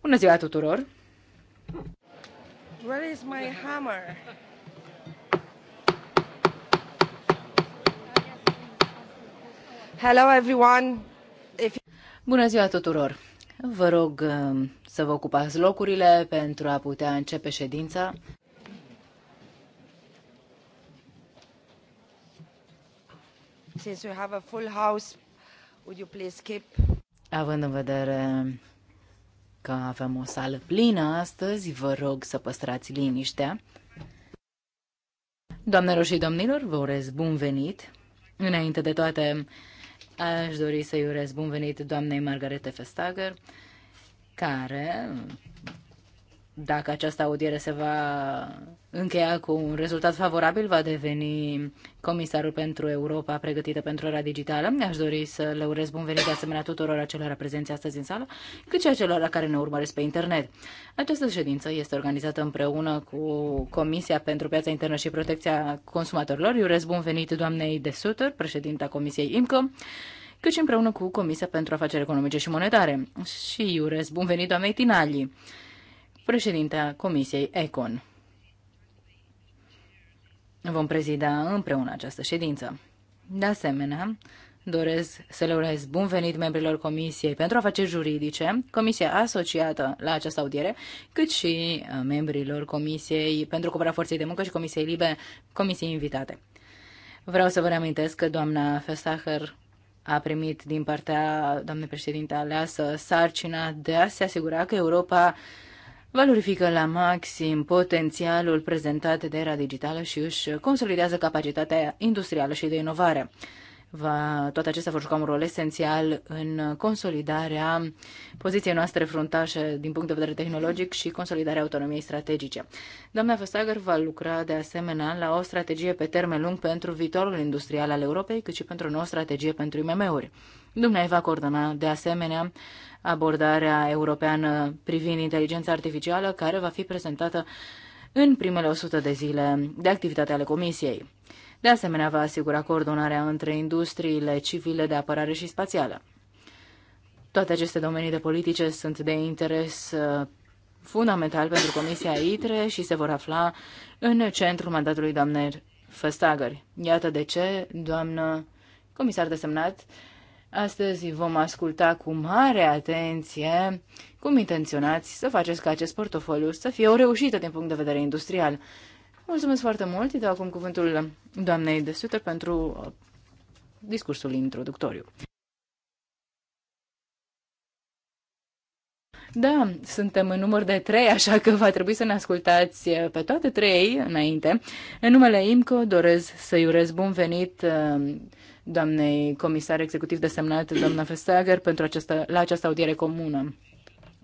Bună ziua tuturor! Where is my hammer? Hello everyone. If... Bună ziua tuturor! Vă rog um, să vă ocupați locurile pentru a putea începe ședința. Since we have a full house, would you please keep... Având în vedere că avem o sală plină astăzi, vă rog să păstrați liniștea. Doamnelor și domnilor, vă urez bun venit. Înainte de toate, aș dori să-i urez bun venit doamnei Margarete Festager, care dacă această audiere se va încheia cu un rezultat favorabil, va deveni comisarul pentru Europa pregătită pentru era digitală. Mi-aș dori să le urez bun venit de asemenea tuturor acelora prezenți astăzi în sală, cât și acelora care ne urmăresc pe internet. Această ședință este organizată împreună cu Comisia pentru Piața Internă și Protecția Consumatorilor. Eu urez bun venit doamnei de Suter, președinta Comisiei IMCO, cât și împreună cu Comisia pentru Afaceri Economice și Monetare. Și urez bun venit doamnei Tinali președintea Comisiei ECON. Vom prezida împreună această ședință. De asemenea, doresc să le urez bun venit membrilor Comisiei pentru Afaceri Juridice, comisia asociată la această audiere, cât și uh, membrilor Comisiei pentru Cooperarea Forței de Muncă și Comisiei Libe, comisiei invitate. Vreau să vă reamintesc că doamna Festacher a primit din partea doamnei președinte aleasă sarcina de a se asigura că Europa valorifică la maxim potențialul prezentat de era digitală și își consolidează capacitatea industrială și de inovare. Va, toate acestea vor juca un rol esențial în consolidarea poziției noastre fruntașe din punct de vedere tehnologic și consolidarea autonomiei strategice. Doamna Vestager va lucra de asemenea la o strategie pe termen lung pentru viitorul industrial al Europei, cât și pentru o nouă strategie pentru IMM-uri. Dumnezeu va coordona de asemenea abordarea europeană privind inteligența artificială, care va fi prezentată în primele 100 de zile de activitate ale Comisiei. De asemenea, va asigura coordonarea între industriile civile de apărare și spațială. Toate aceste domenii de politice sunt de interes uh, fundamental pentru Comisia ITRE și se vor afla în centrul mandatului doamnei Făstagări. Iată de ce, doamnă comisar desemnat, Astăzi vom asculta cu mare atenție cum intenționați să faceți ca acest portofoliu să fie o reușită din punct de vedere industrial. Mulțumesc foarte mult, îi dau acum cuvântul doamnei de Suter pentru uh, discursul introductoriu. Da, suntem în număr de trei, așa că va trebui să ne ascultați uh, pe toate trei înainte. În numele IMCO doresc să-i urez bun venit uh, doamnei comisar executiv desemnat, doamna Vestager, pentru această, la această audiere comună.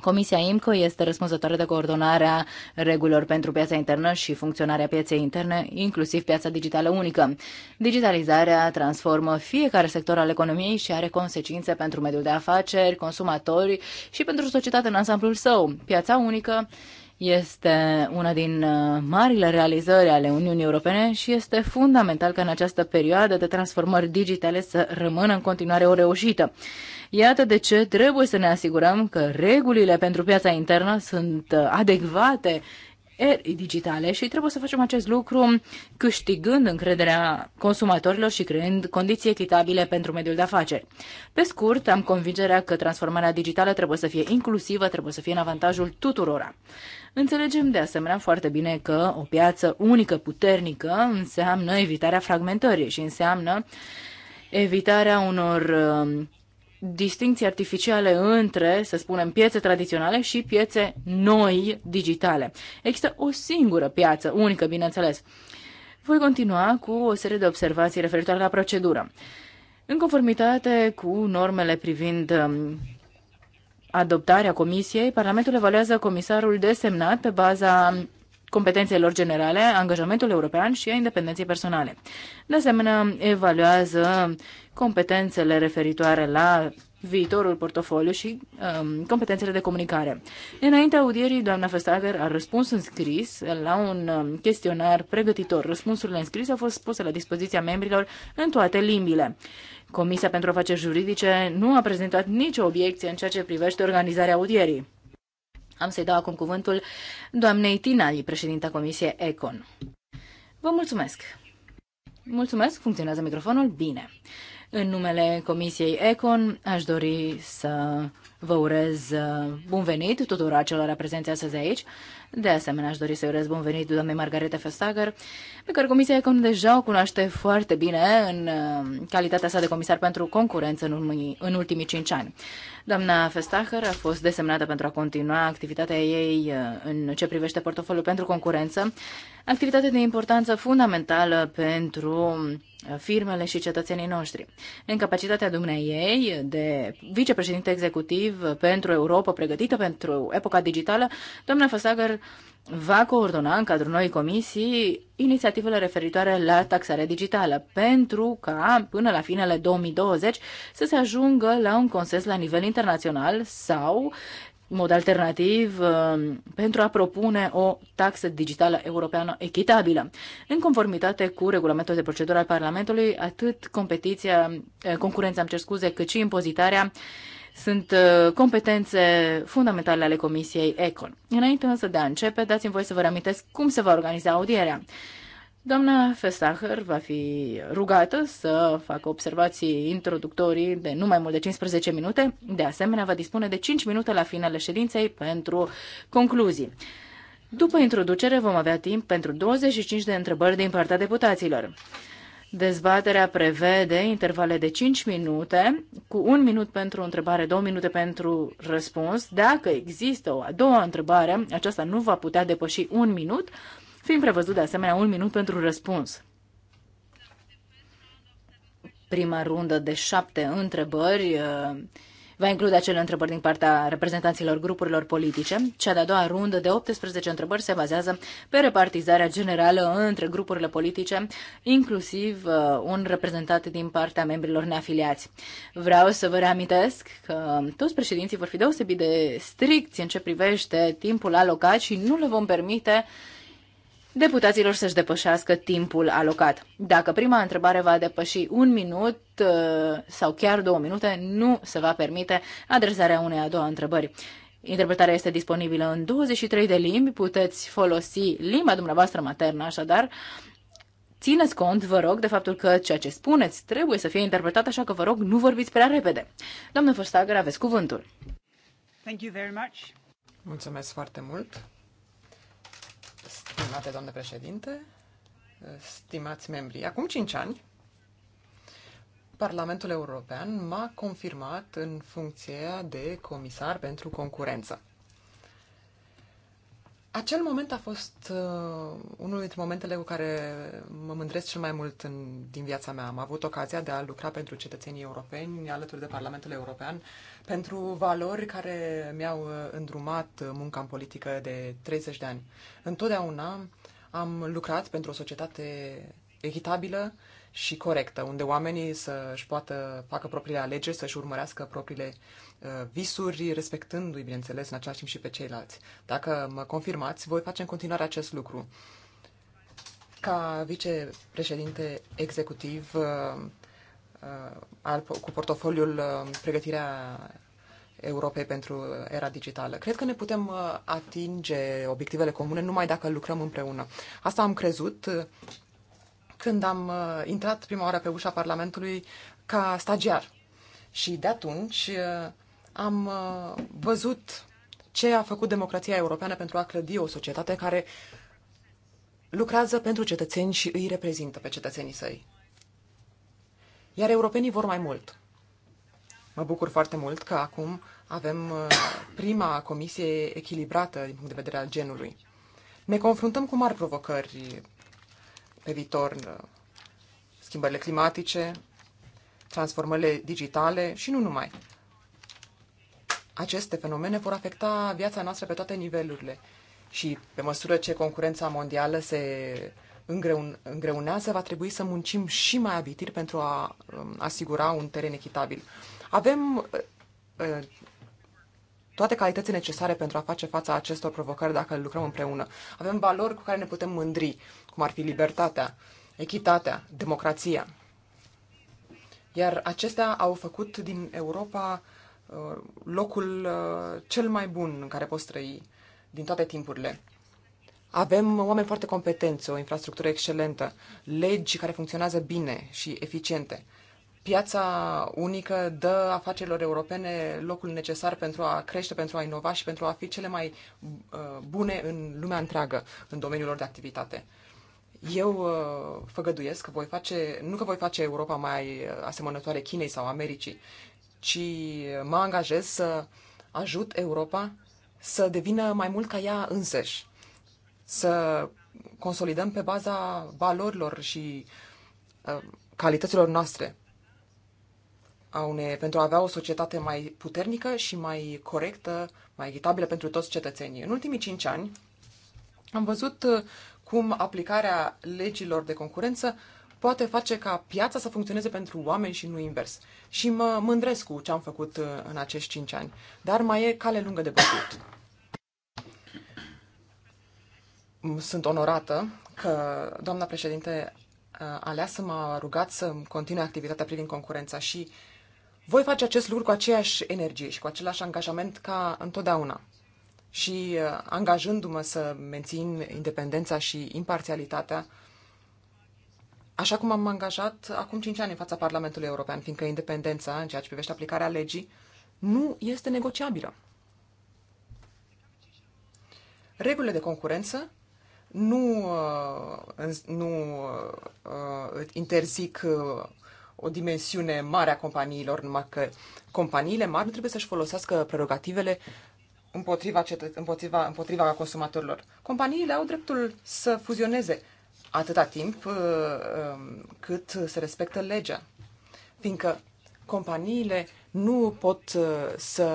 Comisia IMCO este răspunzătoare de coordonarea regulilor pentru piața internă și funcționarea pieței interne, inclusiv piața digitală unică. Digitalizarea transformă fiecare sector al economiei și are consecințe pentru mediul de afaceri, consumatori și pentru societate în ansamblul său. Piața unică este una din uh, marile realizări ale Uniunii Europene și este fundamental ca în această perioadă de transformări digitale să rămână în continuare o reușită. Iată de ce trebuie să ne asigurăm că regulile pentru piața internă sunt uh, adecvate digitale și trebuie să facem acest lucru câștigând încrederea consumatorilor și creând condiții echitabile pentru mediul de afaceri. Pe scurt, am convingerea că transformarea digitală trebuie să fie inclusivă, trebuie să fie în avantajul tuturora. Înțelegem de asemenea foarte bine că o piață unică puternică înseamnă evitarea fragmentării și înseamnă evitarea unor um, distinții artificiale între, să spunem, piețe tradiționale și piețe noi digitale. Există o singură piață unică, bineînțeles. Voi continua cu o serie de observații referitoare la procedură. În conformitate cu normele privind um, Adoptarea comisiei, Parlamentul evaluează comisarul desemnat pe baza competențelor generale, angajamentul european și a independenței personale. De asemenea, evaluează competențele referitoare la viitorul portofoliu și um, competențele de comunicare. Înaintea audierii, doamna Festager a răspuns în scris la un um, chestionar pregătitor. Răspunsurile în scris au fost puse la dispoziția membrilor în toate limbile. Comisia pentru Afaceri Juridice nu a prezentat nicio obiecție în ceea ce privește organizarea audierii. Am să-i dau acum cuvântul doamnei Tinali, președinta Comisiei Econ. Vă mulțumesc! Mulțumesc, funcționează microfonul bine. În numele Comisiei Econ aș dori să vă urez uh, bun venit tuturor acelora prezenți astăzi aici de asemenea, aș dori să-i urez bun venit doamnei Margareta Festager, pe care Comisia Econ deja o cunoaște foarte bine în uh, calitatea sa de comisar pentru concurență în, urmii, în ultimii cinci ani. Doamna Festacher a fost desemnată pentru a continua activitatea ei uh, în ce privește portofoliul pentru concurență, activitate de importanță fundamentală pentru uh, firmele și cetățenii noștri. În capacitatea ei de vicepreședinte executiv pentru Europa, pregătită pentru epoca digitală, doamna Fasagăr va coordona în cadrul noii comisii inițiativele referitoare la taxarea digitală pentru ca până la finele 2020 să se ajungă la un consens la nivel internațional sau mod alternativ um, pentru a propune o taxă digitală europeană echitabilă. În conformitate cu regulamentul de procedură al Parlamentului, atât competiția, eh, concurența, am cer scuze, cât și impozitarea sunt uh, competențe fundamentale ale Comisiei ECON. Înainte însă de a începe, dați-mi voi să vă reamintesc cum se va organiza audierea. Doamna Festacher va fi rugată să facă observații introductorii de nu mai mult de 15 minute. De asemenea, va dispune de 5 minute la finele ședinței pentru concluzii. După introducere, vom avea timp pentru 25 de întrebări din partea deputaților. Dezbaterea prevede intervale de 5 minute, cu un minut pentru întrebare, două minute pentru răspuns. Dacă există o a doua întrebare, aceasta nu va putea depăși un minut, fiind prevăzut de asemenea un minut pentru răspuns. Prima rundă de șapte întrebări va include acele întrebări din partea reprezentanților grupurilor politice. Cea de-a doua rundă de 18 întrebări se bazează pe repartizarea generală între grupurile politice, inclusiv uh, un reprezentat din partea membrilor neafiliați. Vreau să vă reamintesc că toți președinții vor fi deosebit de stricți în ce privește timpul alocat și nu le vom permite deputaților să-și depășească timpul alocat. Dacă prima întrebare va depăși un minut uh, sau chiar două minute, nu se va permite adresarea unei a doua întrebări. Interpretarea este disponibilă în 23 de limbi, puteți folosi limba dumneavoastră maternă, așadar, Țineți cont, vă rog, de faptul că ceea ce spuneți trebuie să fie interpretat, așa că vă rog, nu vorbiți prea repede. Doamnă Verstager, aveți cuvântul. Thank you very much. Mulțumesc foarte mult. Stimate domnule președinte, stimați membri, acum 5 ani, Parlamentul European m-a confirmat în funcția de comisar pentru concurență. Acel moment a fost uh, unul dintre momentele cu care mă mândresc cel mai mult în, din viața mea. Am avut ocazia de a lucra pentru cetățenii europeni alături de Parlamentul European pentru valori care mi-au uh, îndrumat munca în politică de 30 de ani. Întotdeauna am lucrat pentru o societate echitabilă și corectă, unde oamenii să-și poată facă propriile alegeri, să-și urmărească propriile uh, Uh, visuri, respectându-i, bineînțeles, în același timp și pe ceilalți. Dacă mă confirmați, voi face în continuare acest lucru. Ca vicepreședinte executiv uh, uh, al, cu portofoliul pregătirea Europei pentru era digitală. Cred că ne putem atinge obiectivele comune numai dacă lucrăm împreună. Asta am crezut când am intrat prima oară pe ușa Parlamentului ca stagiar. Și de atunci am uh, văzut ce a făcut democrația europeană pentru a clădi o societate care lucrează pentru cetățeni și îi reprezintă pe cetățenii săi. Iar europenii vor mai mult. Mă bucur foarte mult că acum avem uh, prima comisie echilibrată din punct de vedere al genului. Ne confruntăm cu mari provocări pe viitor, uh, schimbările climatice, transformările digitale și nu numai aceste fenomene vor afecta viața noastră pe toate nivelurile. Și pe măsură ce concurența mondială se îngreunează, va trebui să muncim și mai abitir pentru a um, asigura un teren echitabil. Avem uh, uh, toate calitățile necesare pentru a face fața acestor provocări dacă lucrăm împreună. Avem valori cu care ne putem mândri, cum ar fi libertatea, echitatea, democrația. Iar acestea au făcut din Europa Uh, locul uh, cel mai bun în care poți trăi din toate timpurile. Avem oameni foarte competenți, o infrastructură excelentă, legi care funcționează bine și eficiente. Piața unică dă afacerilor europene locul necesar pentru a crește, pentru a inova și pentru a fi cele mai uh, bune în lumea întreagă în domeniul lor de activitate. Eu făgăduiesc că voi face, nu că voi face Europa mai asemănătoare Chinei sau Americii, ci mă angajez să ajut Europa să devină mai mult ca ea însăși, să consolidăm pe baza valorilor și ă, calităților noastre a une, pentru a avea o societate mai puternică și mai corectă, mai echitabilă pentru toți cetățenii. În ultimii cinci ani am văzut ă, cum aplicarea legilor de concurență poate face ca piața să funcționeze pentru oameni și nu invers. Și mă mândresc cu ce am făcut uh, în acești cinci ani. Dar mai e cale lungă de bătut. Sunt onorată că doamna președinte uh, aleasă m-a rugat să continui activitatea privind concurența și voi face acest lucru cu aceeași energie și cu același angajament ca întotdeauna. Și uh, angajându-mă să mențin independența și imparțialitatea Așa cum am angajat acum 5 ani în fața Parlamentului European, fiindcă independența în ceea ce privește aplicarea legii nu este negociabilă. Regulile de concurență nu, uh, nu uh, uh, interzic o dimensiune mare a companiilor, numai că companiile mari nu trebuie să-și folosească prerogativele împotriva, împotriva, împotriva consumatorilor. Companiile au dreptul să fuzioneze, atâta timp uh, um, cât se respectă legea. Fiindcă companiile nu pot uh, să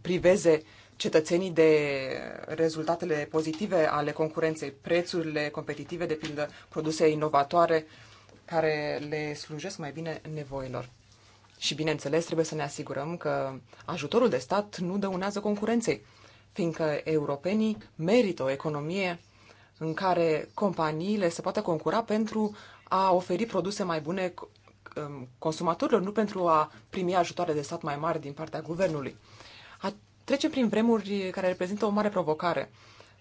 priveze cetățenii de rezultatele pozitive ale concurenței, prețurile competitive, de pildă produse inovatoare care le slujesc mai bine nevoilor. Și, bineînțeles, trebuie să ne asigurăm că ajutorul de stat nu dăunează concurenței, fiindcă europenii merită o economie în care companiile se poată concura pentru a oferi produse mai bune um, consumatorilor, nu pentru a primi ajutoare de stat mai mari din partea guvernului. A, trecem prin vremuri care reprezintă o mare provocare.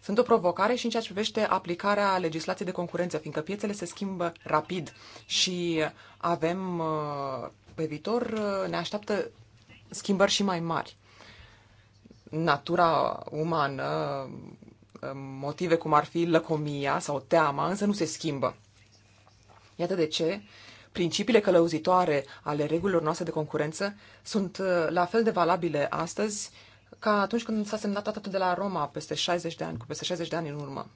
Sunt o provocare și în ceea ce privește aplicarea legislației de concurență, fiindcă piețele se schimbă rapid și avem uh, pe viitor, uh, ne așteaptă schimbări și mai mari. Natura umană Um, motive cum ar fi lăcomia sau teama, însă nu se schimbă. Iată de ce principiile călăuzitoare ale regulilor noastre de concurență sunt uh, la fel de valabile astăzi ca atunci când s-a semnat tratatul de la Roma peste 60 de ani, cu peste 60 de ani în urmă.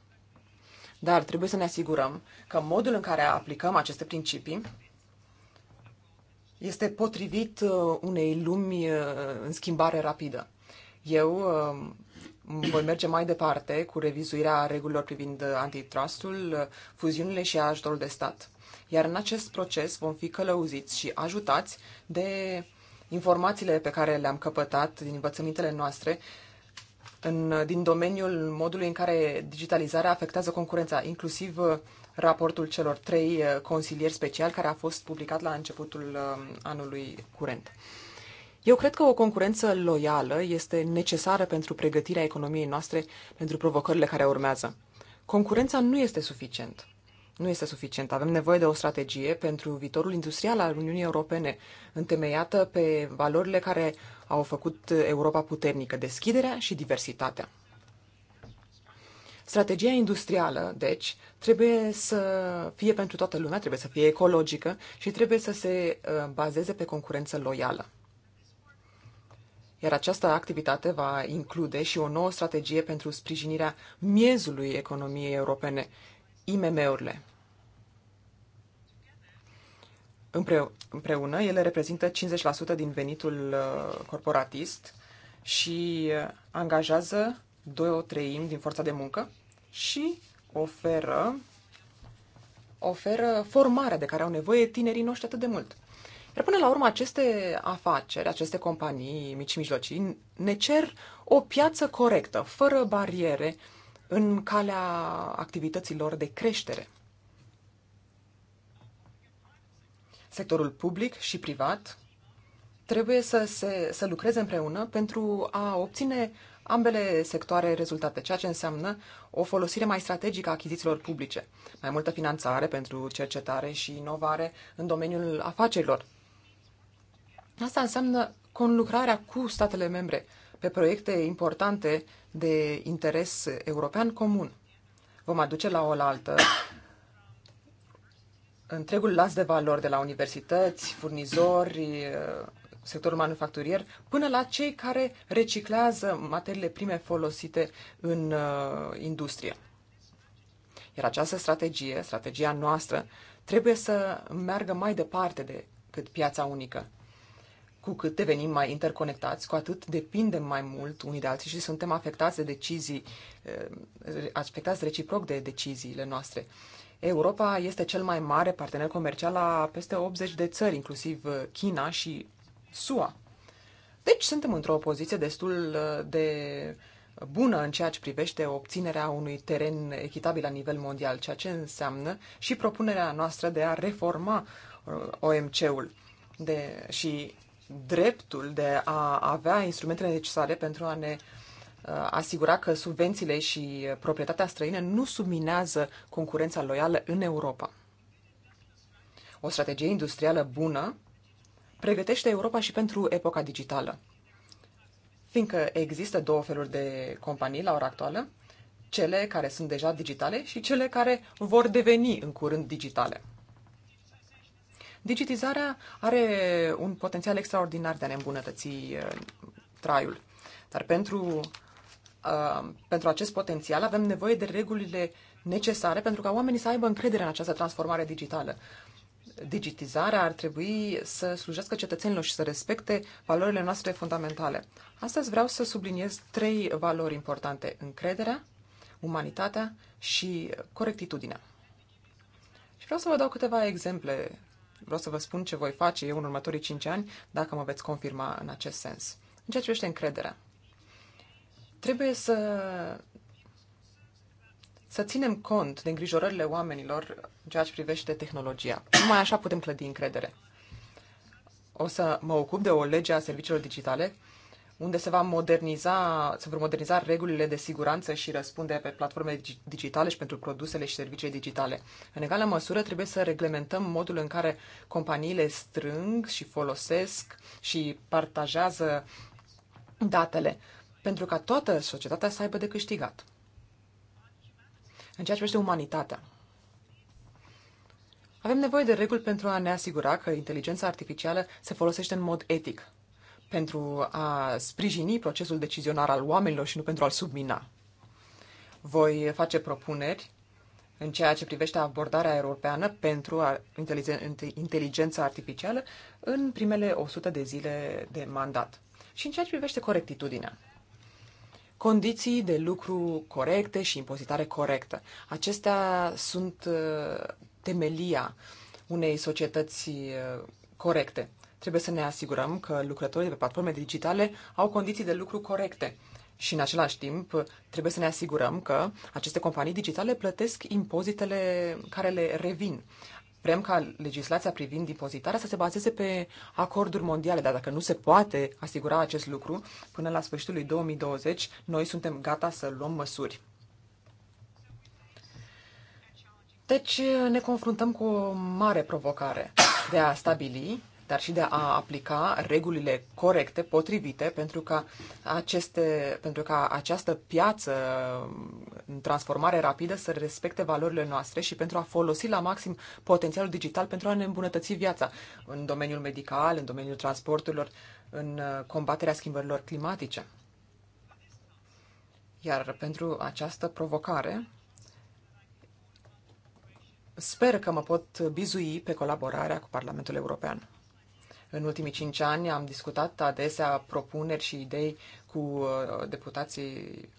Dar trebuie să ne asigurăm că modul în care aplicăm aceste principii este potrivit uh, unei lumi uh, în schimbare rapidă. Eu voi merge mai departe cu revizuirea regulilor privind antitrustul, fuziunile și ajutorul de stat. Iar în acest proces vom fi călăuziți și ajutați de informațiile pe care le-am căpătat din învățămintele noastre în, din domeniul modului în care digitalizarea afectează concurența, inclusiv raportul celor trei consilieri speciali care a fost publicat la începutul um, anului curent. Eu cred că o concurență loială este necesară pentru pregătirea economiei noastre pentru provocările care urmează. Concurența nu este suficient. Nu este suficient. Avem nevoie de o strategie pentru viitorul industrial al Uniunii Europene, întemeiată pe valorile care au făcut Europa puternică, deschiderea și diversitatea. Strategia industrială, deci, trebuie să fie pentru toată lumea, trebuie să fie ecologică și trebuie să se uh, bazeze pe concurență loială. Iar această activitate va include și o nouă strategie pentru sprijinirea miezului economiei europene, IMM-urile. Împreună, ele reprezintă 50% din venitul uh, corporatist și uh, angajează doi o treim din forța de muncă și oferă, oferă formarea de care au nevoie tinerii noștri atât de mult. Dar până la urmă, aceste afaceri, aceste companii mici și mijlocii ne cer o piață corectă, fără bariere, în calea activităților de creștere. Sectorul public și privat trebuie să, se, să lucreze împreună pentru a obține ambele sectoare rezultate, ceea ce înseamnă o folosire mai strategică a achizițiilor publice, mai multă finanțare pentru cercetare și inovare în domeniul afacerilor, Asta înseamnă conlucrarea cu statele membre pe proiecte importante de interes european comun. Vom aduce la oaltă întregul las de valori de la universități, furnizori, sectorul manufacturier, până la cei care reciclează materiile prime folosite în uh, industrie. Iar această strategie, strategia noastră, trebuie să meargă mai departe decât piața unică cu cât devenim mai interconectați, cu atât depindem mai mult unii de alții și suntem afectați de decizii, eh, afectați reciproc de deciziile noastre. Europa este cel mai mare partener comercial la peste 80 de țări, inclusiv eh, China și SUA. Deci suntem într-o poziție destul eh, de bună în ceea ce privește obținerea unui teren echitabil la nivel mondial, ceea ce înseamnă și propunerea noastră de a reforma OMC-ul de, și dreptul de a avea instrumentele necesare pentru a ne uh, asigura că subvențiile și proprietatea străină nu subminează concurența loială în Europa. O strategie industrială bună pregătește Europa și pentru epoca digitală. Fiindcă există două feluri de companii la ora actuală, cele care sunt deja digitale și cele care vor deveni în curând digitale. Digitizarea are un potențial extraordinar de a ne îmbunătăți eh, traiul. Dar pentru, eh, pentru acest potențial avem nevoie de regulile necesare pentru ca oamenii să aibă încredere în această transformare digitală. Digitizarea ar trebui să slujească cetățenilor și să respecte valorile noastre fundamentale. Astăzi vreau să subliniez trei valori importante. Încrederea, umanitatea și corectitudinea. Și vreau să vă dau câteva exemple Vreau să vă spun ce voi face eu în următorii 5 ani dacă mă veți confirma în acest sens. În ceea ce privește încrederea, trebuie să să ținem cont de îngrijorările oamenilor în ceea ce privește tehnologia. Numai așa putem clădi încredere. O să mă ocup de o lege a serviciilor digitale unde se, va moderniza, se vor moderniza regulile de siguranță și răspunde pe platforme digitale și pentru produsele și servicii digitale. În egală măsură, trebuie să reglementăm modul în care companiile strâng și folosesc și partajează datele, pentru ca toată societatea să aibă de câștigat. În ceea ce privește umanitatea, avem nevoie de reguli pentru a ne asigura că inteligența artificială se folosește în mod etic pentru a sprijini procesul decizionar al oamenilor și nu pentru a-l submina. Voi face propuneri în ceea ce privește abordarea europeană pentru inteligența artificială în primele 100 de zile de mandat. Și în ceea ce privește corectitudinea. Condiții de lucru corecte și impozitare corectă. Acestea sunt uh, temelia unei societăți uh, corecte. Trebuie să ne asigurăm că lucrătorii pe platforme digitale au condiții de lucru corecte. Și în același timp trebuie să ne asigurăm că aceste companii digitale plătesc impozitele care le revin. Vrem ca legislația privind impozitarea să se bazeze pe acorduri mondiale, dar dacă nu se poate asigura acest lucru, până la sfârșitul lui 2020, noi suntem gata să luăm măsuri. Deci ne confruntăm cu o mare provocare de a stabili dar și de a aplica regulile corecte, potrivite, pentru ca, aceste, pentru ca această piață în transformare rapidă să respecte valorile noastre și pentru a folosi la maxim potențialul digital pentru a ne îmbunătăți viața în domeniul medical, în domeniul transporturilor, în combaterea schimbărilor climatice. Iar pentru această provocare, sper că mă pot bizui pe colaborarea cu Parlamentul European. În ultimii cinci ani am discutat adesea propuneri și idei cu uh, deputații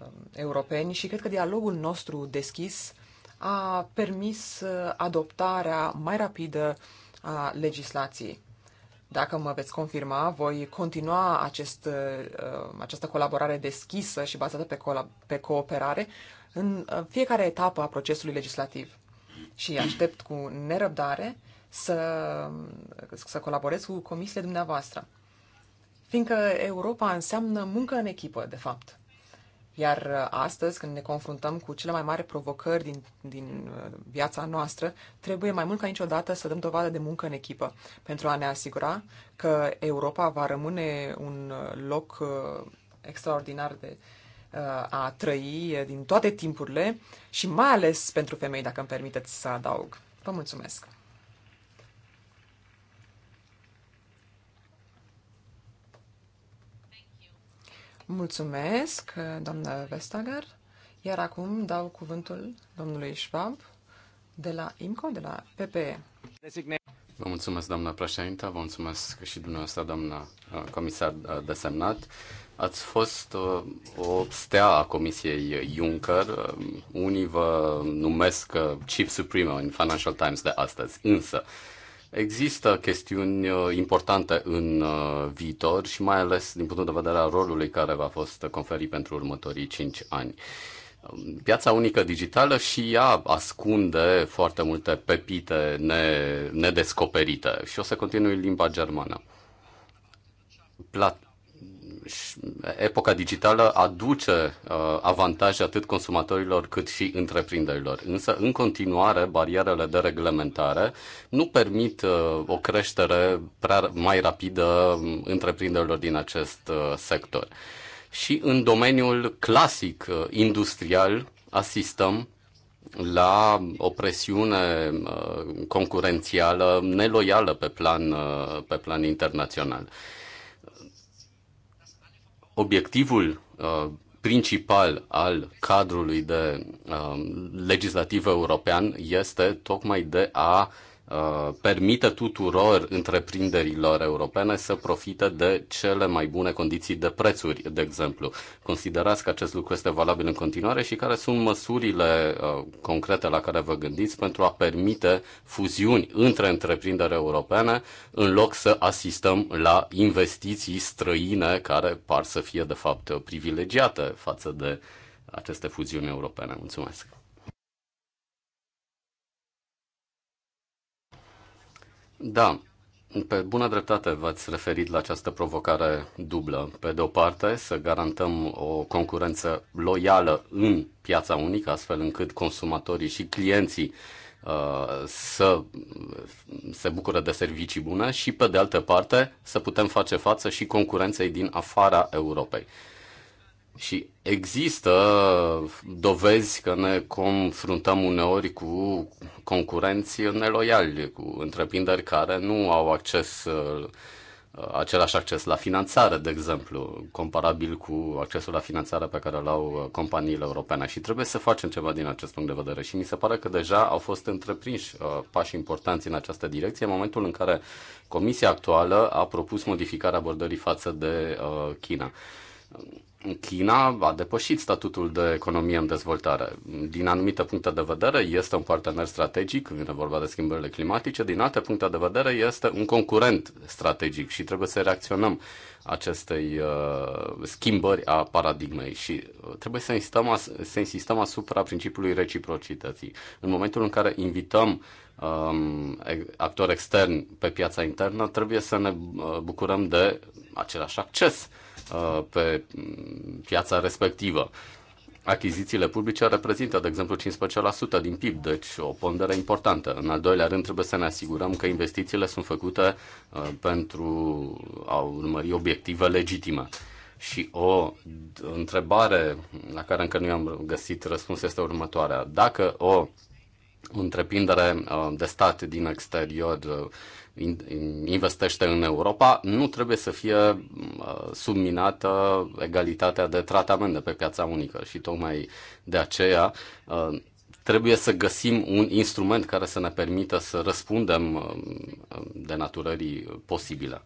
um, europeni și cred că dialogul nostru deschis a permis uh, adoptarea mai rapidă a legislației. Dacă mă veți confirma, voi continua acest, uh, această colaborare deschisă și bazată pe, co- pe cooperare în fiecare etapă a procesului legislativ. Și aștept cu nerăbdare să, să colaborez cu comisiile dumneavoastră. Fiindcă Europa înseamnă muncă în echipă, de fapt. Iar uh, astăzi, când ne confruntăm cu cele mai mari provocări din, din uh, viața noastră, trebuie mai mult ca niciodată să dăm dovadă de muncă în echipă pentru a ne asigura că Europa va rămâne un uh, loc extraordinar de a trăi din toate timpurile și mai ales pentru femei, dacă îmi permiteți să adaug. Vă mulțumesc! Mulțumesc, doamnă Vestager. Iar acum dau cuvântul domnului Schwab de la IMCO, de la PPE. Vă mulțumesc, doamna președintă, vă mulțumesc și dumneavoastră, doamna uh, comisar uh, desemnat. Ați fost uh, o stea a Comisiei Juncker. Unii vă numesc Chief Supreme în Financial Times de astăzi. Însă, Există chestiuni uh, importante în uh, viitor și mai ales din punctul de vedere al rolului care va fost conferit pentru următorii 5 ani. Um, piața unică digitală și ea ascunde foarte multe pepite nedescoperite și o să continui limba germană. Plat, epoca digitală aduce uh, avantaje atât consumatorilor cât și întreprinderilor. Însă, în continuare, barierele de reglementare nu permit uh, o creștere prea mai rapidă întreprinderilor din acest uh, sector. Și în domeniul clasic industrial asistăm la o presiune concurențială neloială pe plan, pe plan internațional obiectivul uh, principal al cadrului de uh, legislativ european este tocmai de a uh, Uh, permite tuturor întreprinderilor europene să profite de cele mai bune condiții de prețuri, de exemplu. Considerați că acest lucru este valabil în continuare și care sunt măsurile uh, concrete la care vă gândiți pentru a permite fuziuni între întreprinderi europene în loc să asistăm la investiții străine care par să fie de fapt privilegiate față de aceste fuziuni europene. Mulțumesc! Da, pe bună dreptate v-ați referit la această provocare dublă. Pe de o parte, să garantăm o concurență loială în piața unică, astfel încât consumatorii și clienții uh, să se bucură de servicii bune și, pe de altă parte, să putem face față și concurenței din afara Europei. Și există dovezi că ne confruntăm uneori cu concurenți neloiali, cu întreprinderi care nu au acces uh, același acces la finanțare, de exemplu, comparabil cu accesul la finanțare pe care îl au companiile europene și trebuie să facem ceva din acest punct de vedere și mi se pare că deja au fost întreprinși uh, pași importanți în această direcție în momentul în care Comisia actuală a propus modificarea abordării față de uh, China. China a depășit statutul de economie în dezvoltare. Din anumite puncte de vedere este un partener strategic când vine vorba de schimbările climatice, din alte puncte de vedere este un concurent strategic și trebuie să reacționăm acestei uh, schimbări a paradigmei și uh, trebuie să insistăm, as- să insistăm asupra principiului reciprocității. În momentul în care invităm um, actori externi pe piața internă, trebuie să ne uh, bucurăm de același acces uh, Uh, pe mm, piața respectivă. Achizițiile publice reprezintă, de exemplu, 15% din PIB, deci o pondere importantă. În al doilea rând, trebuie să ne asigurăm că investițiile sunt făcute uh, pentru a urmări obiective legitime. Și o întrebare la care încă nu am găsit răspuns este următoarea. Dacă o întreprindere uh, de stat din exterior investește în Europa, nu trebuie să fie uh, subminată egalitatea de tratament de pe piața unică și tocmai de aceea uh, trebuie să găsim un instrument care să ne permită să răspundem uh, de naturării posibile.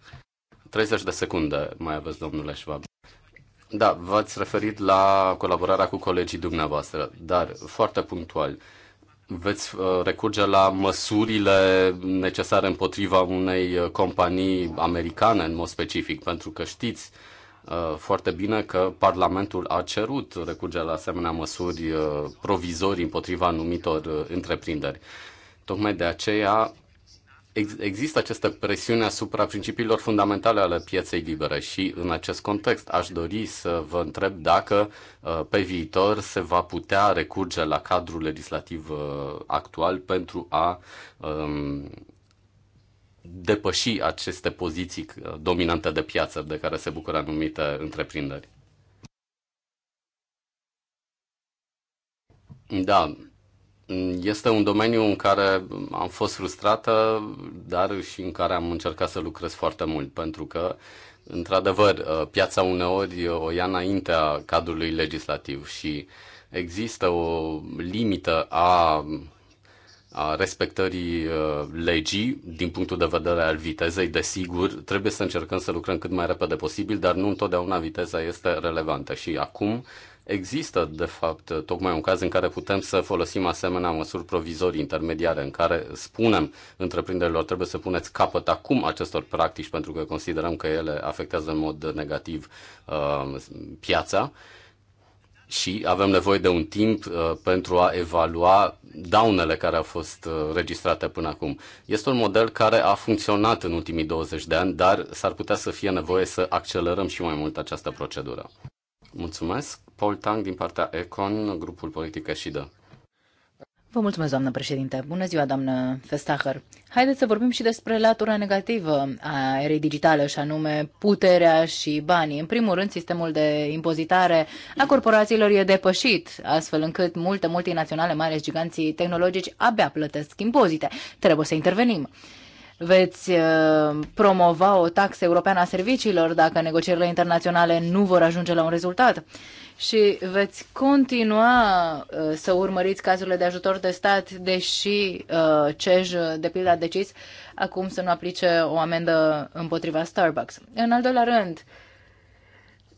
30 de secunde mai aveți, domnule Schwab. Da, v-ați referit la colaborarea cu colegii dumneavoastră, dar foarte punctual. Uh, veți uh, recurge la măsurile necesare împotriva unei uh, companii americane, în mod specific, pentru că știți uh, foarte bine că Parlamentul a cerut recurgerea la asemenea măsuri provizorii împotriva anumitor întreprinderi. Tocmai de aceea există această presiune asupra principiilor fundamentale ale pieței libere și în acest context aș dori să vă întreb dacă uh, pe viitor se va putea recurge la cadrul legislativ uh, actual pentru a um, depăși aceste poziții uh, dominante de piață de care se bucură anumite întreprinderi. Da, este un domeniu în care am fost frustrată, dar și în care am încercat să lucrez foarte mult, pentru că, într-adevăr, uh, piața uneori o ia înaintea cadrului legislativ și există o limită a, a respectării uh, legii din punctul de vedere al vitezei. Desigur, trebuie să încercăm să lucrăm cât mai repede posibil, dar nu întotdeauna viteza este relevantă și acum Există, de fapt, tocmai un caz în care putem să folosim asemenea măsuri provizorii intermediare, în care spunem întreprinderilor trebuie să puneți capăt acum acestor practici pentru că considerăm că ele afectează în mod negativ uh, piața și avem nevoie de un timp uh, pentru a evalua daunele care au fost uh, registrate până acum. Este un model care a funcționat în ultimii 20 de ani, dar s-ar putea să fie nevoie să accelerăm și mai mult această procedură. Mulțumesc! Paul Tang din partea Econ, grupul politic Eșidă. Vă mulțumesc, doamnă președinte. Bună ziua, doamnă Festacher. Haideți să vorbim și despre latura negativă a erei digitale, și anume puterea și banii. În primul rând, sistemul de impozitare a corporațiilor e depășit, astfel încât multe multinaționale, mai ales giganții tehnologici, abia plătesc impozite. Trebuie să intervenim veți uh, promova o taxă europeană a serviciilor dacă negocierile internaționale nu vor ajunge la un rezultat? și veți continua uh, să urmăriți cazurile de ajutor de stat, deși CEJ, uh, uh, de pildă, a decis acum să nu aplice o amendă împotriva Starbucks. În al doilea rând,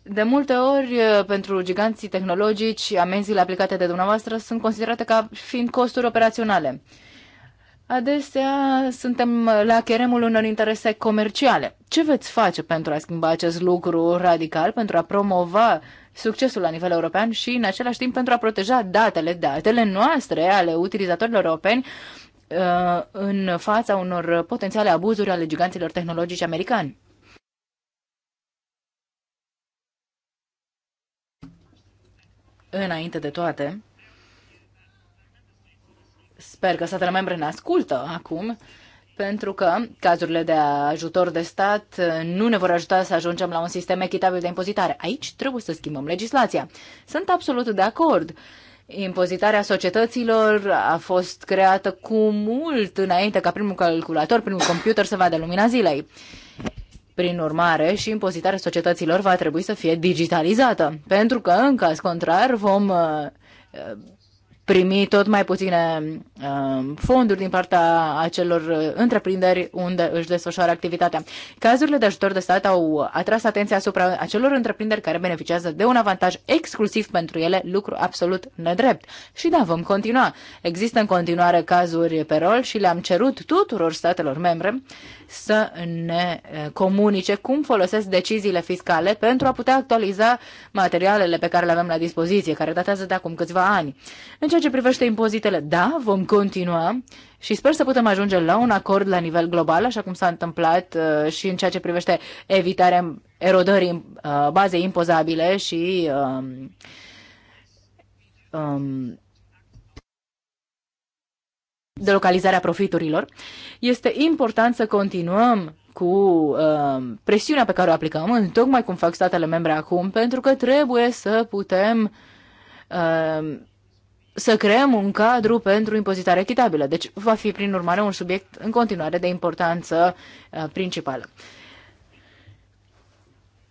de multe ori, pentru giganții tehnologici, amenziile aplicate de dumneavoastră sunt considerate ca fiind costuri operaționale. Adesea suntem la cheremul unor interese comerciale. Ce veți face pentru a schimba acest lucru radical, pentru a promova succesul la nivel european și în același timp pentru a proteja datele, datele noastre ale utilizatorilor europeni uh, în fața unor potențiale abuzuri ale giganților tehnologici americani. Înainte de toate, sper că statele membre ne ascultă acum pentru că cazurile de ajutor de stat nu ne vor ajuta să ajungem la un sistem echitabil de impozitare. Aici trebuie să schimbăm legislația. Sunt absolut de acord. Impozitarea societăților a fost creată cu mult înainte ca primul calculator, primul computer să vadă lumina zilei. Prin urmare, și impozitarea societăților va trebui să fie digitalizată, pentru că, în caz contrar, vom uh, primi tot mai puține uh, fonduri din partea acelor uh, întreprinderi unde își desfășoară activitatea. Cazurile de ajutor de stat au atras atenția asupra acelor întreprinderi care beneficiază de un avantaj exclusiv pentru ele, lucru absolut nedrept. Și da, vom continua. Există în continuare cazuri pe rol și le-am cerut tuturor statelor membre să ne eh, comunice cum folosesc deciziile fiscale pentru a putea actualiza materialele pe care le avem la dispoziție, care datează de acum câțiva ani. În ceea ce privește impozitele, da, vom continua și sper să putem ajunge la un acord la nivel global, așa cum s-a întâmplat eh, și în ceea ce privește evitarea erodării eh, bazei impozabile și um, um, de localizarea profiturilor, este important să continuăm cu uh, presiunea pe care o aplicăm, în tocmai cum fac statele membre acum, pentru că trebuie să putem uh, să creăm un cadru pentru impozitare echitabilă. Deci va fi, prin urmare, un subiect în continuare de importanță uh, principală.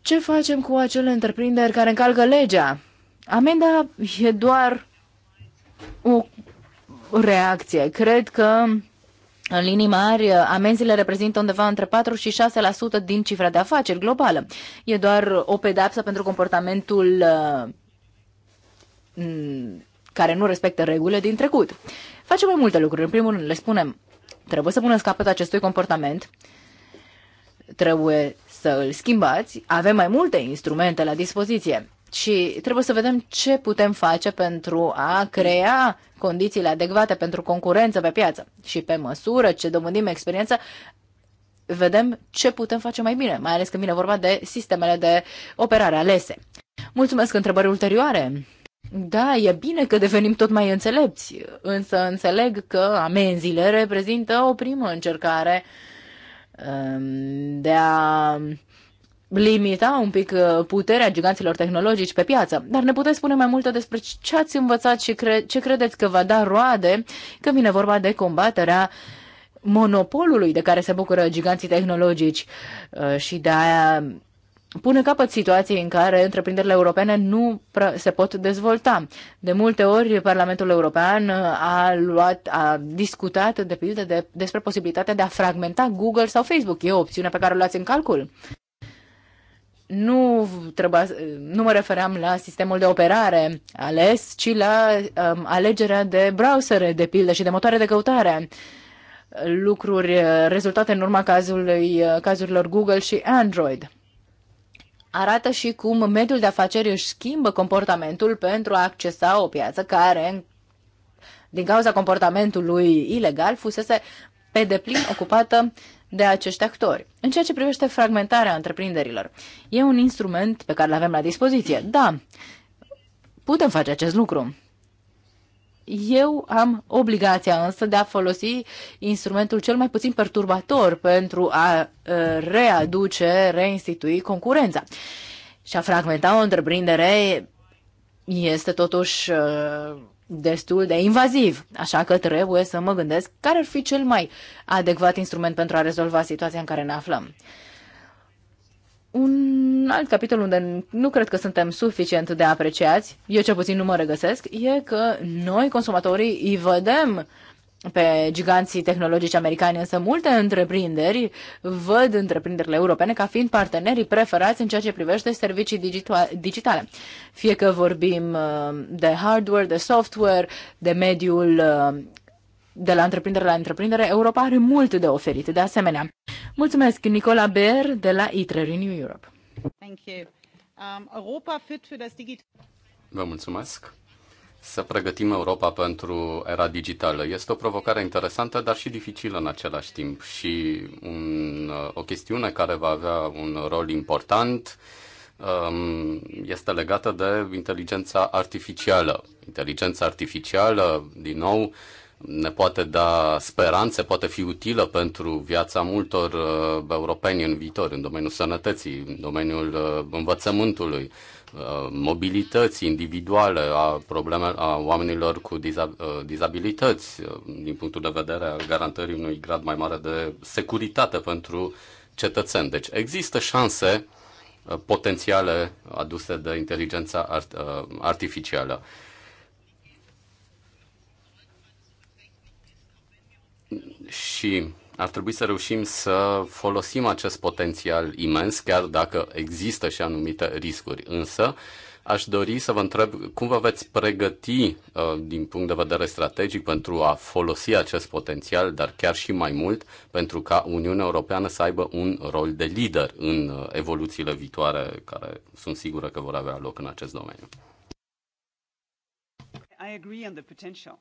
Ce facem cu acele întreprinderi care încalcă legea? Amenda e doar o reacție. Cred că în linii mari, amenziile reprezintă undeva între 4 și 6% din cifra de afaceri globală. E doar o pedapsă pentru comportamentul uh, care nu respectă regulile din trecut. Facem mai multe lucruri. În primul rând, le spunem, trebuie să puneți capăt acestui comportament, trebuie să îl schimbați, avem mai multe instrumente la dispoziție și trebuie să vedem ce putem face pentru a crea condițiile adecvate pentru concurență pe piață. Și pe măsură ce dobândim experiență, vedem ce putem face mai bine, mai ales când vine vorba de sistemele de operare alese. Mulțumesc întrebări ulterioare. Da, e bine că devenim tot mai înțelepți, însă înțeleg că amenziile reprezintă o primă încercare um, de a limita un pic uh, puterea giganților tehnologici pe piață. Dar ne puteți spune mai multe despre ce ați învățat și cre- ce credeți că va da roade când vine vorba de combaterea monopolului de care se bucură giganții tehnologici uh, și de aia pune capăt situației în care întreprinderile europene nu se pot dezvolta. De multe ori, Parlamentul European uh, a, luat, a discutat, de pildă, de, despre posibilitatea de a fragmenta Google sau Facebook. E o opțiune pe care o luați în calcul nu, trebuia, nu mă refeream la sistemul de operare ales, ci la um, alegerea de browsere, de pildă, și de motoare de căutare. Lucruri uh, rezultate în urma cazului, uh, cazurilor Google și Android. Arată și cum mediul de afaceri își schimbă comportamentul pentru a accesa o piață care, din cauza comportamentului ilegal, fusese pe deplin ocupată uh, de acești actori. În ceea ce privește fragmentarea întreprinderilor, e un instrument pe care îl avem la dispoziție. Da, putem face acest lucru. Eu am obligația însă de a folosi instrumentul cel mai puțin perturbator pentru a uh, readuce, reinstitui concurența. Și a fragmenta o întreprindere este totuși uh, destul de invaziv, așa că trebuie să mă gândesc care ar fi cel mai adecvat instrument pentru a rezolva situația în care ne aflăm. Un alt capitol unde nu cred că suntem suficient de apreciați, eu cel puțin nu mă regăsesc, e că noi, consumatorii, îi vedem uh, pe giganții tehnologici americani, însă multe întreprinderi văd întreprinderile europene ca fiind partenerii preferați în ceea ce privește servicii digitale. Fie că vorbim uh, de hardware, de software, de mediul uh, de la întreprindere la întreprindere, Europa are mult de oferit. De asemenea, mulțumesc Nicola Ber de la ITRE Renew Europe. Thank you. Um, Europa fit for digital... Vă mulțumesc să pregătim Europa pentru era digitală. Este o provocare interesantă, dar și dificilă în același timp și un, uh, o chestiune care va avea un rol important um, este legată de inteligența artificială. Inteligența artificială, din nou, ne poate da speranțe, poate fi utilă pentru viața multor uh, europeni în viitor, în domeniul sănătății, în domeniul uh, învățământului Uh, mobilități individuale a, probleme, a oamenilor cu uh, dizabilități, uh, din punctul de vedere al garantării unui grad mai mare de securitate pentru cetățeni. Deci există șanse potențiale aduse de inteligența art, artificială. Și ar trebui să reușim să folosim acest potențial imens, chiar dacă există și anumite riscuri. Însă, aș dori să vă întreb cum vă veți pregăti uh, din punct de vedere strategic pentru a folosi acest potențial, dar chiar și mai mult pentru ca Uniunea Europeană să aibă un rol de lider în uh, evoluțiile viitoare care sunt sigură că vor avea loc în acest domeniu. I agree on the potential.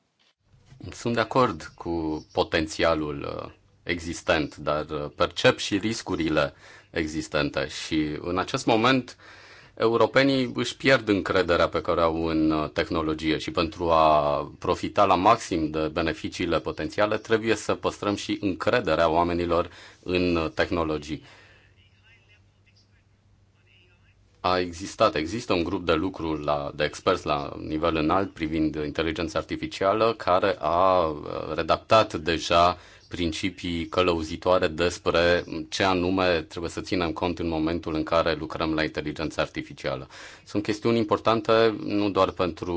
Sunt de acord cu potențialul uh, existent, dar uh, percep și riscurile existente și în acest moment europenii își pierd încrederea pe care au în uh, tehnologie și pentru a profita la maxim de beneficiile potențiale trebuie să păstrăm și încrederea oamenilor în uh, tehnologii. A existat, există un grup de lucru la, de experți la nivel înalt privind inteligența artificială care a redactat deja principii călăuzitoare despre ce anume trebuie să ținem cont în momentul în care lucrăm la inteligența artificială. Sunt chestiuni importante nu doar pentru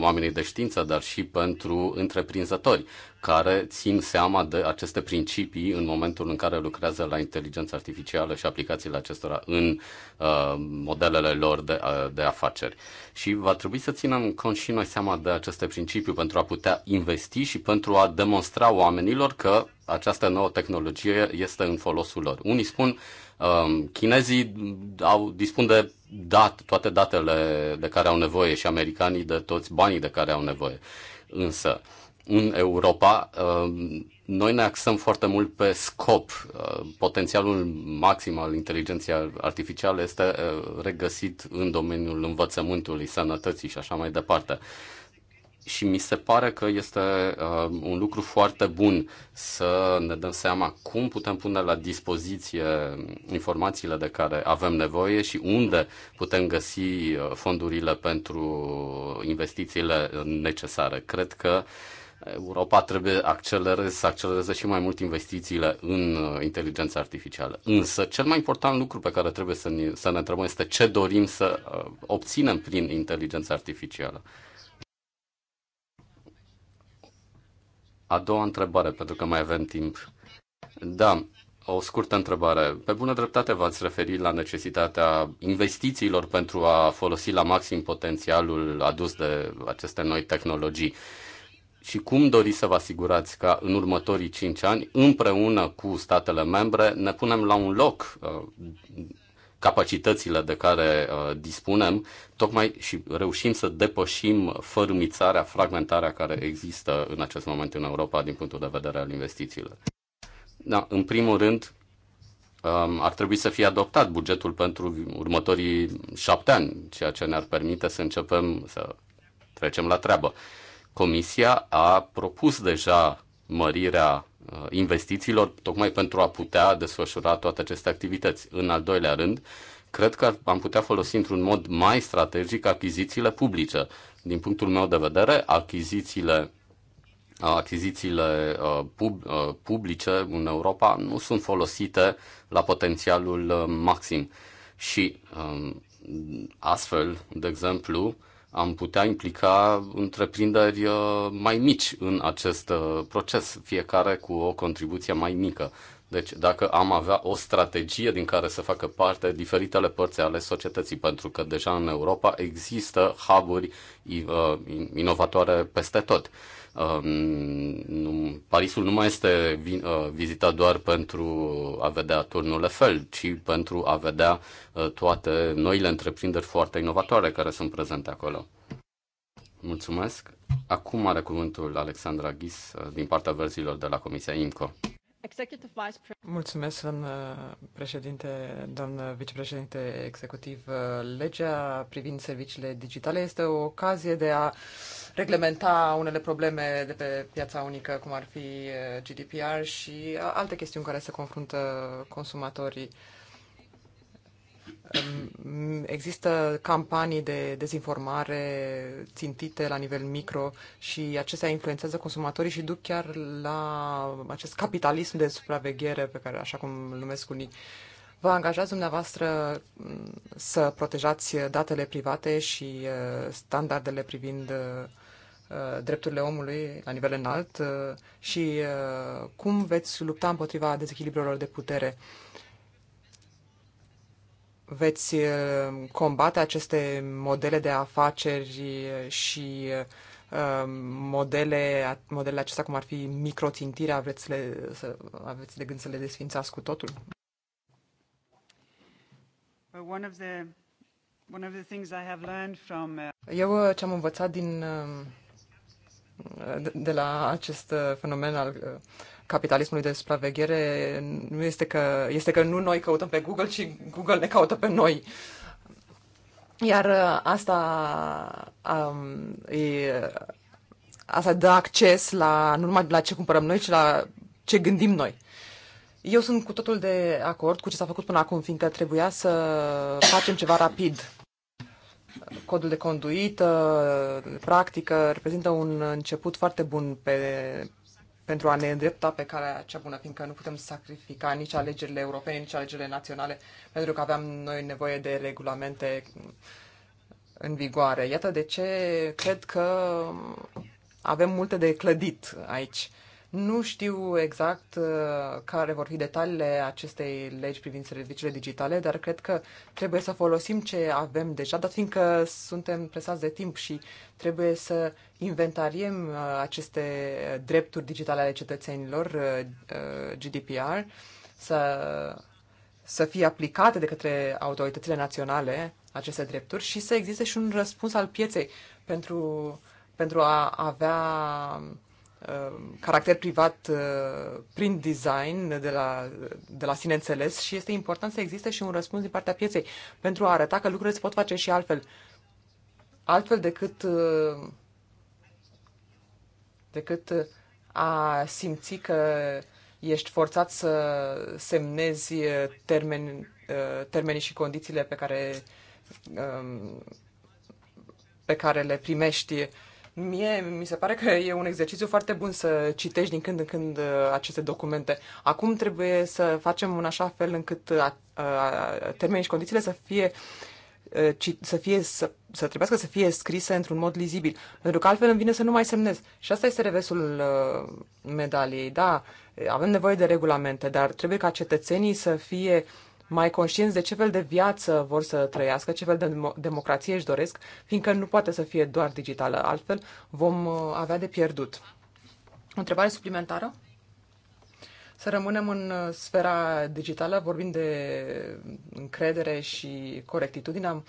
oamenii de știință, dar și pentru întreprinzători care țin seama de aceste principii în momentul în care lucrează la inteligența artificială și aplicațiile acestora în uh, modelele lor de, uh, de afaceri. Și va trebui să ținem cont și noi seama de aceste principii pentru a putea investi și pentru a demonstra oamenilor că această nouă tehnologie este în folosul lor. Unii spun um, chinezii au, dispun de dat, toate datele de care au nevoie și americanii de toți banii de care au nevoie. Însă, în Europa, ehm, noi ne axăm foarte mult pe scop. Ehm, potențialul maxim al inteligenței artificiale este ehm, regăsit în domeniul învățământului, sănătății și așa mai departe. Și mi se pare că este un lucru foarte bun să ne dăm seama cum putem pune la dispoziție informațiile de care avem nevoie și unde putem găsi fondurile pentru investițiile necesare. Cred că Europa trebuie accelereze, să accelereze și mai mult investițiile în uh, inteligența artificială. Însă, cel mai important lucru pe care trebuie să ne, să ne întrebăm este ce dorim să uh, obținem prin inteligența artificială. A doua întrebare, pentru că mai avem timp. Da, o scurtă întrebare. Pe bună dreptate v-ați referit la necesitatea investițiilor pentru a folosi la maxim potențialul adus de aceste noi tehnologii și cum doriți să vă asigurați că în următorii 5 ani, împreună cu statele membre, ne punem la un loc uh, capacitățile de care uh, dispunem, tocmai și reușim să depășim fărâmițarea, fragmentarea care există în acest moment în Europa din punctul de vedere al investițiilor. Da, în primul rând, um, ar trebui să fie adoptat bugetul pentru următorii șapte ani, ceea ce ne-ar permite să începem să trecem la treabă. Comisia a propus deja mărirea uh, investițiilor tocmai pentru a putea desfășura toate aceste activități. În al doilea rând, cred că am putea folosi într-un mod mai strategic achizițiile publice. Din punctul meu de vedere, achizițiile uh, achizițiile uh, pub, publice în Europa nu sunt folosite la potențialul maxim. Și um, astfel, de exemplu, am putea implica întreprinderi uh, mai mici în acest uh, proces, fiecare cu o contribuție mai mică. Deci dacă am avea o strategie din care să facă parte diferitele părți ale societății, pentru că deja în Europa există hub-uri uh, inovatoare peste tot. Parisul nu mai este uh, vizitat doar pentru a vedea turnul Eiffel, ci pentru a vedea uh, toate noile întreprinderi foarte inovatoare care sunt prezente acolo. Mulțumesc. Acum are cuvântul Alexandra Ghis uh, din partea verzilor de la Comisia IMCO. Executive Vice Mulțumesc, doamnă președinte, doamnă vicepreședinte executiv. Legea privind serviciile digitale este o ocazie de a reglementa unele probleme de pe piața unică, cum ar fi eh, GDPR și eh, alte chestiuni care se confruntă consumatorii Există campanii de dezinformare țintite la nivel micro și acestea influențează consumatorii și duc chiar la acest capitalism de supraveghere pe care, așa cum îl numesc unii, vă angajați dumneavoastră mm, să protejați datele private și standardele privind drepturile omului la nivel înalt și cum veți lupta împotriva dezechilibrelor de putere veți eh, combate aceste modele de afaceri eh, și eh, modele, modele acestea, cum ar fi microțintirea, aveți, să le, să, aveți de gând să le desfințați cu totul? Eu ce am învățat din, de la acest fenomen al capitalismului de supraveghere nu este că, este că nu noi căutăm pe Google, ci Google ne caută pe noi. Iar uh, asta um, e, asta dă acces la, nu numai la ce cumpărăm noi, ci la ce gândim noi. Eu sunt cu totul de acord cu ce s-a făcut până acum, fiindcă trebuia să facem ceva rapid. Codul de conduită, practică, reprezintă un început foarte bun pe pentru a ne îndrepta pe calea cea bună, fiindcă nu putem sacrifica nici alegerile europene, nici alegerile naționale, pentru că aveam noi nevoie de regulamente în vigoare. Iată de ce cred că avem multe de clădit aici. Nu știu exact uh, care vor fi detaliile acestei legi privind serviciile digitale, dar cred că trebuie să folosim ce avem deja, dar fiindcă suntem presați de timp și trebuie să inventariem uh, aceste drepturi digitale ale cetățenilor, uh, GDPR, să, să fie aplicate de către autoritățile naționale aceste drepturi și să existe și un răspuns al pieței pentru, pentru a avea Um, caracter privat uh, prin design de la, de la sine înțeles și este important să existe și un răspuns din partea pieței pentru a arăta că lucrurile se pot face și altfel. Altfel decât uh, decât uh, a simți că ești forțat să semnezi termen, termenii și condițiile pe care, um, pe care le primești Mie mi se pare că e un exercițiu foarte bun să citești din când în când uh, aceste documente. Acum trebuie să facem un așa fel încât uh, a, a, termenii și condițiile să fie uh, să fie să, să trebuiască să fie scrise într-un mod lizibil, pentru că altfel îmi vine să nu mai semnez. Și asta este reversul uh, medaliei. Da, avem nevoie de regulamente, dar trebuie ca cetățenii să fie mai conștienți de ce fel de viață vor să trăiască, ce fel de democrație își doresc, fiindcă nu poate să fie doar digitală, altfel vom uh, avea de pierdut. O întrebare suplimentară? Să rămânem în uh, sfera digitală, vorbim de încredere și corectitudine.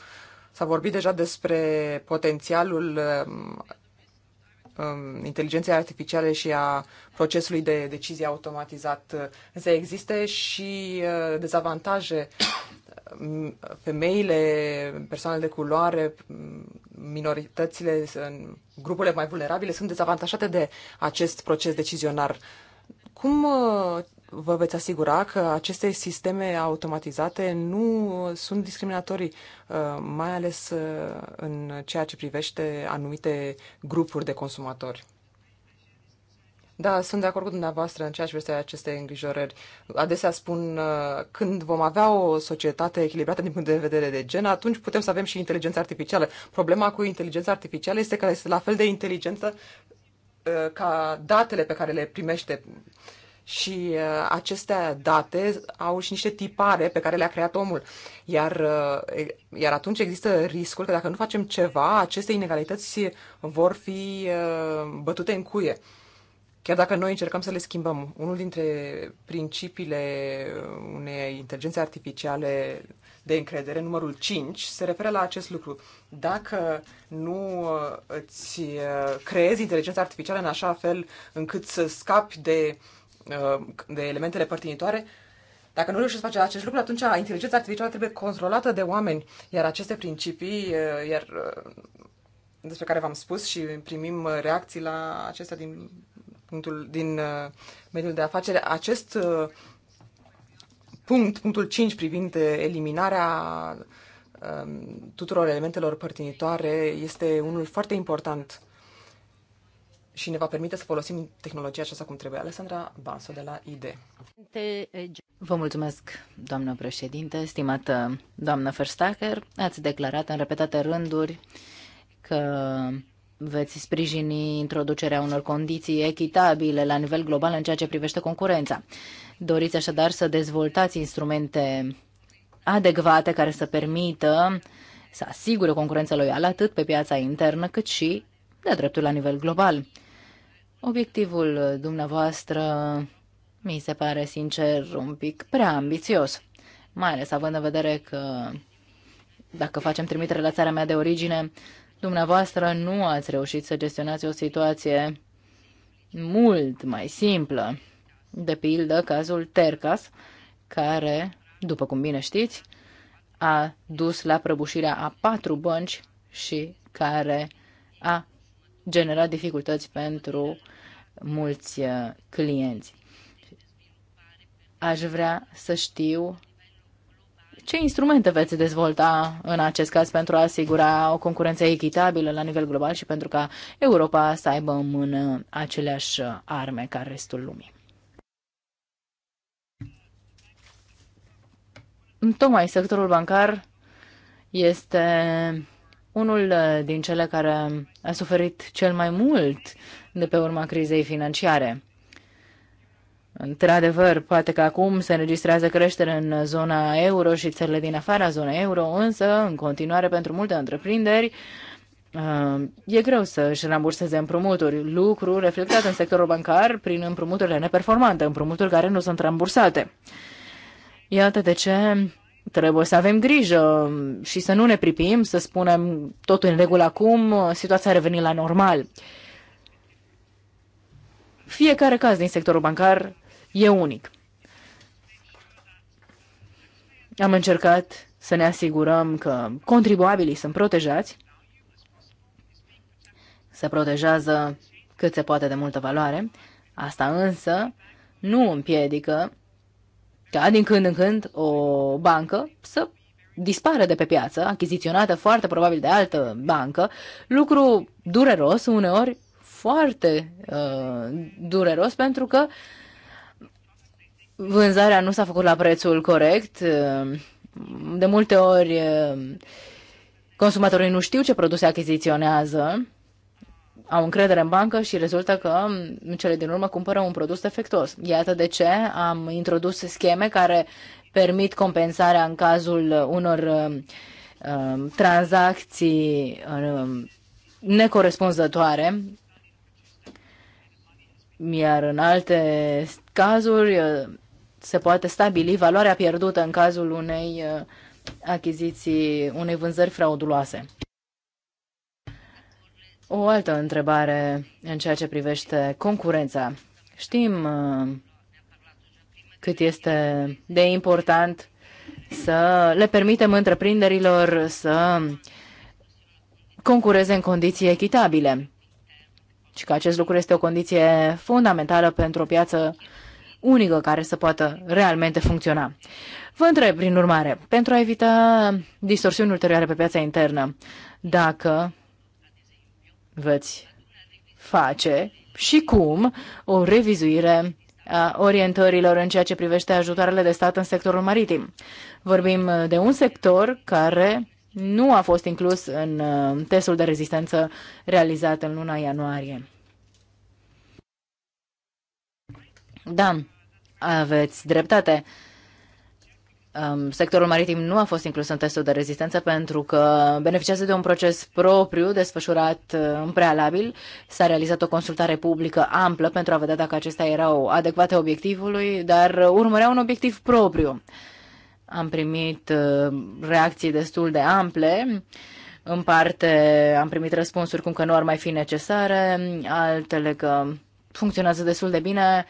S-a vorbit deja despre potențialul um, um, inteligenței artificiale și a procesului de decizie automatizat. Însă există și uh, dezavantaje. Um, femeile, persoanele de culoare, um, minoritățile, grupurile mai vulnerabile sunt dezavantajate de acest proces decizionar. Cum uh, vă veți asigura că aceste sisteme automatizate nu sunt discriminatorii, uh, mai ales uh, în ceea ce privește anumite grupuri de consumatori. Da, sunt de acord cu dumneavoastră în ceea ce privește aceste îngrijorări. Adesea spun, uh, când vom avea o societate echilibrată din punct de vedere de gen, atunci putem să avem și inteligența artificială. Problema cu inteligența artificială este că este la fel de inteligentă ca datele pe care le primește și uh, aceste date au și niște tipare pe care le-a creat omul. Iar, uh, iar atunci există riscul că dacă nu facem ceva, aceste inegalități vor fi uh, bătute în cuie. Chiar dacă noi încercăm să le schimbăm, unul dintre principiile unei inteligențe artificiale de încredere, numărul 5, se referă la acest lucru. Dacă nu îți creezi inteligența artificială în așa fel încât să scapi de Uh, de elementele părtinitoare, dacă nu reușești să faci acest lucru, atunci inteligența artificială trebuie controlată de oameni. Iar aceste principii, uh, iar uh, despre care v-am spus și primim reacții la acestea din, punctul, din mediul de afaceri, acest punct, punctul 5 privind eliminarea um, tuturor elementelor părtinitoare, este unul foarte important și ne va permite să folosim tehnologia aceasta cum trebuie. Alessandra Banso de la ID. Vă mulțumesc, doamnă președinte, stimată doamnă Verstacher. Ați declarat în repetate rânduri că veți sprijini introducerea unor condiții echitabile la nivel global în ceea ce privește concurența. Doriți așadar să dezvoltați instrumente adecvate care să permită să asigure concurența loială atât pe piața internă cât și de dreptul la nivel global. Obiectivul dumneavoastră mi se pare sincer un pic prea ambițios, mai ales având în vedere că dacă facem trimitere la țara mea de origine, dumneavoastră nu ați reușit să gestionați o situație mult mai simplă. De pildă, cazul Tercas, care, după cum bine știți, a dus la prăbușirea a patru bănci și care a genera dificultăți pentru mulți uh, clienți. Aș vrea să știu ce instrumente veți dezvolta în acest caz pentru a asigura o concurență echitabilă la nivel global și pentru ca Europa să aibă în mână aceleași uh, arme ca restul lumii? Tocmai sectorul bancar este unul uh, din cele care a suferit cel mai mult de pe urma crizei financiare. Într-adevăr, poate că acum se înregistrează creștere în zona euro și țările din afara zonei euro, însă, în continuare, pentru multe întreprinderi, uh, e greu să își ramburseze împrumuturi, lucru reflectat în sectorul bancar prin împrumuturile neperformante, împrumuturi care nu sunt rambursate. Iată de ce trebuie să avem grijă și să nu ne pripim, să spunem totul în regulă acum, situația a revenit la normal. Fiecare caz din sectorul bancar e unic. Am încercat să ne asigurăm că contribuabilii sunt protejați, se protejează cât se poate de multă valoare, asta însă nu împiedică ca da, din când în când o bancă să dispară de pe piață, achiziționată foarte probabil de altă bancă, lucru dureros, uneori foarte uh, dureros, pentru că vânzarea nu s-a făcut la prețul corect. Uh, de multe ori uh, consumatorii nu știu ce produse achiziționează au încredere în bancă și rezultă că mm, în cele din urmă cumpără un produs defectuos. Iată de ce am introdus scheme care permit compensarea în cazul unor um, tranzacții um, necorespunzătoare, iar în alte cazuri se poate stabili valoarea pierdută în cazul unei achiziții, unei vânzări frauduloase. O altă întrebare în ceea ce privește concurența. Știm uh, cât este de important să le permitem întreprinderilor să concureze în condiții echitabile și că acest lucru este o condiție fundamentală pentru o piață unică care să poată realmente funcționa. Vă întreb, prin urmare, pentru a evita distorsiuni ulterioare pe piața internă, dacă veți face și cum o revizuire a orientărilor în ceea ce privește ajutoarele de stat în sectorul maritim. Vorbim de un sector care nu a fost inclus în uh, testul de rezistență realizat în luna ianuarie. Da, aveți dreptate. Um, sectorul maritim nu a fost inclus în testul de rezistență pentru că beneficiază de un proces propriu desfășurat uh, în prealabil. S-a realizat o consultare publică amplă pentru a vedea dacă acestea erau adecvate obiectivului, dar urmărea un obiectiv propriu. Am primit uh, reacții destul de ample. În parte am primit răspunsuri cum că nu ar mai fi necesare, altele că funcționează destul de bine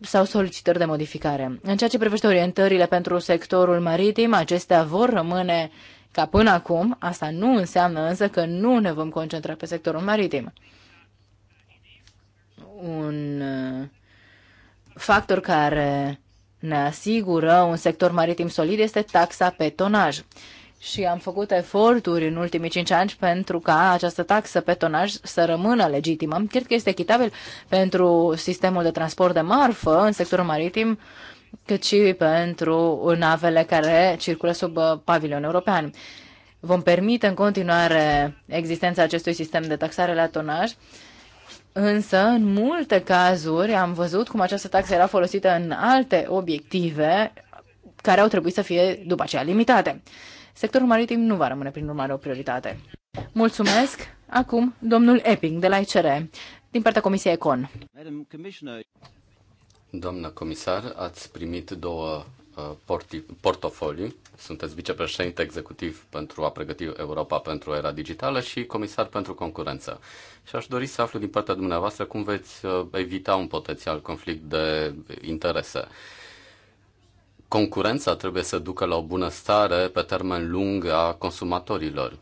sau solicitări de modificare. În ceea ce privește orientările pentru sectorul maritim, acestea vor rămâne ca până acum, asta nu înseamnă însă că nu ne vom concentra pe sectorul maritim. Un uh, factor care ne asigură un sector maritim solid este taxa pe tonaj și am făcut eforturi în ultimii cinci ani pentru ca această taxă pe tonaj să rămână legitimă. Cred că este echitabil pentru sistemul de transport de marfă în sectorul maritim, cât și pentru navele care circulă sub uh, pavilion european. Vom permite în continuare existența acestui sistem de taxare la tonaj, însă în multe cazuri am văzut cum această taxă era folosită în alte obiective care au trebuit să fie după aceea limitate. Sectorul maritim nu va rămâne, prin urmare, o prioritate. Mulțumesc! Acum, domnul Epping, de la ICR, din partea Comisiei Econ. Doamna comisar, ați primit două uh, portofoliu. Sunteți vicepreședinte executiv pentru a pregăti Europa pentru era digitală și comisar pentru concurență. Și aș dori să aflu din partea dumneavoastră cum veți uh, evita un potențial conflict de interese. Concurența trebuie să ducă la o bunăstare pe termen lung a consumatorilor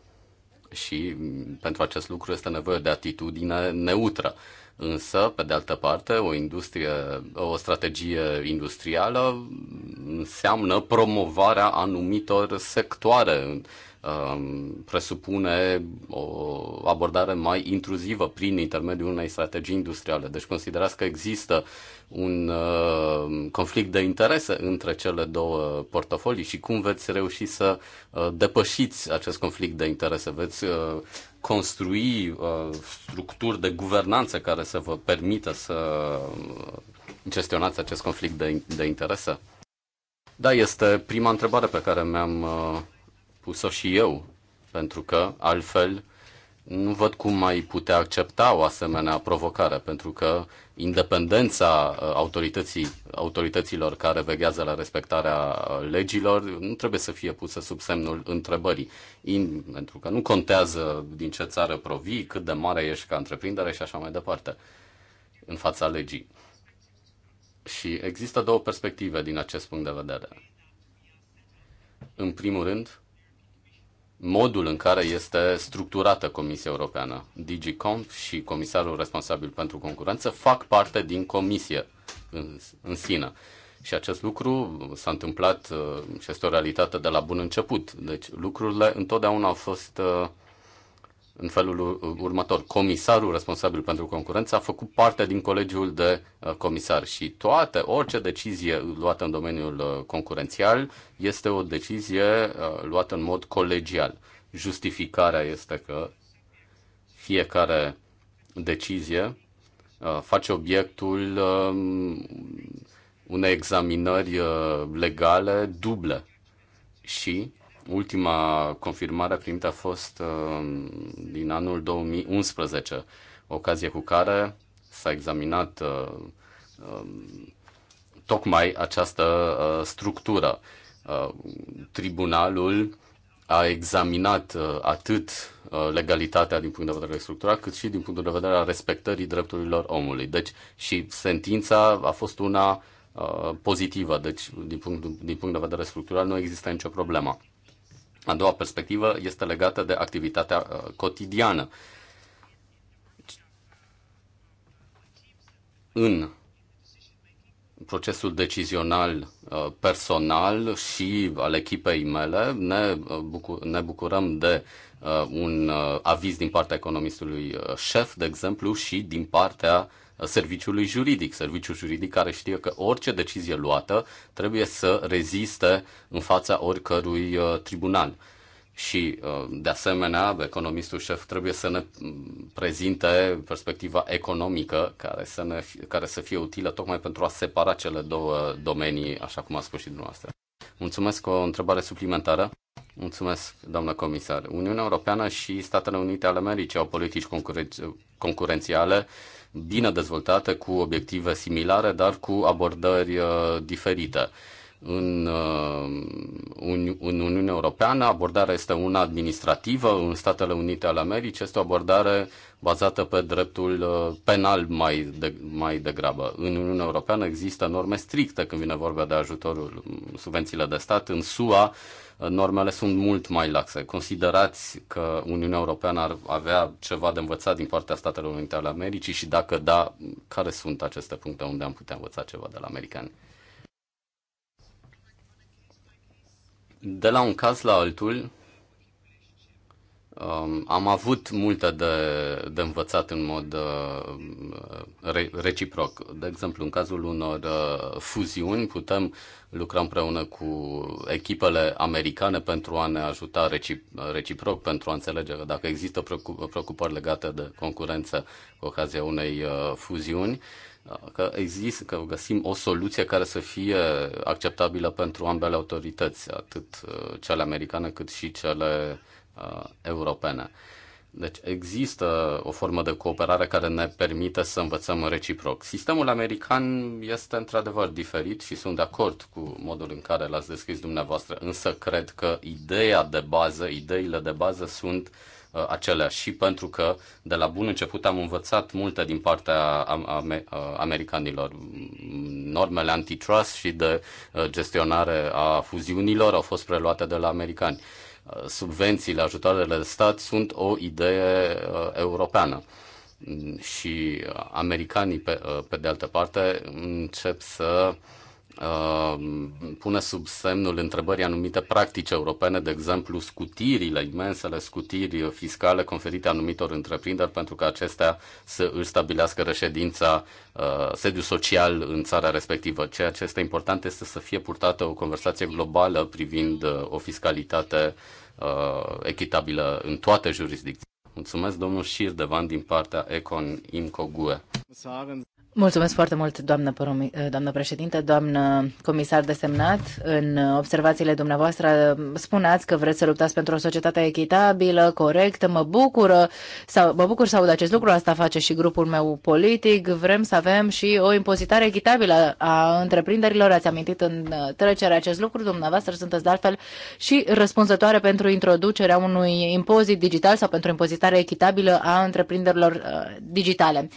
și mm, pentru acest lucru este nevoie de atitudine neutră. Însă, pe de altă parte, o industrie, o strategie industrială mm, înseamnă promovarea anumitor sectoare Um, presupune o abordare mai intruzivă prin intermediul unei strategii industriale. Deci considerați că există un um, conflict de interese între cele două portofolii și cum veți reuși să uh, depășiți acest conflict de interese? Veți uh, construi uh, structuri de guvernanță care să vă permită să gestionați acest conflict de, interese? Da, este prima întrebare pe care mi-am spus-o și eu, pentru că altfel nu văd cum mai putea accepta o asemenea provocare, pentru că independența uh, autorității, autorităților care veghează la respectarea uh, legilor nu trebuie să fie pusă sub semnul întrebării, In, pentru că nu contează din ce țară provii, cât de mare ești ca întreprindere și așa mai departe în fața legii. Și există două perspective din acest punct de vedere. În primul rând, modul în care este structurată Comisia Europeană. DigiComp și comisarul responsabil pentru concurență fac parte din comisie în, în sine. Și acest lucru s-a întâmplat uh, și este o realitate de la bun început. Deci lucrurile întotdeauna au fost uh, în felul următor. Comisarul responsabil pentru concurență a făcut parte din colegiul de uh, comisar și toate, orice decizie luată în domeniul uh, concurențial este o decizie uh, luată în mod colegial. Justificarea este că fiecare decizie face obiectul um, unei examinări legale duble și Ultima confirmare primită a fost uh, din anul 2011, ocazie cu care s-a examinat uh, um, tocmai această uh, structură. Tribunalul a examinat atât legalitatea din punct de vedere structural, cât și din punct de vedere a respectării drepturilor omului. Deci și sentința a fost una pozitivă, deci din punct, din punct de vedere structural nu există nicio problemă. A doua perspectivă este legată de activitatea uh, cotidiană. În procesul decizional uh, personal și al echipei mele. Ne, uh, bucur- ne bucurăm de un aviz din partea economistului șef, de exemplu, și din partea serviciului juridic, serviciul juridic care știe că orice decizie luată trebuie să reziste în fața oricărui uh, tribunal. Și, uh, de asemenea, economistul șef trebuie să ne mm, prezinte perspectiva economică care să, ne, care să fie utilă tocmai pentru a separa cele două domenii, așa cum a spus și dumneavoastră. Mulțumesc. O întrebare suplimentară. Mulțumesc, doamnă comisar. Uniunea Europeană și Statele Unite ale Americii au politici concurențiale bine dezvoltate, cu obiective similare, dar cu abordări uh, diferite. În, uh, în, Uniunea Europeană abordarea este una administrativă, în Statele Unite ale Americii este o abordare bazată pe dreptul uh, penal mai, de, mai degrabă. În Uniunea Europeană există norme stricte când vine vorba de ajutorul, subvențiile de stat. În SUA normele sunt mult mai laxe. Considerați că Uniunea Europeană ar avea ceva de învățat din partea Statelor Unite ale Americii și dacă da, care sunt aceste puncte unde am putea învăța ceva de la americani? De la un caz la altul, Um, am avut multe de, de învățat în mod uh, re, reciproc. De exemplu, în cazul unor uh, fuziuni, putem lucra împreună cu echipele americane pentru a ne ajuta reci, reciproc, pentru a înțelege că dacă există preocupări legate de concurență cu ocazia unei uh, fuziuni, uh, că există, că găsim o soluție care să fie acceptabilă pentru ambele autorități, atât uh, cele americane cât și cele uh, Uh, europene. Deci există o formă de cooperare care ne permite să învățăm reciproc. Sistemul american este într-adevăr diferit și sunt de acord cu modul în care l-ați descris dumneavoastră, însă cred că ideea de bază, ideile de bază sunt uh, aceleași și pentru că de la bun început am învățat multe din partea am, am, uh, americanilor. Normele antitrust și de uh, gestionare a fuziunilor au fost preluate de la americani. Uh, subvențiile, ajutoarele de stat sunt o idee uh, europeană și uh, americanii, pe, uh, pe de altă parte, încep să Ehm, pune sub semnul întrebării anumite practici europene, de exemplu scutirile, imensele scutiri fiscale conferite anumitor întreprinderi pentru că acestea să își stabilească reședința, eh, sediul social în țara respectivă. Ceea ce este important este să fie purtată o conversație globală privind eh, o fiscalitate eh, echitabilă în toate jurisdicțiile. Mulțumesc, domnul Van din partea Econ Imco GUE. Mulțumesc foarte mult, doamnă, eh, doamnă președinte, doamnă comisar desemnat. În observațiile dumneavoastră mm, spuneați că vreți să luptați pentru o societate echitabilă, corectă. Mă bucură, sau, mă bucur să aud acest lucru, asta face și grupul meu politic. Vrem să avem și o impozitare echitabilă a întreprinderilor. Ați amintit în eh, trecere acest lucru, dumneavoastră sunteți de altfel și răspunzătoare pentru introducerea unui impozit digital sau pentru impozitare echitabilă a întreprinderilor eh, digitale.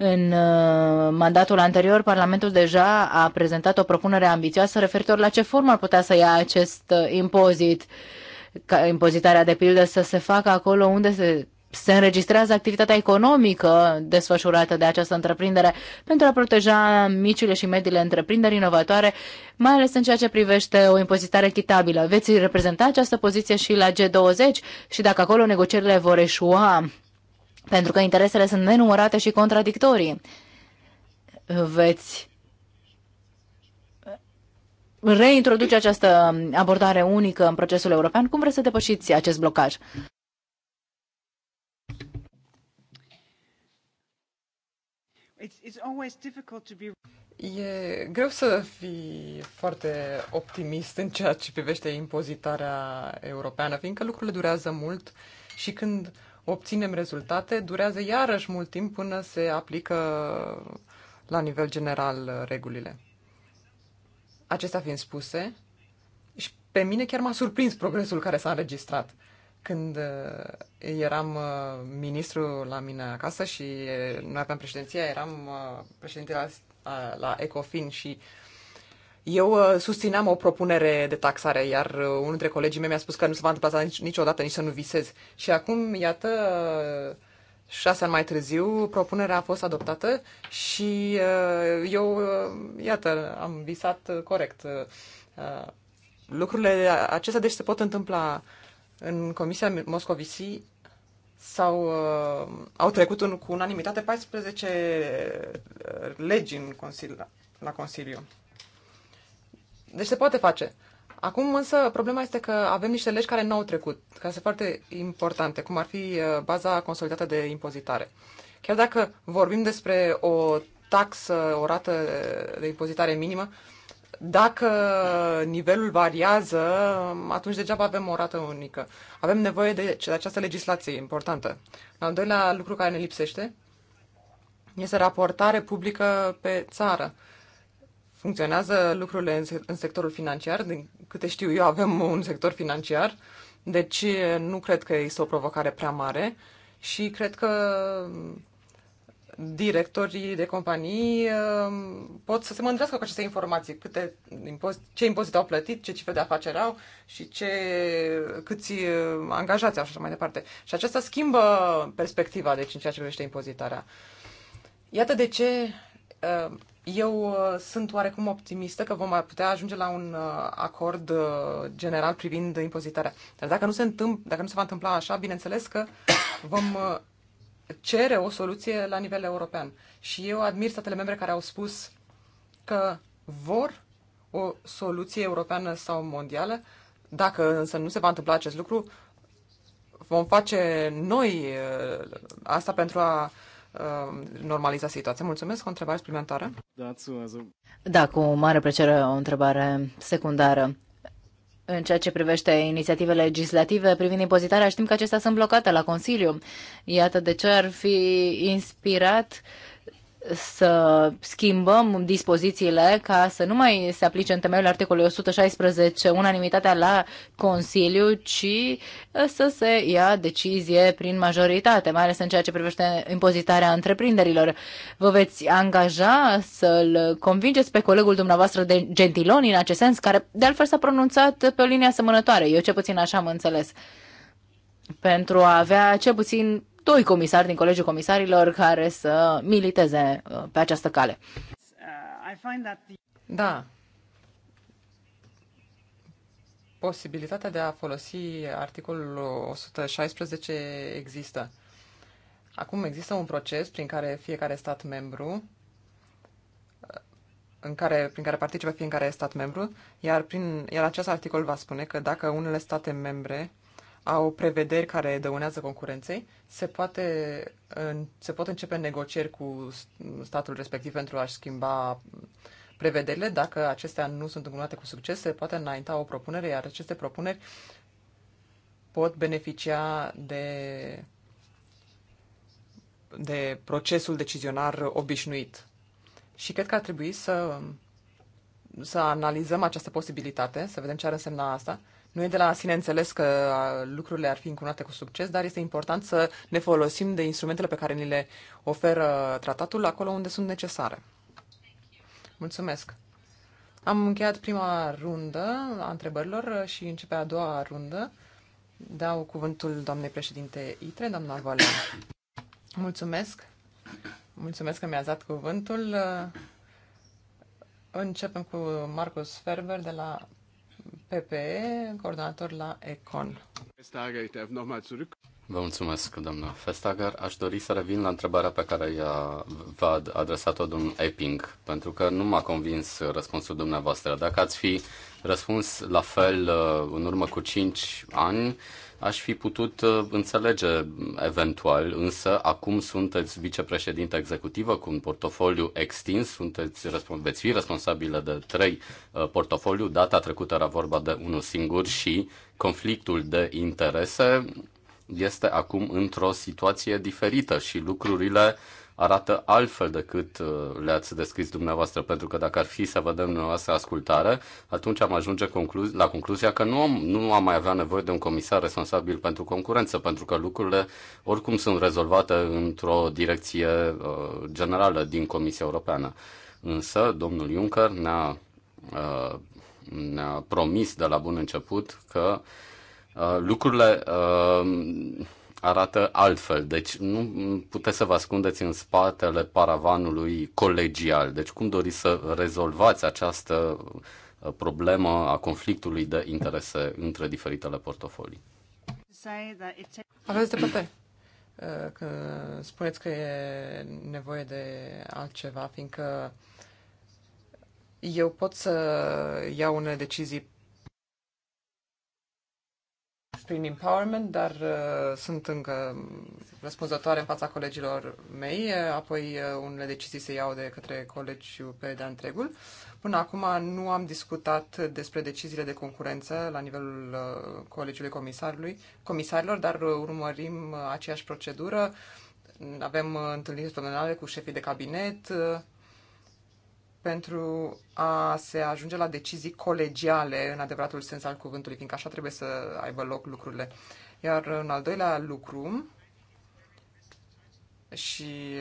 În uh, mandatul anterior, Parlamentul deja a prezentat o propunere ambițioasă referitor la ce formă ar putea să ia acest uh, impozit. Ca impozitarea, de pildă, să se facă acolo unde se se înregistrează activitatea economică desfășurată de această întreprindere pentru a proteja micile și mediile întreprinderi inovatoare, mai ales în ceea ce privește o impozitare echitabilă. Veți reprezenta această poziție și la G20 și dacă acolo negocierile vor eșua pentru că interesele sunt nenumărate și contradictorii. Veți reintroduce această abordare unică în procesul european. Cum vreți să depășiți acest blocaj? E greu să fii foarte optimist în ceea ce privește impozitarea europeană, fiindcă lucrurile durează mult și când obținem rezultate, durează iarăși mult timp până se aplică la nivel general regulile. Acestea fiind spuse, și pe mine chiar m-a surprins progresul care s-a înregistrat. Când uh, eram uh, ministru la mine acasă și uh, noi aveam președinția, eram președinte la, la Ecofin și uh, eu uh, susțineam o propunere de taxare, iar uh, unul dintre colegii mei mi-a spus că nu se va întâmpla asta niciodată, nici să nu visez. Și acum, iată, uh, șase ani mai târziu, propunerea a fost adoptată și eu, iată, am visat corect. Lucrurile acestea, deci, se pot întâmpla în Comisia Moscovici sau au trecut în, cu unanimitate 14 legi în la Consiliu. Deci se poate face. Acum însă problema este că avem niște legi care nu au trecut, care sunt foarte importante, cum ar fi uh, baza consolidată de impozitare. Chiar dacă vorbim despre o taxă, o rată de impozitare minimă, dacă nivelul variază, atunci degeaba avem o rată unică. Avem nevoie de, această legislație importantă. Al doilea lucru care ne lipsește este raportare publică pe țară funcționează lucrurile în, în sectorul financiar. Din câte știu eu, avem un sector financiar, deci nu cred că este o provocare prea mare și cred că directorii de companii pot să se mândrească cu aceste informații, câte impozit, ce impozit au plătit, ce cifre de afaceri au și ce, câți angajați au și așa mai departe. Și aceasta schimbă perspectiva, deci, în ceea ce privește impozitarea. Iată de ce eu uh, sunt oarecum optimistă că vom putea ajunge la un uh, acord uh, general privind impozitarea. Dar dacă nu se, întâmpl- dacă nu se va întâmpla așa, bineînțeles că vom cere o soluție la nivel european. Și eu admir statele membre care au spus că vor o soluție europeană sau mondială. Dacă însă nu se va întâmpla acest lucru, vom face noi asta pentru a Uh, normaliza situația. Mulțumesc. O întrebare suplimentară? Da, cu mare plăcere o întrebare secundară. În ceea ce privește inițiativele legislative privind impozitarea, știm că acestea sunt blocate la Consiliu. Iată de ce ar fi inspirat uh, să schimbăm dispozițiile ca să nu mai se aplice în temeiul articolului 116 unanimitatea la Consiliu, ci uh, să se ia decizie prin majoritate, mai ales în ceea ce privește impozitarea întreprinderilor. Vă veți angaja să-l convingeți pe colegul dumneavoastră de Gentiloni în acest sens, care de altfel s-a pronunțat pe o linie asemănătoare, eu ce puțin așa am înțeles, pentru a avea ce puțin doi comisari din Colegiul Comisarilor care să militeze uh, pe această cale. Uh, da. Posibilitatea de a folosi articolul 116 există. Acum există un proces prin care fiecare stat membru uh, în care, prin care participă fiecare stat membru, iar, prin, iar acest articol va spune că dacă unele state membre au prevederi care dăunează concurenței, se, poate, se pot începe negocieri cu statul respectiv pentru a-și schimba prevederile. Dacă acestea nu sunt încununate cu succes, se poate înainta o propunere, iar aceste propuneri pot beneficia de, de procesul decizionar obișnuit. Și cred că ar trebui să, să analizăm această posibilitate, să vedem ce ar însemna asta nu e de la sine înțeles că lucrurile ar fi încunate cu succes, dar este important să ne folosim de instrumentele pe care ni le oferă tratatul acolo unde sunt necesare. Mulțumesc! Am încheiat prima rundă a întrebărilor și începe a doua rundă. Dau cuvântul doamnei președinte ITRE, doamna Valea. Mulțumesc! Mulțumesc că mi a dat cuvântul. Începem cu Marcus Ferber de la PPE, coordonator la Econ. Vă mulțumesc, doamna Festager. Aș dori să revin la întrebarea pe care i-a, v-a adresat-o domnul Epping, pentru că nu m-a convins răspunsul dumneavoastră. Dacă ați fi răspuns la fel uh, în urmă cu 5 ani, aș fi putut uh, înțelege eventual, însă acum sunteți vicepreședinte executivă cu un portofoliu extins, sunteți, veți fi responsabilă de trei uh, portofoliu. Data trecută era vorba de unul singur și conflictul de interese este acum într-o situație diferită și lucrurile uh, arată altfel decât uh, le-ați descris dumneavoastră, pentru că dacă ar fi să vedem dumneavoastră ascultare, atunci am ajunge conclu- la concluzia că nu am, nu am mai avea nevoie de un comisar responsabil pentru concurență, pentru că lucrurile oricum sunt rezolvate într-o direcție uh, generală din Comisia Europeană. Însă, domnul Juncker ne-a, uh, ne-a promis de la bun început că uh, lucrurile uh, arată altfel. Deci nu puteți să vă ascundeți în spatele paravanului colegial. Deci cum doriți să rezolvați această uh, problemă a conflictului de interese între diferitele portofolii? Aveți dreptate uh, că spuneți că e nevoie de altceva, fiindcă eu pot să iau unele decizii prin empowerment, dar uh, sunt încă răspunzătoare în fața colegilor mei, uh, apoi uh, unele decizii se iau de către colegiu pe de întregul. Până acum nu am discutat despre deciziile de concurență la nivelul uh, colegiului comisarului, comisarilor, dar uh, urmărim uh, aceeași procedură. Avem uh, întâlniri săptămânale cu șefii de cabinet, uh, pentru a se ajunge la decizii colegiale în adevăratul sens al cuvântului, fiindcă așa trebuie să aibă loc lucrurile. Iar în al doilea lucru, și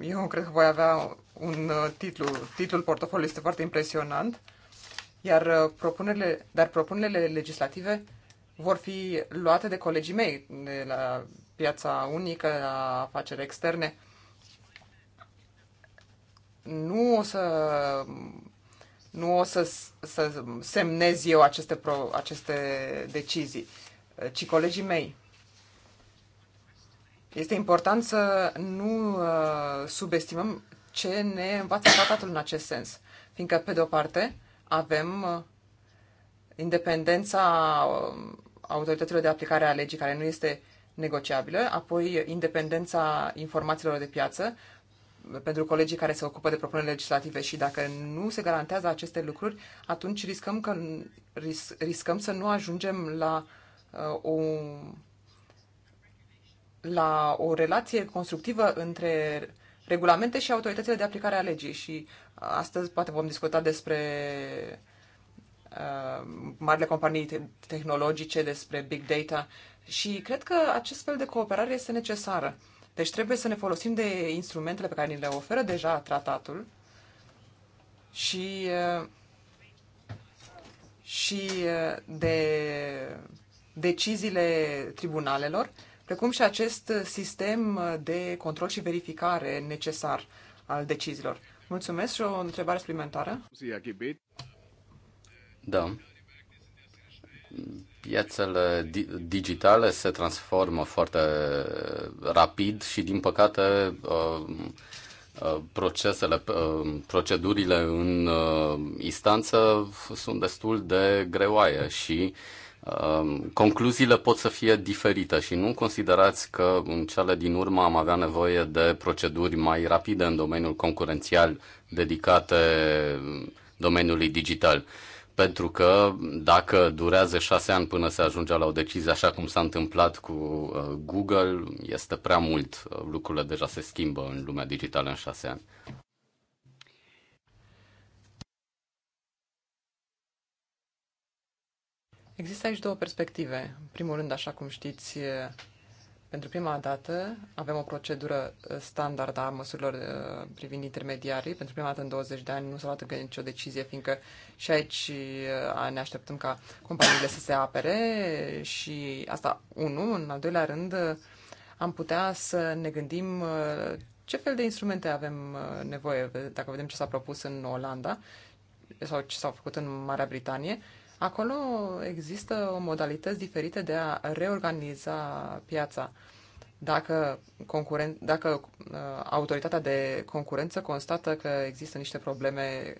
uh, eu cred că voi avea un uh, titlu, titlul portofoliului este foarte impresionant, iar uh, propunerile, dar propunerile legislative vor fi luate de colegii mei de la piața unică, la afaceri externe, nu o să nu o să, să semnez eu aceste, pro, aceste decizii, ci colegii mei. Este important să nu uh, subestimăm ce ne învață tratatul în acest sens. Fiindcă, pe de o parte, avem uh, independența uh, autorităților de aplicare a legii, care nu este negociabilă, apoi independența informațiilor de piață, pentru colegii care se ocupă de propuneri legislative și dacă nu se garantează aceste lucruri, atunci riscăm, că, ris, riscăm să nu ajungem la uh, o la o relație constructivă între regulamente și autoritățile de aplicare a legii și astăzi poate vom discuta despre uh, marile companii te- tehnologice, despre big data și cred că acest fel de cooperare este necesară. Uh, deci trebuie să ne folosim de instrumentele pe care ni le oferă deja tratatul și, eh, și eh, de deciziile tribunalelor, precum și acest sistem de control și verificare necesar al deciziilor. Mulțumesc și o întrebare suplimentară. Da. Piețele digitale se transformă foarte rapid și, din păcate, uh, uh, procesele, uh, procedurile în instanță sunt destul de greoaie și concluziile pot să fie diferite și nu considerați că în cele din urmă am avea nevoie de proceduri mai rapide în domeniul concurențial dedicate domeniului digital pentru că dacă durează șase ani până se ajunge la o decizie, așa cum s-a întâmplat cu uh, Google, este prea mult. Uh, lucrurile deja se schimbă în lumea digitală în șase ani. Există aici două perspective. În primul rând, așa cum știți, pentru prima dată avem o procedură uh, standard a măsurilor uh, privind intermediarii. Pentru prima dată în 20 de ani nu s-a luat încă nicio decizie, fiindcă și aici uh, ne așteptăm ca companiile să se apere și asta, unul, În al doilea rând, am putea să ne gândim ce fel de instrumente avem nevoie, dacă vedem ce s-a propus în Olanda sau ce s-a făcut în Marea Britanie, Acolo există o modalități diferite de a reorganiza piața. Dacă, concuren- dacă uh, autoritatea de concurență constată că există niște probleme,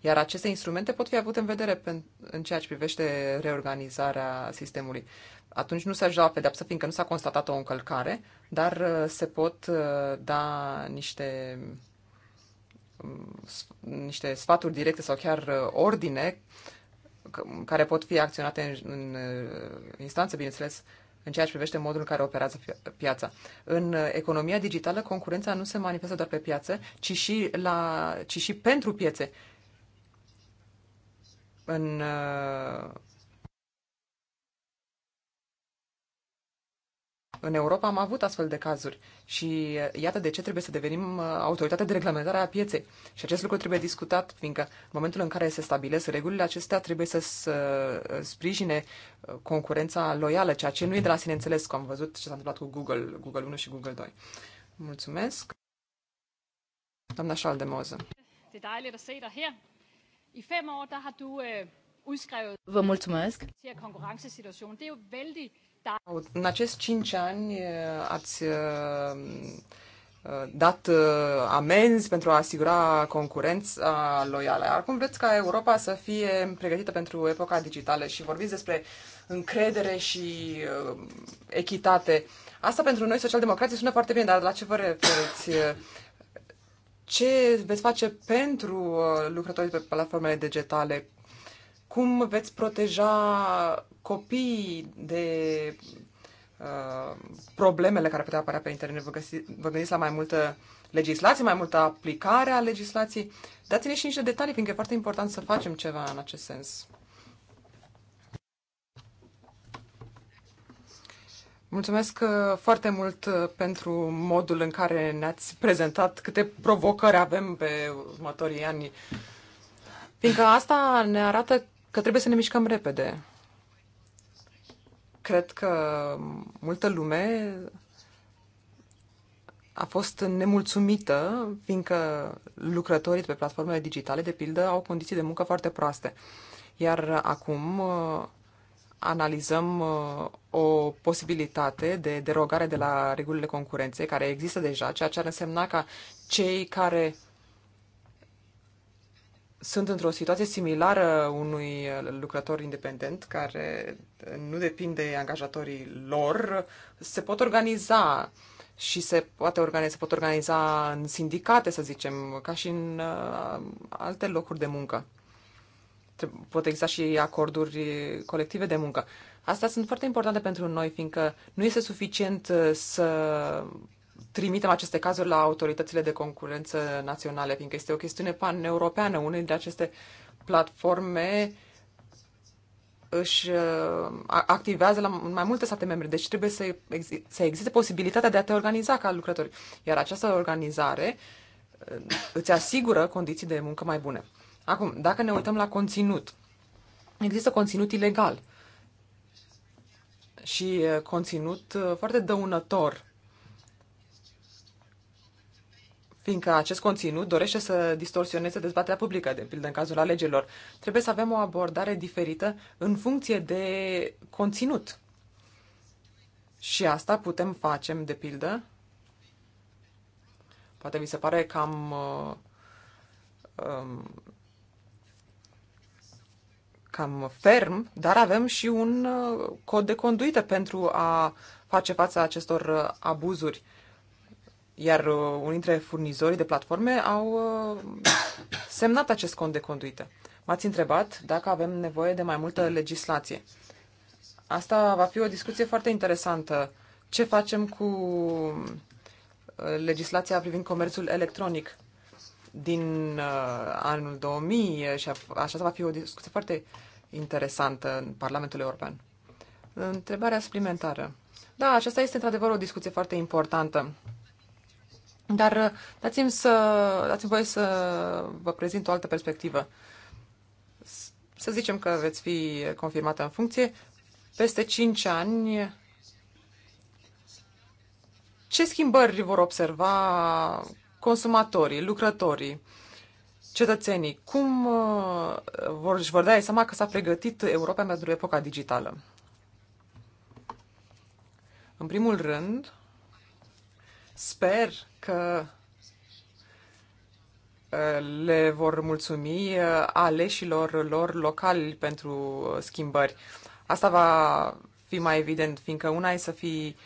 iar aceste instrumente pot fi avute în vedere în ceea ce privește reorganizarea sistemului. Atunci nu se ajunge la pedeapsă, fiindcă nu s-a constatat o încălcare, dar uh, se pot uh, da niște um, niște sfaturi directe sau chiar uh, ordine uh, care pot fi acționate în, în uh, instanță, bineînțeles, în ceea ce privește modul în care operează piața. În uh, economia digitală, concurența nu se manifestă doar pe piață, ci și, la, ci și pentru piețe. În uh, În Europa am avut astfel de cazuri și eh, iată de ce trebuie să devenim eh, autoritatea de reglementare a pieței. Și acest lucru trebuie discutat, fiindcă în momentul în care se stabilesc regulile acestea trebuie să, să eh, sprijine concurența loială, ceea ce nu e de la sine înțeles, că am văzut ce s-a întâmplat cu Google, Google 1 și Google 2. Mulțumesc. Doamna Schaldemose. Det er dejligt at se dig her. I fem år, der har du øh, Vă mulțumesc. Er în acest cinci ani eh, ați eh, eh, dat amenzi pentru a asigura concurența loială. Acum vreți ca Europa să fie pregătită pentru epoca digitală și vorbiți despre încredere și echitate. Asta pentru noi, socialdemocrații, sună foarte bine, dar la ce vă referiți? Ce veți face pentru lucrătorii pe platformele digitale? cum veți proteja copiii de uh, problemele care putea apărea pe internet. Vă, găsi, vă gândiți la mai multă legislație, mai multă aplicare a legislației. Dați-ne și niște detalii, fiindcă e foarte important să facem ceva în acest sens. Mulțumesc uh, foarte mult uh, pentru modul în care ne-ați prezentat câte provocări avem pe următorii ani. Fiindcă asta ne arată că trebuie să ne mișcăm repede. Cred că multă lume a fost nemulțumită, fiindcă lucrătorii de pe platformele digitale, de pildă, au condiții de muncă foarte proaste. Iar acum uh, analizăm uh, o posibilitate de derogare de la regulile concurenței, care există deja, ceea ce ar însemna ca cei care sunt într-o situație similară unui lucrător independent care nu depinde de angajatorii lor, se pot organiza și se, poate organiza, se pot organiza în sindicate, să zicem, ca și în uh, alte locuri de muncă. Pot exista și acorduri colective de muncă. Astea sunt foarte importante pentru noi, fiindcă nu este suficient uh, să trimitem aceste cazuri la autoritățile de concurență naționale, fiindcă este o chestiune pan-europeană. Unele dintre aceste platforme își uh, activează la mai multe state membre, deci trebuie să, exi- să existe posibilitatea de a te organiza ca lucrători. Iar această organizare uh, îți asigură condiții de muncă mai bune. Acum, dacă ne uităm la conținut, există conținut ilegal și uh, conținut foarte dăunător fiindcă acest conținut dorește să distorsioneze dezbaterea publică, de pildă în cazul alegerilor. Trebuie să avem o abordare diferită în funcție de conținut. Și asta putem face, de pildă. Poate mi se pare cam. Uh, um, cam ferm, dar avem și un uh, cod de conduită pentru a face față acestor uh, abuzuri. Iar uh, unii dintre furnizorii de platforme au uh, semnat acest cont de conduită. M-ați întrebat dacă avem nevoie de mai multă legislație. Asta va fi o discuție foarte interesantă. Ce facem cu uh, legislația privind comerțul electronic din anul 2000 și așa va fi o discuție foarte interesantă în Parlamentul European. Întrebarea suplimentară. Da, aceasta este într-adevăr o discuție foarte importantă. Dar uh, dați-mi, să, dați-mi voie să vă prezint o altă perspectivă. Să zicem că veți fi confirmată în funcție. Peste 5 ani, ce schimbări vor observa consumatorii, lucrătorii, cetățenii? Cum uh, vor, își vor da seama că s-a pregătit Europa pentru epoca digitală? În primul rând, sper că uh, le vor mulțumi uh, aleșilor lor locali pentru uh, schimbări. Asta va fi mai evident, fiindcă una e să fii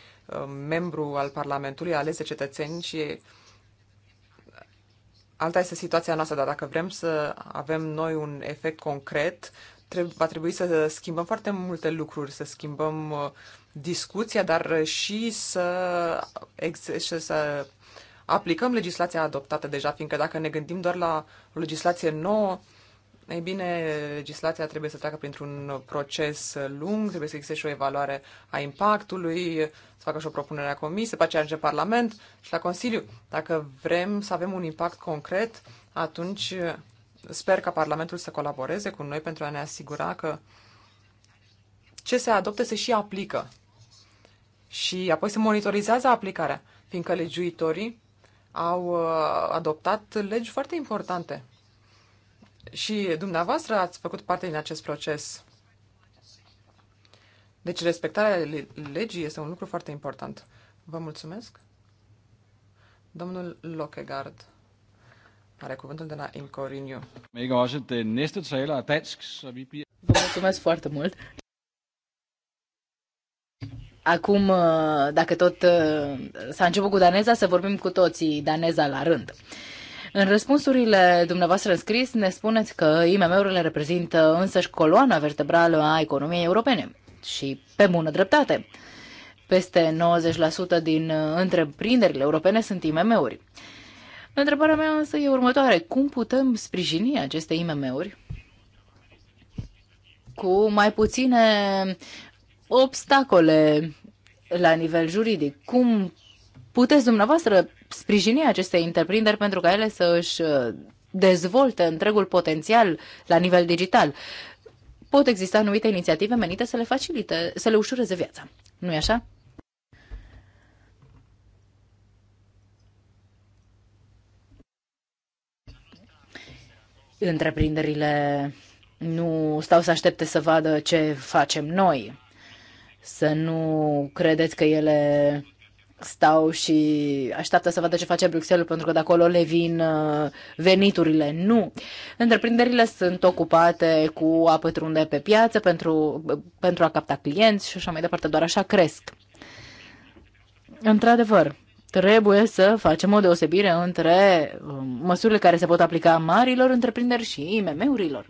membru al Parlamentului ales de cetățeni și alta este situația noastră, dar dacă vrem să avem noi un efect concret, va trebui să schimbăm foarte multe lucruri, să schimbăm discuția, dar și să, să aplicăm legislația adoptată deja, fiindcă dacă ne gândim doar la o legislație nouă, ei bine, legislația trebuie să treacă printr-un proces lung, trebuie să existe și o evaluare a impactului, să facă și o propunere a comisiei, după aceea ajunge Parlament și la Consiliu. Dacă vrem să avem un impact concret, atunci sper ca Parlamentul să colaboreze cu noi pentru a ne asigura că ce se adopte se și aplică. Și apoi se monitorizează aplicarea, fiindcă legiuitorii au uh, adoptat legi foarte importante. Și dumneavoastră ați făcut parte din acest proces. Deci respectarea legii este un lucru foarte important. Vă mulțumesc. Domnul Lockegard are cuvântul de la Incoriniu. Vă mulțumesc foarte mult. Acum, uh, dacă tot uh, s-a început cu daneza, să vorbim cu toții daneza la rând. În răspunsurile dumneavoastră în scris ne spuneți că IMM-urile reprezintă însăși coloana vertebrală a economiei europene și pe bună dreptate. Peste 90% din uh, întreprinderile europene sunt IMM-uri. Întrebarea mea însă e următoare. Cum putem sprijini aceste IMM-uri cu mai puține obstacole la nivel juridic? Cum puteți dumneavoastră sprijini aceste întreprinderi pentru ca ele să își uh, dezvolte întregul potențial la nivel digital? Pot exista anumite inițiative menite să le facilite, să le ușureze viața. nu e așa? Întreprinderile nu stau să aștepte să vadă ce facem noi să nu credeți că ele stau și așteaptă să vadă ce face Bruxelles, pentru că de acolo le vin uh, veniturile. Nu. Întreprinderile sunt ocupate cu a pătrunde pe piață pentru, pentru a capta clienți și așa mai departe, doar așa cresc. Într-adevăr, trebuie să facem o deosebire între um, măsurile care se pot aplica marilor întreprinderi și IMM-urilor.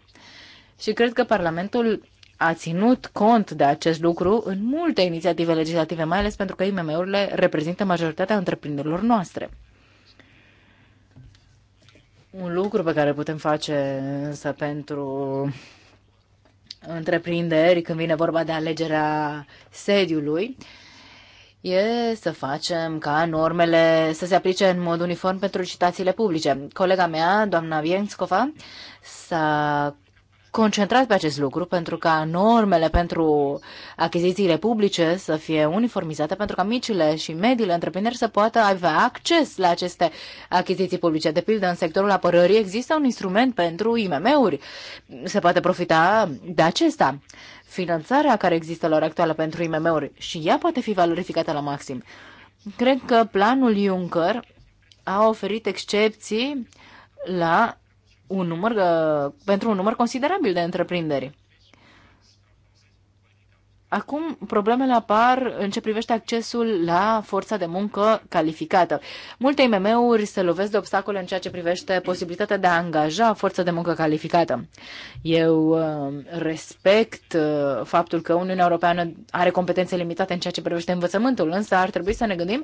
Și cred că Parlamentul a ținut cont de acest lucru în multe inițiative legislative, mai ales pentru că IMM-urile reprezintă majoritatea întreprinderilor noastre. Un lucru pe care putem face însă pentru întreprinderi când vine vorba de alegerea sediului e să facem ca normele să se aplice în mod uniform pentru licitațiile publice. Colega mea, doamna Vienskova, s-a concentrat pe acest lucru pentru ca normele pentru achizițiile publice să fie uniformizate, pentru ca micile și mediile întreprinderi să poată avea acces la aceste achiziții publice. De pildă, în sectorul apărării există un instrument pentru IMM-uri. Se poate profita de acesta. Finanțarea care există la ora actuală pentru IMM-uri și ea poate fi valorificată la maxim. Cred că planul Juncker a oferit excepții la un număr, uh, pentru un număr considerabil de întreprinderi. Acum problemele apar în ce privește accesul la forța de muncă calificată. Multe IMM-uri se lovesc de obstacole în ceea ce privește posibilitatea de a angaja forța de muncă calificată. Eu uh, respect uh, faptul că Uniunea Europeană are competențe limitate în ceea ce privește învățământul, însă ar trebui să ne gândim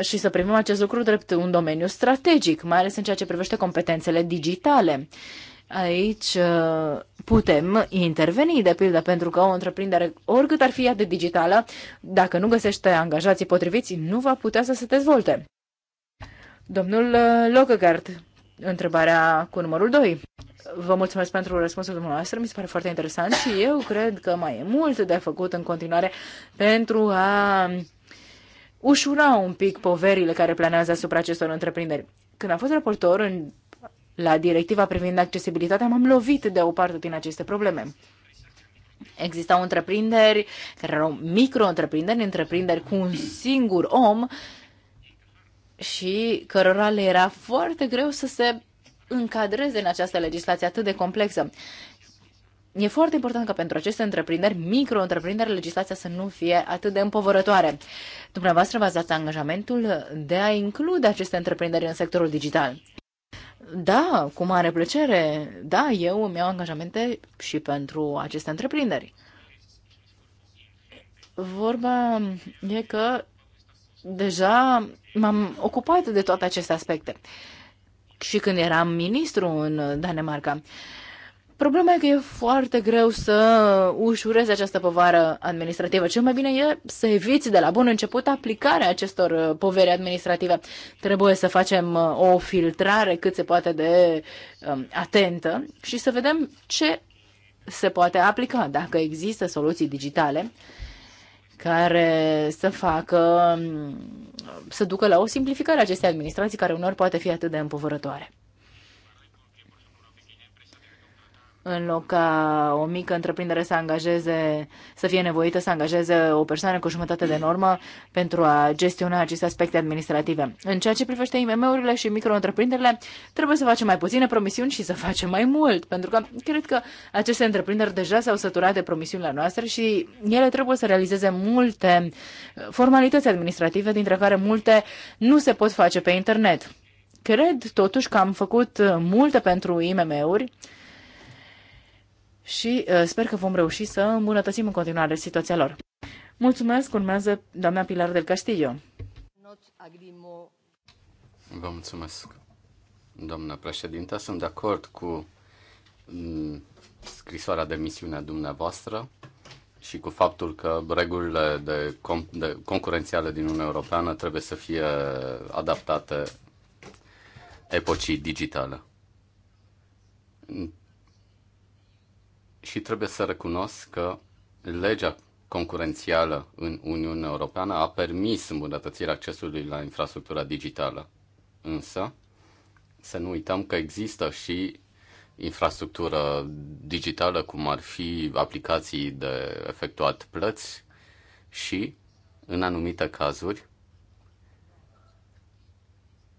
și să primim acest lucru drept un domeniu strategic, mai ales în ceea ce privește competențele digitale Aici uh, putem interveni, de pildă, pentru că o întreprindere, oricât ar fi ea de digitală, dacă nu găsește angajații potriviți, nu va putea să se dezvolte. Domnul uh, Lockegaard, întrebarea cu numărul 2. Vă mulțumesc pentru răspunsul dumneavoastră, mi se pare foarte interesant și eu cred că mai e mult de făcut în continuare pentru a ușura un pic poverile care planează asupra acestor întreprinderi. Când am fost raportor în la directiva privind accesibilitatea, m-am lovit de o parte din aceste probleme. Existau întreprinderi care erau micro-întreprinderi, întreprinderi cu un singur om și cărora le era foarte greu să se încadreze în această legislație atât de complexă. E foarte important ca pentru aceste întreprinderi, micro-întreprinderi, legislația să nu fie atât de împovărătoare. Dumneavoastră v-ați dat angajamentul de a include aceste întreprinderi în sectorul digital. Da, cu mare plăcere. Da, eu îmi iau angajamente și pentru aceste întreprinderi. Vorba e că deja m-am ocupat de toate aceste aspecte. Și când eram ministru în Danemarca, Problema e că e foarte greu să ușurezi această povară administrativă. Cel mai bine e să eviți de la bun început aplicarea acestor uh, poveri administrative. Trebuie să facem uh, o filtrare cât se poate de um, atentă și să vedem ce se poate aplica, dacă există soluții digitale care să facă, um, să ducă la o simplificare a acestei administrații care unor poate fi atât de împovărătoare. în loc ca o mică întreprindere să angajeze, să fie nevoită să angajeze o persoană cu jumătate de normă pentru a gestiona aceste aspecte administrative. În ceea ce privește IMM-urile și micro-întreprinderile, trebuie să facem mai puține promisiuni și să facem mai mult, pentru că cred că aceste întreprinderi deja s-au săturat de promisiunile noastre și ele trebuie să realizeze multe formalități administrative, dintre care multe nu se pot face pe internet. Cred totuși că am făcut multe pentru IMM-uri, și uh, sper că vom reuși să îmbunătățim în continuare situația lor. Mulțumesc, urmează doamna Pilar del Castillo. Vă mulțumesc, doamna președintă. Sunt de acord cu mm, scrisoarea de misiune a dumneavoastră și cu faptul că regulile de, com- de concurențiale din Uniunea Europeană trebuie să fie adaptate epocii digitale și trebuie să recunosc că legea concurențială în Uniunea Europeană a permis îmbunătățirea accesului la infrastructura digitală. Însă, să nu uităm că există și infrastructură digitală, cum ar fi aplicații de efectuat plăți și, în anumite cazuri,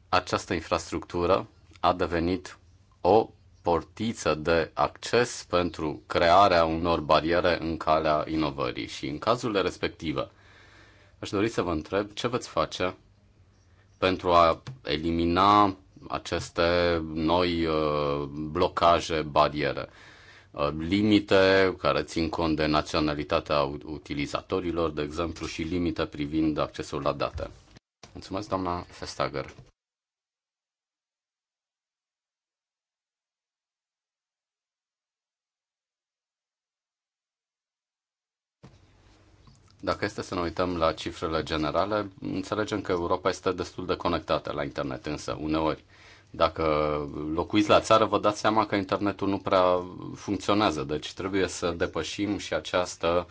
această infrastructură a devenit o portiță de acces pentru crearea unor bariere în calea inovării și în cazurile respective. Aș dori să vă întreb ce veți face pentru a elimina aceste noi uh, blocaje, bariere, uh, limite care țin cont de naționalitatea utilizatorilor, de exemplu, și limite privind accesul la date. Mulțumesc, doamna Festager. Dacă este să ne uităm la cifrele generale, înțelegem că Europa este destul de conectată la internet, însă uneori dacă locuiți la țară, vă dați seama că internetul nu prea funcționează, deci trebuie să depășim și această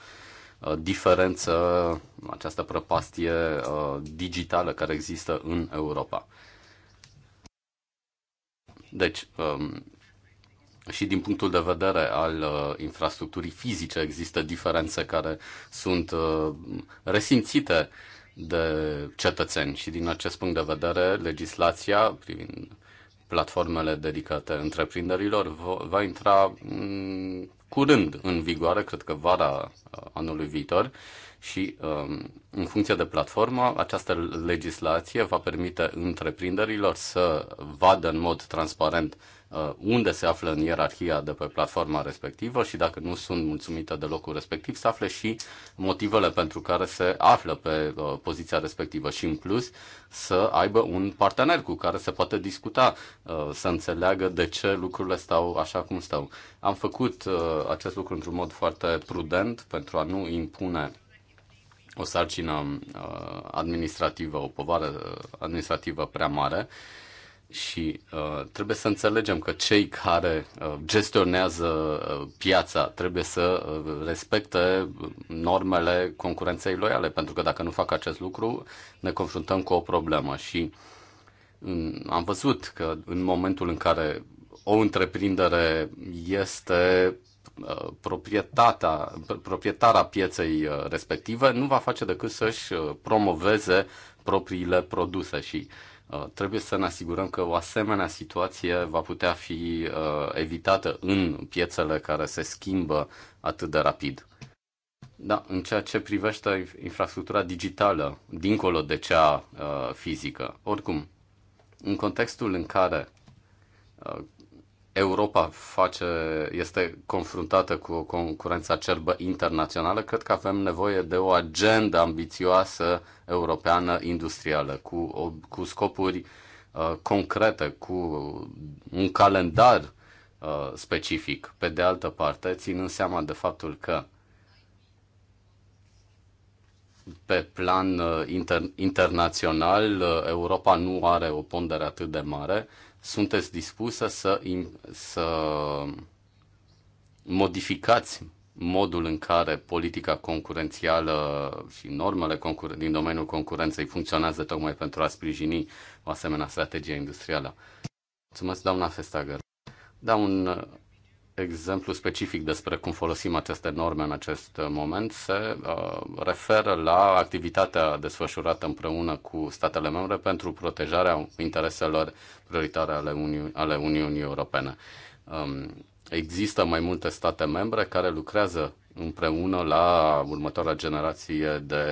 uh, diferență, această prăpastie uh, digitală care există în Europa. Deci, um, și din punctul de vedere al uh, infrastructurii fizice există diferențe care sunt uh, resimțite de cetățeni și din acest punct de vedere legislația privind platformele dedicate întreprinderilor va intra mm, curând în vigoare, cred că vara uh, anului viitor și um, în funcție de platformă, această legislație va permite întreprinderilor să vadă în mod transparent uh, Uh, unde se află în ierarhia de pe platforma respectivă și dacă nu sunt mulțumită de locul respectiv, să afle și motivele pentru care se află pe uh, poziția respectivă și în plus să aibă un partener cu care se poate discuta, uh, să înțeleagă de ce lucrurile stau așa cum stau. Am făcut acest lucru într-un mod foarte prudent pentru a nu impune o sarcină administrativă, o povară administrativă prea mare, și uh, trebuie să înțelegem că cei care uh, gestionează uh, piața trebuie să uh, respecte uh, normele concurenței loiale, pentru că dacă nu fac acest lucru, ne confruntăm cu o problemă și um, am văzut că în momentul în care o întreprindere este uh, proprietatea, proprietara pieței uh, respective nu va face decât să-și promoveze propriile produse și uh, Uh, trebuie să ne asigurăm că o asemenea situație va putea fi uh, evitată în piețele care se schimbă atât de rapid. Da, în ceea ce privește infrastructura digitală, dincolo de cea uh, fizică. Oricum, în contextul în care uh, Europa face, este confruntată cu o concurență acerbă internațională, cred că avem nevoie de o agendă ambițioasă europeană industrială, cu, o, cu scopuri uh, concrete, cu un calendar uh, specific. Pe de altă parte, ținând seama de faptul că pe plan uh, inter, internațional uh, Europa nu are o pondere atât de mare, uh, sunteți dispusă să, să modificați modul în care politica concurențială și normele din domeniul concurenței funcționează tocmai pentru a sprijini o asemenea strategie industrială. Mulțumesc, doamna Festager. Da, un exemplu specific despre cum folosim aceste norme în acest moment se uh, referă la activitatea desfășurată împreună cu statele membre pentru protejarea intereselor prioritare ale, Uni- ale Uniunii Europene. Um, există mai multe state membre care lucrează împreună la următoarea generație de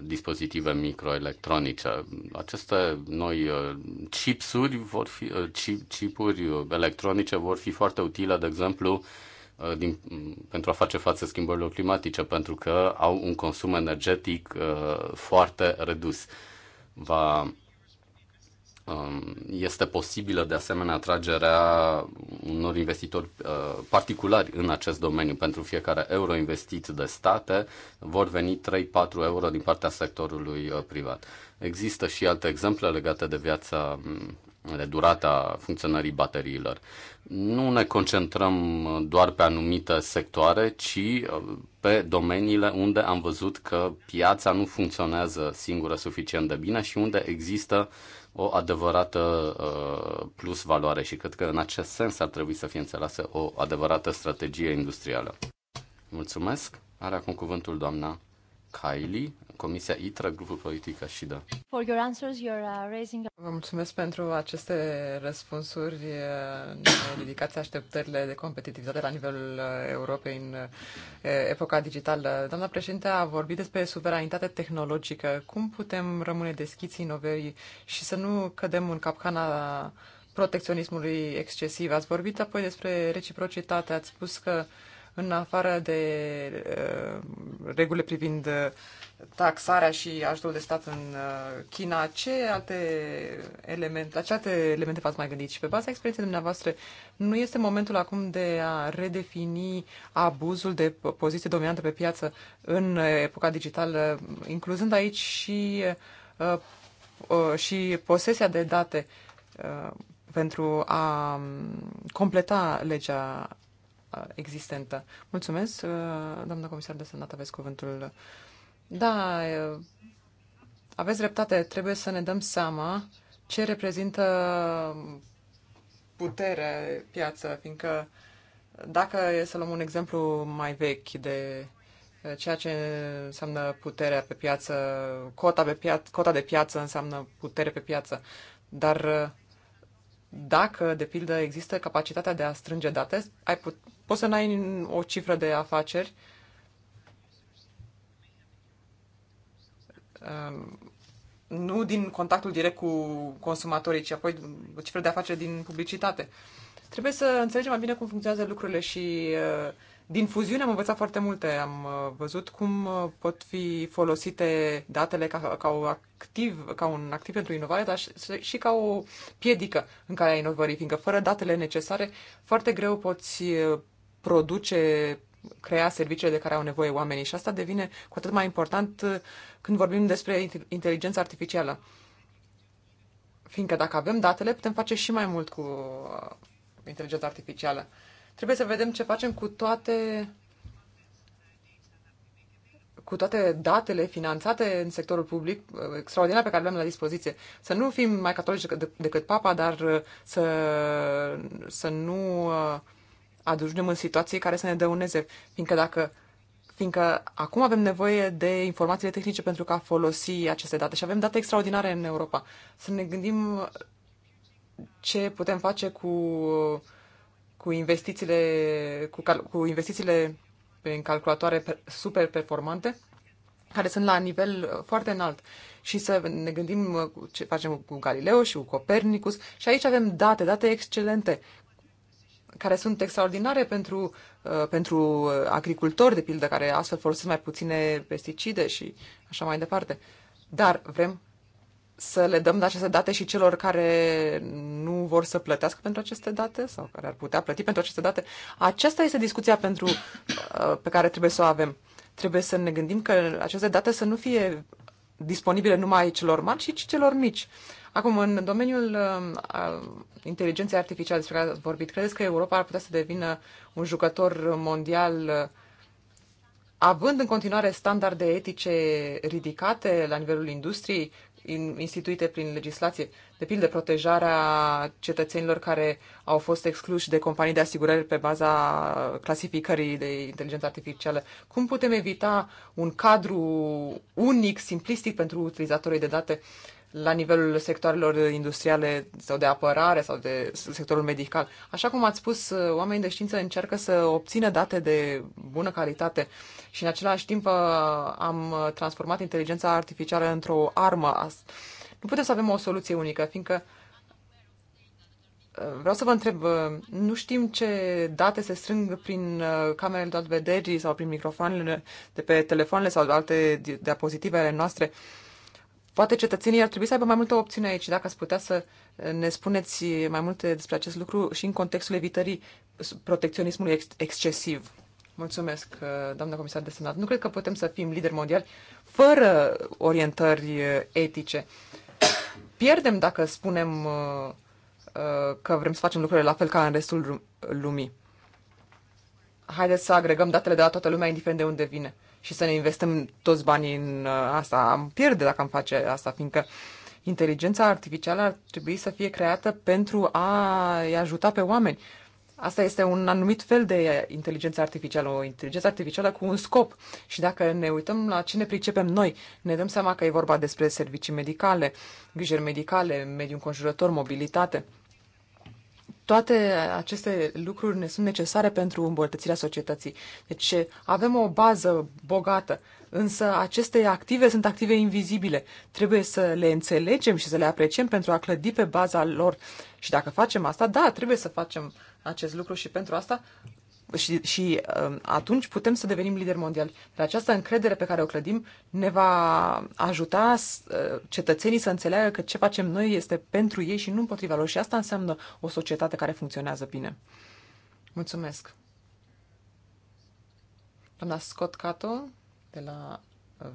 dispozitive microelectronice. Aceste noi uh, chipsuri vor fi, uh, chip, chipuri electronice vor fi foarte utile, de exemplu, uh, din, pentru a face față schimbărilor climatice, pentru că au un consum energetic foarte redus. Va Um, este posibilă de asemenea atragerea unor investitori uh, particulari în acest domeniu. Pentru fiecare euro investit de state vor veni 3-4 euro din partea sectorului uh, privat. Există și alte exemple legate de viața de durata funcționării bateriilor. Nu ne concentrăm uh, doar pe anumite sectoare, ci pe domeniile unde am văzut că piața nu funcționează singură suficient de bine și unde există o adevărată uh, plus valoare și cred că în acest sens ar trebui să fie înțeleasă o adevărată strategie industrială. Mulțumesc. Are acum cuvântul doamna Kaili, Comisia ITRA, grupul politic Ashida. For your answers, you're uh, raising... Vă mulțumesc pentru aceste răspunsuri. Uh, ne ridicați așteptările de competitivitate la nivelul uh, Europei în epoca digitală. Doamna președinte a vorbit despre suveranitate tehnologică. Cum putem rămâne deschiți inovării și să nu cădem în capcana protecționismului excesiv? Ați vorbit apoi despre reciprocitate. Ați spus că în afară de uh, regulile privind uh, taxarea și ajutorul de stat în uh, China, ce alte elemente, la ce alte elemente v-ați mai gândit? Și pe baza experienței dumneavoastră, nu este momentul acum de a redefini abuzul de poziție dominantă pe piață în epoca digitală, incluzând aici și, și posesia de date pentru a um, completa legea Uh, existentă. Mulțumesc, uh, doamnă comisar de sănătate, aveți cuvântul. Da, uh, aveți dreptate, trebuie să ne dăm seama ce reprezintă putere piață, fiindcă dacă e să luăm un exemplu mai vechi de ceea ce înseamnă puterea pe piață, cota, pe piață, cota de piață înseamnă putere pe piață, dar dacă, de pildă, există capacitatea de a strânge date, ai put- poți să n-ai o cifră de afaceri. Ehm, nu din contactul direct cu consumatorii, ci apoi o cifră de afaceri din publicitate. Trebuie să înțelegem mai bine cum funcționează lucrurile și din fuziune am învățat foarte multe. Am văzut cum pot fi folosite datele ca, ca, o activ, ca un activ pentru inovare, dar și, ca o piedică în calea inovării, fiindcă fără datele necesare, foarte greu poți produce, crea serviciile de care au nevoie oamenii. Și asta devine cu atât mai important uh, când vorbim despre inteligența artificială. Fiindcă dacă avem datele, putem face și mai mult cu uh, inteligența artificială. Trebuie să vedem ce facem cu toate cu toate datele finanțate în sectorul public uh, extraordinar pe care le avem la dispoziție. Să nu fim mai catolici decât, decât papa, dar să, să nu ajungem în situații care să ne dăuneze, fiindcă dacă fiindcă acum avem nevoie de informațiile tehnice pentru a folosi aceste date și avem date extraordinare în Europa. Să ne gândim ce putem face cu, cu investițiile, cu, cal, cu investițiile în calculatoare super performante care sunt la nivel foarte înalt și să ne gândim ce facem cu Galileo și cu Copernicus și aici avem date, date excelente care sunt extraordinare pentru, uh, pentru uh, agricultori, de pildă, care astfel folosesc mai puține pesticide și așa mai departe. Dar vrem să le dăm de aceste date și celor care nu vor să plătească pentru aceste date sau care ar putea plăti pentru aceste date. Aceasta este discuția pentru, uh, pe care trebuie să o avem. Trebuie să ne gândim că aceste date să nu fie disponibile numai celor mari, ci și celor mici. Acum, în domeniul uh, inteligenței artificiale despre care ați vorbit, credeți că Europa ar putea să devină un jucător mondial uh, având în continuare standarde etice ridicate la nivelul industriei, instituite prin legislație, de pildă protejarea cetățenilor care au fost excluși de companii de asigurări pe baza clasificării de inteligență artificială. Cum putem evita un cadru unic, simplistic pentru utilizatorii de date uh, la nivelul sectoarelor industriale sau de apărare sau de sectorul medical. Așa cum ați spus, uh, oamenii de știință încearcă să obțină date de bună calitate și în același timp uh, am transformat inteligența artificială într-o armă. Nu putem să avem o soluție unică, fiindcă uh, Vreau să vă întreb, nu știm ce date se strâng prin camerele de vederii sau prin microfoanele de pe telefoanele sau alte diapozitive ale noastre. Poate cetățenii ar trebui să aibă mai multă opțiune aici. Dacă ați putea să eh, ne spuneți mai multe despre acest lucru și în contextul evitării protecționismului ex- excesiv. Mulțumesc, eh, doamna comisar de senat. Nu cred că putem să fim lideri mondiali fără orientări eh, etice. Pierdem dacă spunem că vrem să facem lucrurile la fel ca în restul lumii. Haideți să agregăm datele de la toată lumea, indiferent de unde vine și să ne investim toți banii în uh, asta. Am pierde dacă am face asta, fiindcă inteligența artificială ar trebui să fie creată pentru a-i ajuta pe oameni. Asta este un anumit fel de inteligență artificială, o inteligență artificială cu un scop. Și dacă ne uităm la ce ne pricepem noi, ne dăm seama că e vorba despre servicii medicale, grijiri medicale, mediu înconjurător, mobilitate toate aceste lucruri ne sunt necesare pentru îmbunătățirea societății. Deci avem o bază bogată, însă aceste active sunt active invizibile. Trebuie să le înțelegem și să le apreciem pentru a clădi pe baza lor. Și dacă facem asta, da, trebuie să facem acest lucru și pentru asta și, și um, atunci putem să devenim lideri mondiali. Dar această încredere pe care o clădim ne va ajuta uh, cetățenii să înțeleagă că ce facem noi este pentru ei și nu împotriva lor. Și asta înseamnă o societate care funcționează bine. Mulțumesc. Doamna Scott Cato, de la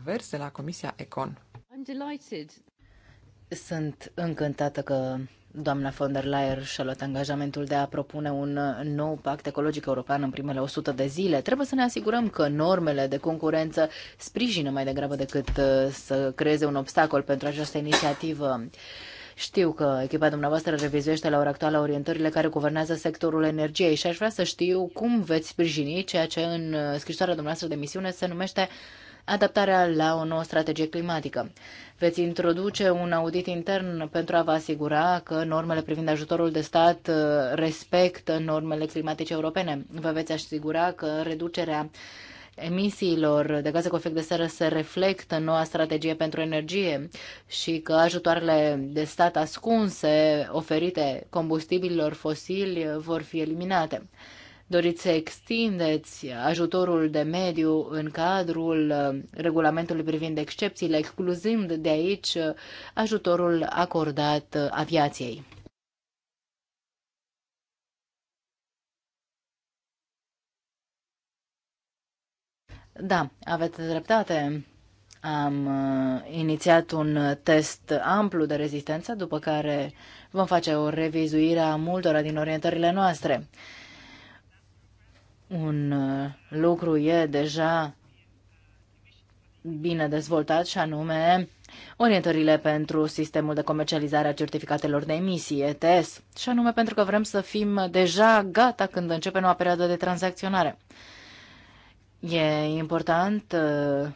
Vers, de la Comisia Econ. I'm delighted. Sunt încântată că Doamna von der Leyen și-a luat angajamentul de a propune un uh, nou pact ecologic european în primele 100 de zile. Trebuie să ne asigurăm că normele de concurență sprijină mai degrabă decât uh, să creeze un obstacol pentru această inițiativă. Știu că echipa dumneavoastră revizuiește la ora actuală orientările care guvernează sectorul energiei și aș vrea să știu cum veți sprijini ceea ce în uh, scrisoarea dumneavoastră de misiune se numește adaptarea la o nouă strategie climatică. Veți introduce un audit intern pentru a vă asigura că normele privind ajutorul de stat uh, respectă normele climatice europene. Vă veți asigura că reducerea emisiilor de gaze cu efect de seră se reflectă în noua strategie pentru energie și că ajutoarele de stat ascunse oferite combustibililor fosili vor fi eliminate doriți să extindeți ajutorul de mediu în cadrul uh, regulamentului privind excepțiile, excluzând de aici uh, ajutorul acordat uh, aviației. Da, aveți dreptate. Am inițiat un test amplu de rezistență, după care vom face o revizuire a multora din orientările noastre un uh, lucru e deja bine dezvoltat și anume orientările pentru sistemul de comercializare a certificatelor de emisii, ETS, și anume pentru că vrem să fim deja gata când începe noua perioadă de tranzacționare. E important uh,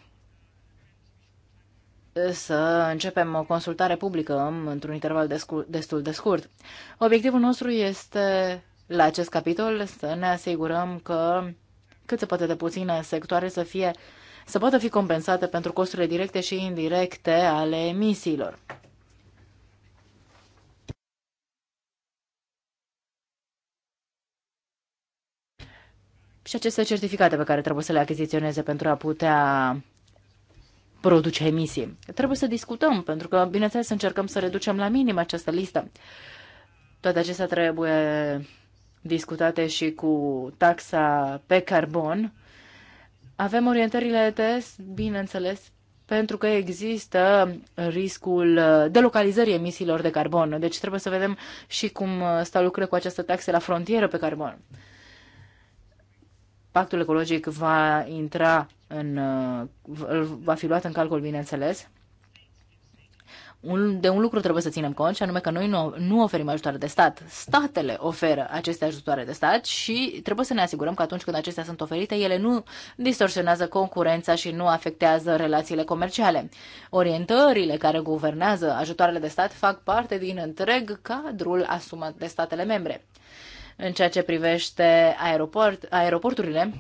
să începem o consultare publică um, într-un interval destul de scurt. Obiectivul nostru este la acest capitol să ne asigurăm că cât se poate de puține sectoare să fie să poată fi compensate pentru costurile directe și indirecte ale emisiilor. Și aceste certificate pe care trebuie să le achiziționeze pentru a putea produce emisii. Trebuie să discutăm, pentru că, bineînțeles, încercăm să reducem la minim această listă. Toate acestea trebuie discutate și cu taxa pe carbon, avem orientările ETS, bineînțeles, pentru că există riscul uh, de localizării emisiilor de carbon. Deci trebuie să vedem și cum uh, stau lucrurile cu această taxă la frontieră pe carbon. Pactul ecologic va intra în. Uh, va fi luat în calcul, bineînțeles de un lucru trebuie să ținem cont și anume că noi nu, nu oferim ajutoare de stat. Statele oferă aceste ajutoare de stat și trebuie să ne asigurăm că atunci când acestea sunt oferite, ele nu distorsionează concurența și nu afectează relațiile comerciale. Orientările care guvernează ajutoarele de stat fac parte din întreg cadrul asumat de statele membre. În ceea ce privește aeroport, aeroporturile,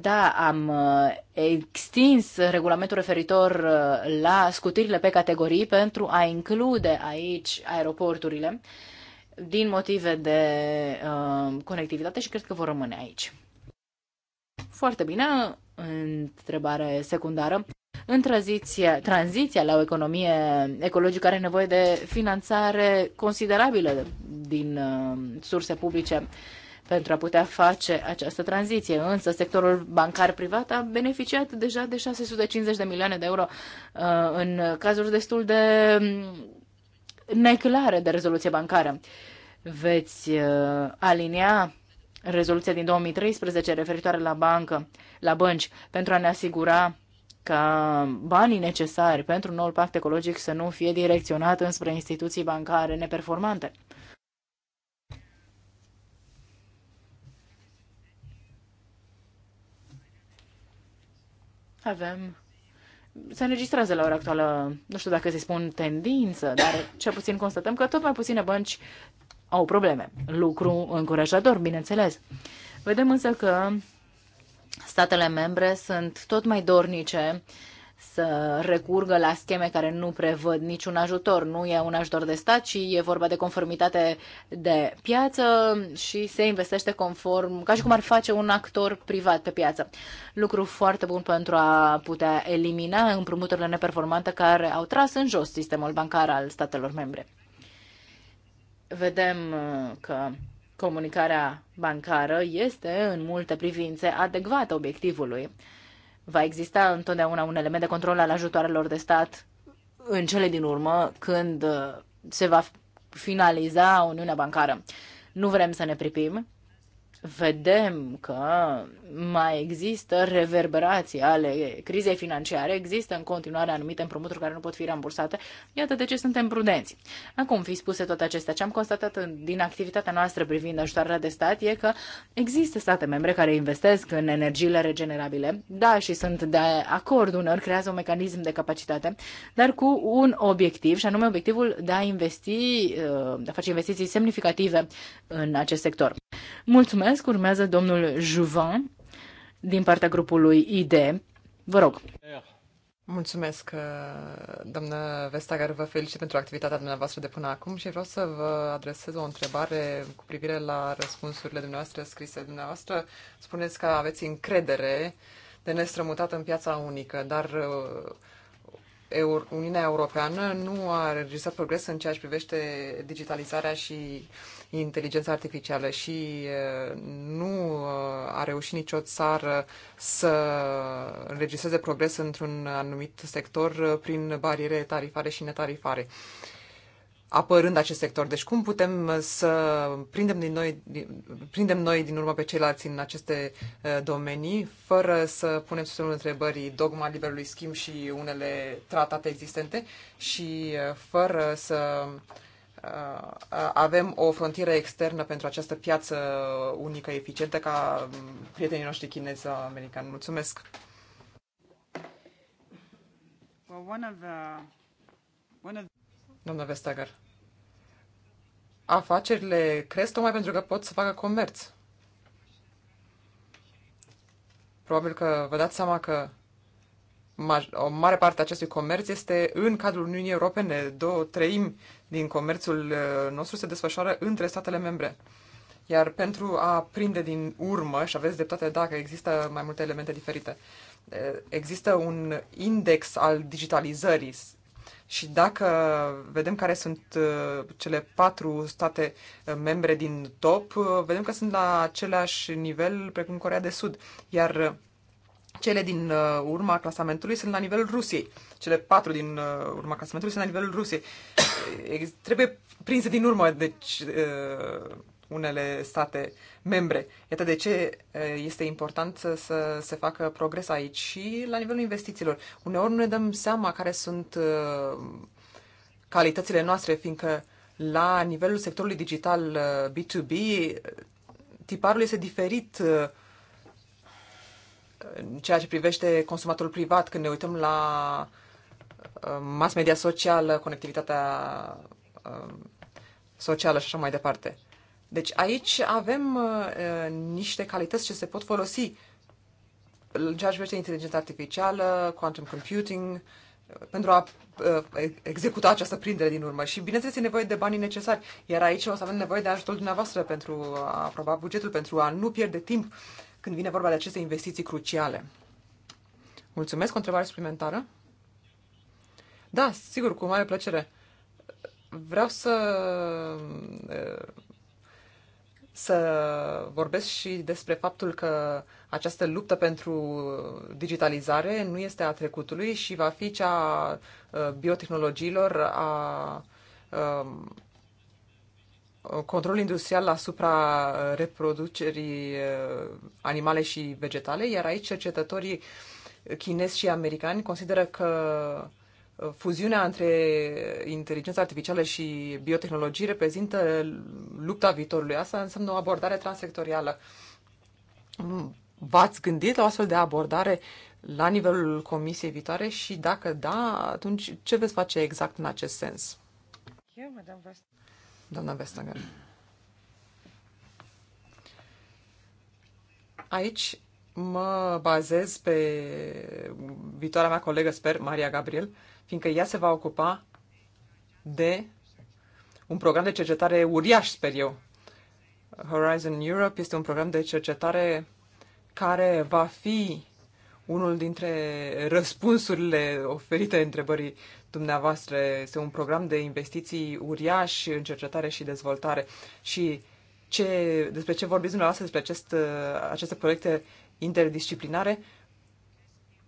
da, am uh, extins regulamentul referitor uh, la scutirile pe categorii pentru a include aici aeroporturile din motive de uh, conectivitate și cred că vor rămâne aici. Foarte bine, întrebare secundară. În tranziția, tranziția la o economie ecologică are nevoie de finanțare considerabilă din uh, surse publice. Uh, pentru a putea face această tranziție. Însă sectorul bancar privat a beneficiat deja de 650 de milioane de euro uh, în cazuri destul de mm, neclare de rezoluție bancară. Veți uh, alinia rezoluția din 2013 referitoare la bancă, la bănci, pentru a ne asigura ca banii necesari pentru noul pact ecologic să nu fie direcționat înspre instituții bancare neperformante. avem se înregistrează la ora actuală, nu știu dacă se spun tendință, dar cel puțin constatăm că tot mai puține bănci au probleme. Lucru încurajator, bineînțeles. Vedem însă că statele membre sunt tot mai dornice să recurgă la scheme care nu prevăd niciun ajutor. Nu e un ajutor de stat, ci e vorba de conformitate de piață și se investește conform, ca și cum ar face un actor privat pe piață. Lucru foarte bun pentru a putea elimina împrumuturile neperformante care au tras în jos sistemul bancar al statelor membre. Vedem uh, că comunicarea bancară este în multe privințe adecvată obiectivului va exista întotdeauna un element de control al ajutoarelor de stat în cele din urmă, când uh, se va finaliza Uniunea Bancară. Nu vrem să ne pripim, vedem că mai există reverberații ale crizei financiare, există în continuare anumite împrumuturi care nu pot fi rambursate, iată de ce suntem prudenți. Acum, fi spuse toate acestea, ce am constatat din activitatea noastră privind ajutoarea de stat e că există state membre care investesc în energiile regenerabile, da, și sunt de acord uneori, creează un mecanism de capacitate, dar cu un obiectiv, și anume obiectivul de a investi, uh, de a face investiții semnificative în acest sector. Mulțumesc! Mulțumesc. Urmează domnul Juvan din partea grupului ID. Vă rog. Mulțumesc, uh, doamnă Vestager, vă felicit pentru activitatea dumneavoastră de până acum și vreau să vă adresez o întrebare cu privire la răspunsurile dumneavoastră scrise. Dumneavoastră spuneți că aveți încredere de nestrămutat în piața unică, dar uh, Uniunea Europeană nu a înregistrat progres în ceea ce privește digitalizarea și inteligența artificială și nu a reușit nicio țară să înregistreze progres într-un anumit sector prin bariere tarifare și netarifare apărând acest sector. Deci cum putem să prindem, din noi, prindem noi din urmă pe ceilalți în aceste domenii, fără să punem sub semnul întrebării dogma liberului schimb și unele tratate existente și fără să Uh, avem o frontieră externă pentru această piață unică eficientă ca um, prietenii noștri chinezi americani. Mulțumesc! Domnul Vestager, afacerile cresc tocmai pentru că pot să facă comerț. Probabil că vă dați seama că o mare parte a acestui comerț este în cadrul Uniunii Europene. Două treimi din comerțul uh, nostru se desfășoară între statele membre. Iar pentru a prinde din urmă, și aveți dreptate dacă există mai multe elemente diferite, uh, există un index al digitalizării și dacă vedem care sunt uh, cele patru state membre din top, vedem că sunt la același nivel precum Corea de Sud. Iar cele din uh, urma clasamentului sunt la nivelul Rusiei. Cele patru din uh, urma clasamentului sunt la nivelul Rusiei. trebuie prinse din urmă, deci, uh, unele state membre. Iată de ce uh, este important să, să se facă progres aici și la nivelul investițiilor. Uneori nu ne dăm seama care sunt uh, calitățile noastre, fiindcă la nivelul sectorului digital B2B uh, tiparul este diferit ceea ce privește consumatorul privat, când ne uităm la uh, mass media socială, conectivitatea uh, socială și așa mai departe. Deci aici avem uh, niște calități ce se pot folosi în ceea ce privește inteligența artificială, quantum computing, pentru a executa această prindere din urmă. Și bineînțeles e nevoie de banii necesari. Iar aici o să avem nevoie de ajutorul dumneavoastră pentru a aproba bugetul, pentru a nu pierde timp când vine vorba de aceste investiții cruciale. Mulțumesc. O întrebare suplimentară? Da, sigur, cu mare plăcere. Vreau să să vorbesc și despre faptul că această luptă pentru digitalizare nu este a trecutului și va fi cea a uh, biotehnologiilor, a, a um, Uh, control industrial asupra uh, reproducerii uh, animale și vegetale, iar aici cercetătorii chinezi și americani consideră că fuziunea între inteligența artificială și biotehnologie reprezintă lupta viitorului. Asta înseamnă o abordare transsectorială. Mm, v-ați gândit la o astfel de abordare la nivelul comisiei viitoare și dacă da, atunci ce veți face exact în acest sens? doamna Vestager. Aici mă bazez pe viitoarea mea colegă, sper, Maria Gabriel, fiindcă ea se va ocupa de un program de cercetare uriaș, sper eu. Horizon Europe este un program de cercetare care va fi unul dintre răspunsurile oferite întrebării dumneavoastră. Este un program de investiții uriaș în cercetare și dezvoltare și ce, despre ce vorbiți dumneavoastră, despre acest, aceste proiecte interdisciplinare,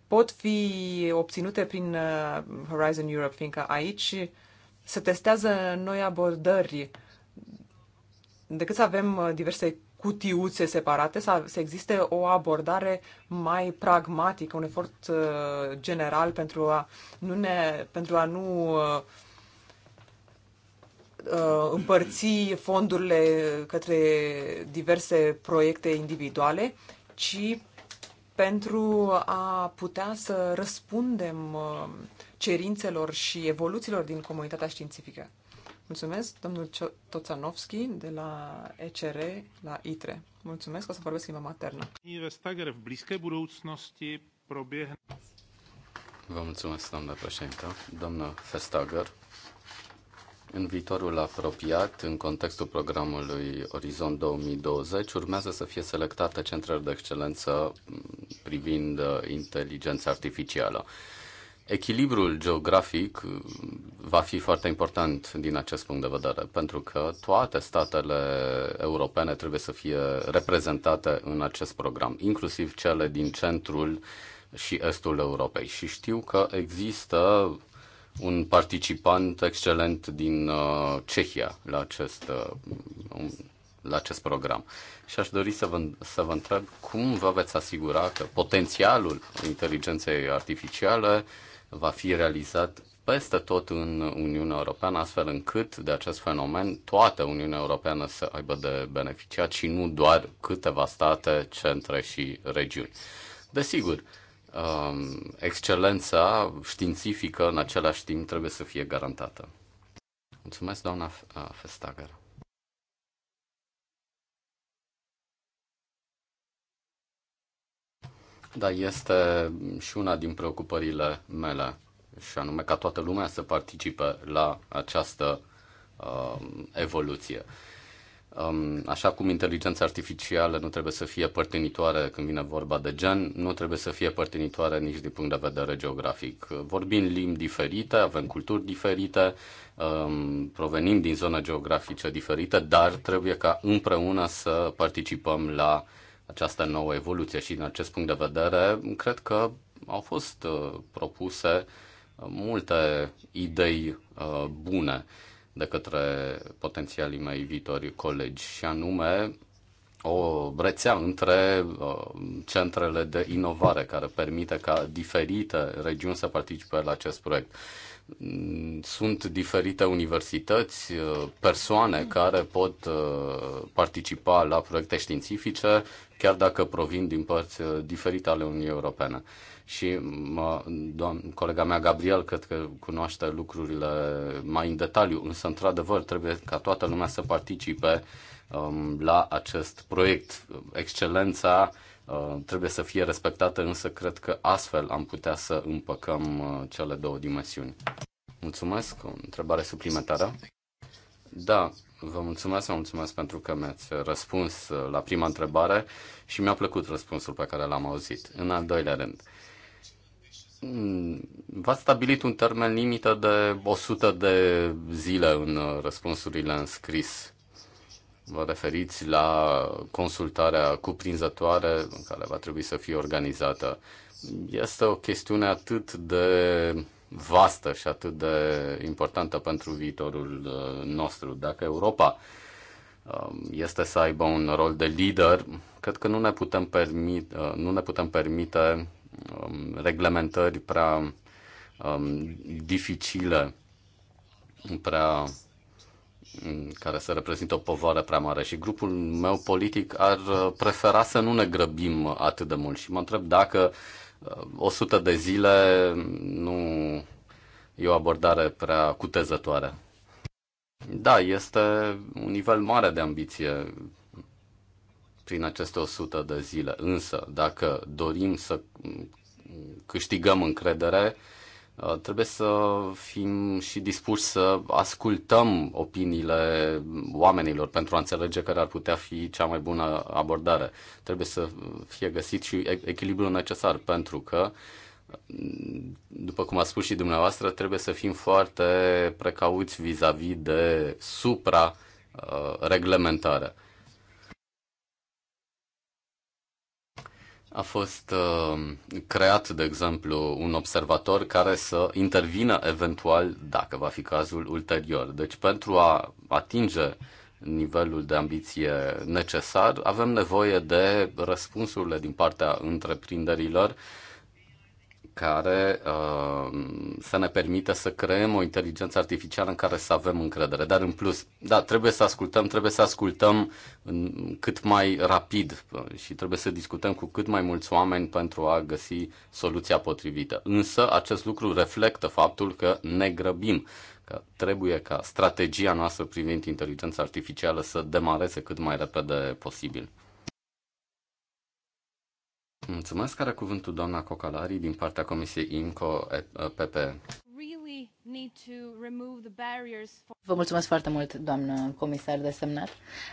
pot fi obținute prin uh, Horizon Europe, fiindcă aici se testează noi abordări. Decât să avem uh, diverse cutiuțe separate, să, să existe o abordare mai pragmatică, un efort uh, general pentru a nu, ne, pentru a nu uh, uh împărți fondurile către diverse proiecte individuale, ci pentru a putea să răspundem uh, cerințelor și evoluțiilor din comunitatea științifică. Mulțumesc, domnul Toțanovski, de la ECR la ITRE. Mulțumesc, o să vorbesc limba maternă. Vă mulțumesc, doamna președintă. Doamna Festager, în viitorul apropiat, în contextul programului Orizont 2020, urmează să fie selectate centrele de excelență mm, privind uh, inteligența artificială. Echilibrul geografic uh, va fi foarte important din acest punct de vedere, pentru că toate statele europene trebuie să fie reprezentate în acest program, inclusiv cele din centrul și estul Europei. Și știu că există un participant excelent din uh, Cehia la acest, uh, la acest program. Și aș dori să vă, să vă întreb cum vă veți asigura că potențialul inteligenței artificiale uh, va fi realizat peste tot în Uniunea Europeană, astfel încât de acest fenomen toată Uniunea Europeană să aibă de beneficiat și nu doar câteva state, centre și regiuni. Desigur, um, excelența științifică în același timp trebuie să fie garantată. Mulțumesc, doamna Festager. Da, este și una din preocupările mele, și anume ca toată lumea să participe la această uh, evoluție. Um, așa cum inteligența artificială nu trebuie să fie părtinitoare când vine vorba de gen, nu trebuie să fie părtinitoare nici din punct de vedere geografic. Vorbim limbi diferite, avem culturi diferite, um, provenim din zone geografice diferite, dar trebuie ca împreună să participăm la această nouă evoluție și din acest punct de vedere, cred că au fost uh, propuse uh, multe idei uh, bune de către potențialii mei viitori colegi și anume o rețea între centrele de inovare care permite ca diferite regiuni să participe la acest proiect. Mm, sunt diferite universități, uh, persoane care pot uh, participa la proiecte științifice, chiar dacă provin din părți uh, diferite ale Uniunii Europene. Și mă, doam, colega mea, Gabriel, cred că cunoaște lucrurile mai în detaliu, însă, într-adevăr, trebuie ca toată lumea să participe um, la acest proiect. Excelența Uh, trebuie să fie respectată, însă cred că astfel am putea să împăcăm uh, cele două dimensiuni. Mulțumesc. O întrebare suplimentară? Da, vă mulțumesc, vă mulțumesc pentru că mi-ați răspuns uh, la prima întrebare și mi-a plăcut răspunsul pe care l-am auzit. În al doilea rând, mm, V-ați stabilit un termen limită de 100 de zile în răspunsurile în scris vă referiți la consultarea cuprinzătoare în care va trebui să fie organizată. Este o chestiune atât de vastă și atât de importantă pentru viitorul uh, nostru. Dacă Europa um, este să aibă un rol de lider, cred că nu ne putem permite, uh, nu ne putem permite um, reglementări prea um, dificile, prea care să reprezintă o povară prea mare și grupul meu politic ar uh, prefera să nu ne grăbim atât de mult și mă întreb dacă 100 uh, de zile nu e o abordare prea cutezătoare. Da, este un nivel mare de ambiție prin aceste 100 de zile, însă dacă dorim să câștigăm încredere, Uh, trebuie să fim și dispuși să ascultăm opiniile oamenilor pentru a înțelege care ar putea fi cea mai bună abordare. Trebuie să fie găsit și echilibrul necesar pentru că după cum a spus și dumneavoastră, trebuie să fim foarte precauți vis-a-vis -vis de supra-reglementare. Uh, a fost uh, creat, de exemplu, un observator care să intervină eventual, dacă va fi cazul, ulterior. Deci pentru a atinge nivelul de ambiție necesar, avem nevoie de răspunsurile din partea întreprinderilor care uh, să ne permită să creăm o inteligență artificială în care să avem încredere. Dar în plus, da, trebuie să ascultăm, trebuie să ascultăm cât mai rapid uh, și trebuie să discutăm cu cât mai mulți oameni pentru a găsi soluția potrivită. Însă acest lucru reflectă faptul că ne grăbim, că trebuie ca strategia noastră privind inteligența artificială să demareze cât mai repede posibil. Mulțumesc, are cuvântul doamna Cocalari din partea Comisiei IMCO PP. Vă mulțumesc foarte mult, doamnă comisar de semnat.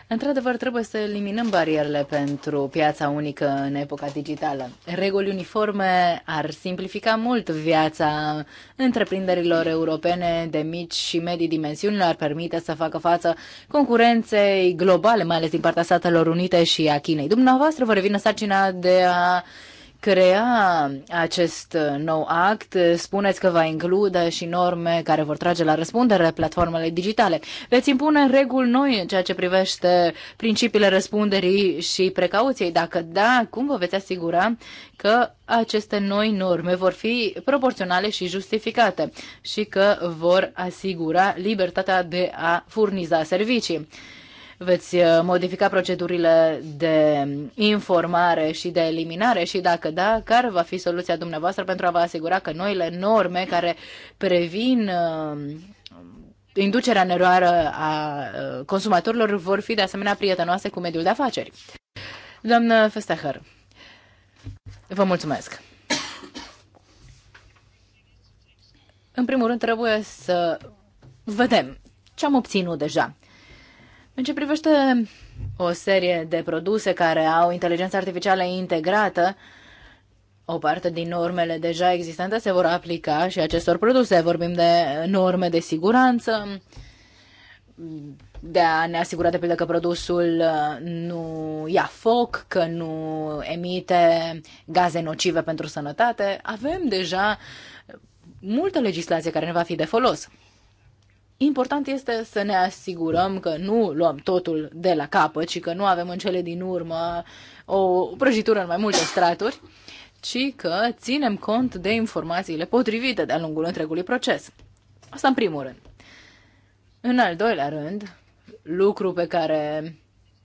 Într-adevăr, trebuie să eliminăm barierele pentru piața unică în epoca digitală. Reguli uniforme ar simplifica mult viața întreprinderilor europene de mici și medii dimensiuni, le-ar permite să facă față concurenței globale, mai ales din partea Statelor Unite și a Chinei. Dumneavoastră vă revine sarcina de a crea acest nou act, spuneți că va include și norme care vor trage la răspundere platformele digitale. Veți impune reguli noi în ceea ce privește principiile răspunderii și precauției. Dacă da, cum vă veți asigura că aceste noi norme vor fi proporționale și justificate și că vor asigura libertatea de a furniza servicii? veți uh, modifica procedurile de informare și de eliminare și dacă da, care va fi soluția dumneavoastră pentru a vă asigura că noile norme care previn uh, inducerea în eroare a uh, consumatorilor vor fi de asemenea prietenoase cu mediul de afaceri. Doamnă Festeher, vă mulțumesc. În primul rând trebuie să vedem ce am obținut deja. În ce privește o serie de produse care au inteligență artificială integrată, o parte din normele deja existente se vor aplica și acestor produse. Vorbim de norme de siguranță, de a ne asigura de pildă că produsul uh, nu ia foc, că nu emite gaze nocive pentru sănătate. Avem deja multă legislație care ne va fi de folos. Important este să ne asigurăm că nu luăm totul de la capăt și că nu avem în cele din urmă o prăjitură în mai multe straturi, ci că ținem cont de informațiile potrivite de-a lungul întregului proces. Asta în primul rând. În al doilea rând, lucru pe care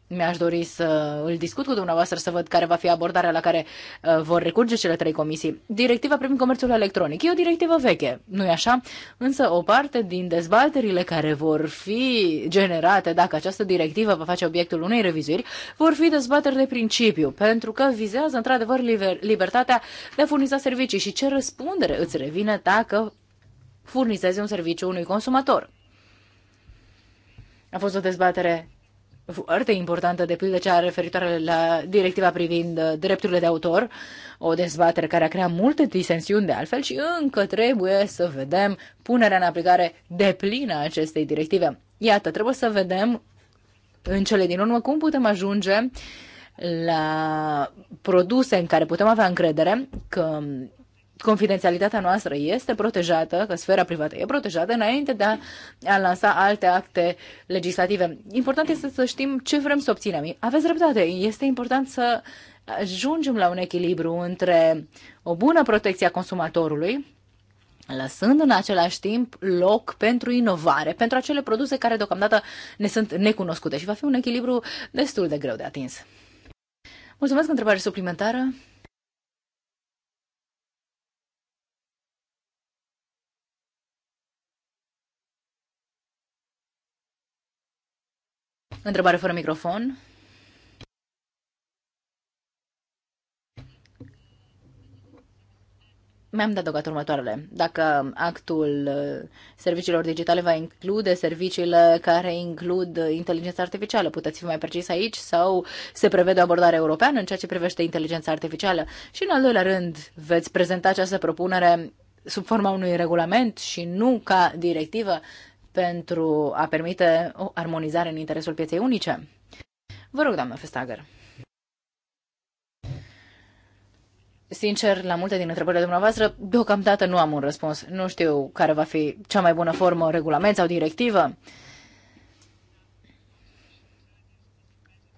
mi-aș dori să îl discut cu dumneavoastră, să văd care va fi abordarea la care uh, vor recurge cele trei comisii. Directiva privind comerțul electronic e o directivă veche, nu e așa? Însă o parte din dezbaterile care vor fi generate dacă această directivă va face obiectul unei revizuiri, vor fi dezbateri de principiu, pentru că vizează într-adevăr liber- libertatea de a furniza servicii și ce răspundere îți revine dacă furnizezi un serviciu unui consumator. A fost o dezbatere foarte importantă, de pildă cea referitoare la directiva privind uh, drepturile de autor, o dezbatere care a creat multe disensiuni de altfel și încă trebuie să vedem punerea în aplicare deplină a acestei directive. Iată, trebuie să vedem în cele din urmă cum putem ajunge la produse în care putem avea încredere că confidențialitatea noastră este protejată, că sfera privată e protejată, înainte de a, a lansa alte acte legislative. Important este să știm ce vrem să obținem. Aveți dreptate, este important să ajungem la un echilibru între o bună protecție a consumatorului, lăsând în același timp loc pentru inovare, pentru acele produse care deocamdată ne sunt necunoscute și va fi un echilibru destul de greu de atins. Mulțumesc întrebare suplimentară. Întrebare fără microfon. mi-am dat dogat următoarele. Dacă actul uh, serviciilor digitale va include serviciile care includ inteligența artificială, puteți fi mai precis aici sau se prevede o abordare europeană în ceea ce privește inteligența artificială? Și în al doilea rând, veți prezenta această propunere sub forma unui regulament și nu ca directivă pentru a permite o armonizare în interesul pieței unice? Vă rog, doamnă Festager. Sincer, la multe din întrebările dumneavoastră, deocamdată nu am un răspuns. Nu știu care va fi cea mai bună formă, regulament sau directivă.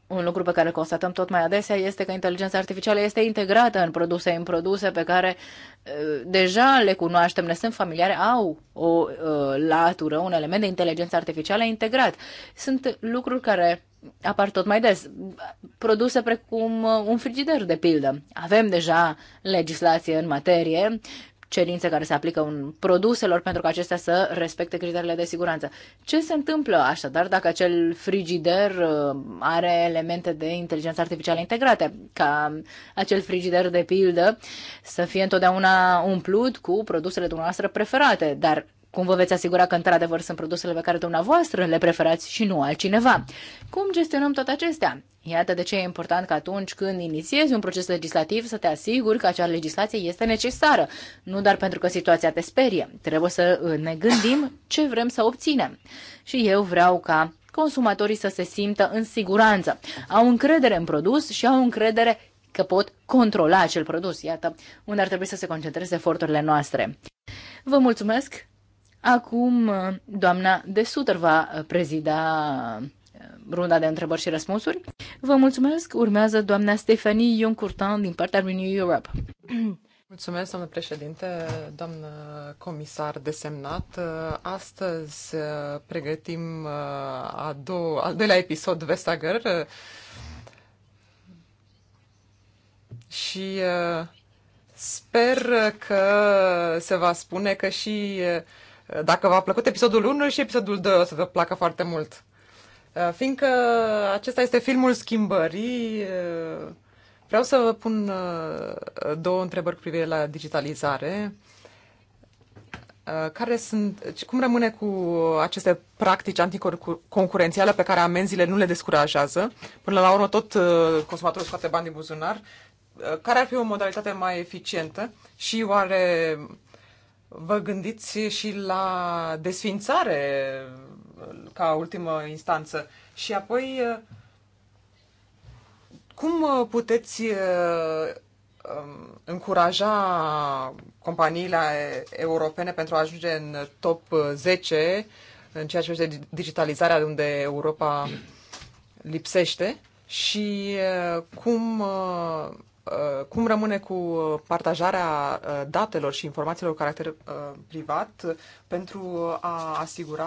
un lucru pe care constatăm tot mai adesea este că inteligența artificială este integrată în produse, în produse pe care eh, deja le cunoaștem, ne sunt familiare, au o eh, latură, un element de inteligență artificială integrat. Sunt lucruri care apar tot mai des. Produse precum eh, un frigider, de pildă. Avem deja legislație în materie cerințe care se aplică în produselor pentru ca acestea să respecte criteriile de siguranță. Ce se întâmplă așadar dacă acel frigider uh, are elemente de inteligență artificială integrate? Ca acel frigider de pildă să fie întotdeauna umplut cu produsele dumneavoastră preferate, dar cum vă veți asigura că într-adevăr sunt produsele pe care dumneavoastră le preferați și nu altcineva? Cum gestionăm toate acestea? Iată de ce e important că atunci când inițiezi un proces legislativ să te asiguri că acea legislație este necesară, nu doar pentru că situația te sperie. Trebuie să uh, ne gândim ce vrem să obținem. Și eu vreau ca consumatorii să se simtă în siguranță. Au încredere în produs și au încredere că pot controla acel produs. Iată unde ar trebui să se concentreze eforturile noastre. Vă mulțumesc! Acum, doamna de Suter va uh, prezida uh, runda de întrebări și răspunsuri. Vă mulțumesc. Urmează doamna Stefanie Ioncurtan din partea Renew Europe. Mulțumesc, domnule președinte, doamnă comisar desemnat. Uh, astăzi pregătim a doua, al doilea episod Vestager și sper că se va spune că și dacă v-a plăcut episodul 1 și episodul 2 o să vă placă foarte mult. Uh, fiindcă acesta este filmul schimbării, uh, vreau să vă pun uh, două întrebări cu privire la digitalizare. Care sunt, deci cum rămâne cu aceste practici anticoncurențiale pe care amenziile nu le descurajează? Până la urmă, tot consumatorul scoate bani din buzunar. Care ar fi o modalitate mai eficientă și oare vă gândiți și la desfințare uh, ca ultimă instanță și apoi uh, cum uh, puteți um, încuraja companiile europene pentru a ajunge în top 10 în ceea ce privește digitalizarea unde Europa lipsește și cum Uh, cum rămâne cu uh, partajarea uh, datelor și informațiilor cu caracter privat pentru a asigura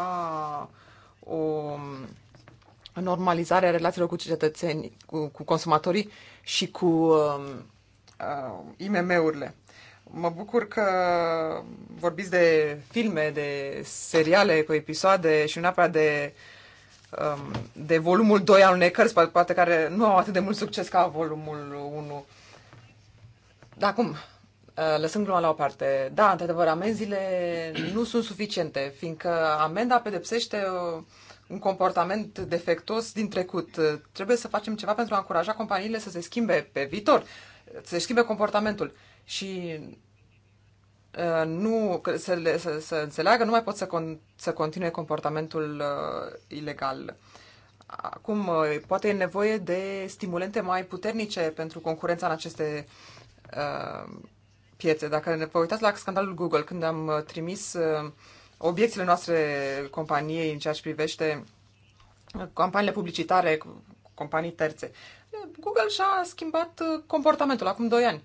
o um, normalizare a relațiilor cu cetățenii, cu, cu consumatorii și cu um, uh, IMM-urile. Mă bucur că vorbiți de filme, de seriale cu episoade și nu neapărat de, um, de volumul 2 al unei cărți, poate care nu au atât de mult succes ca volumul 1. Da, acum, ă, lăsând gluma la o parte, da, într-adevăr, amenziile nu sunt suficiente, fiindcă amenda pedepsește ă, un comportament defectuos din trecut. Ă, trebuie să facem ceva pentru a încuraja companiile să se schimbe pe viitor, să se schimbe comportamentul și nu, să, le, să, să înțeleagă, nu mai pot să, con, să continue comportamentul uh, ilegal. Acum, uh, poate e nevoie de stimulente mai puternice pentru concurența în aceste uh, Uh, piețe. Dacă ne vă uitați la scandalul Google, când am uh, trimis uh, obiecțiile noastre companiei în ceea ce privește campaniile publicitare, companii terțe, Google și-a schimbat comportamentul acum 2 ani.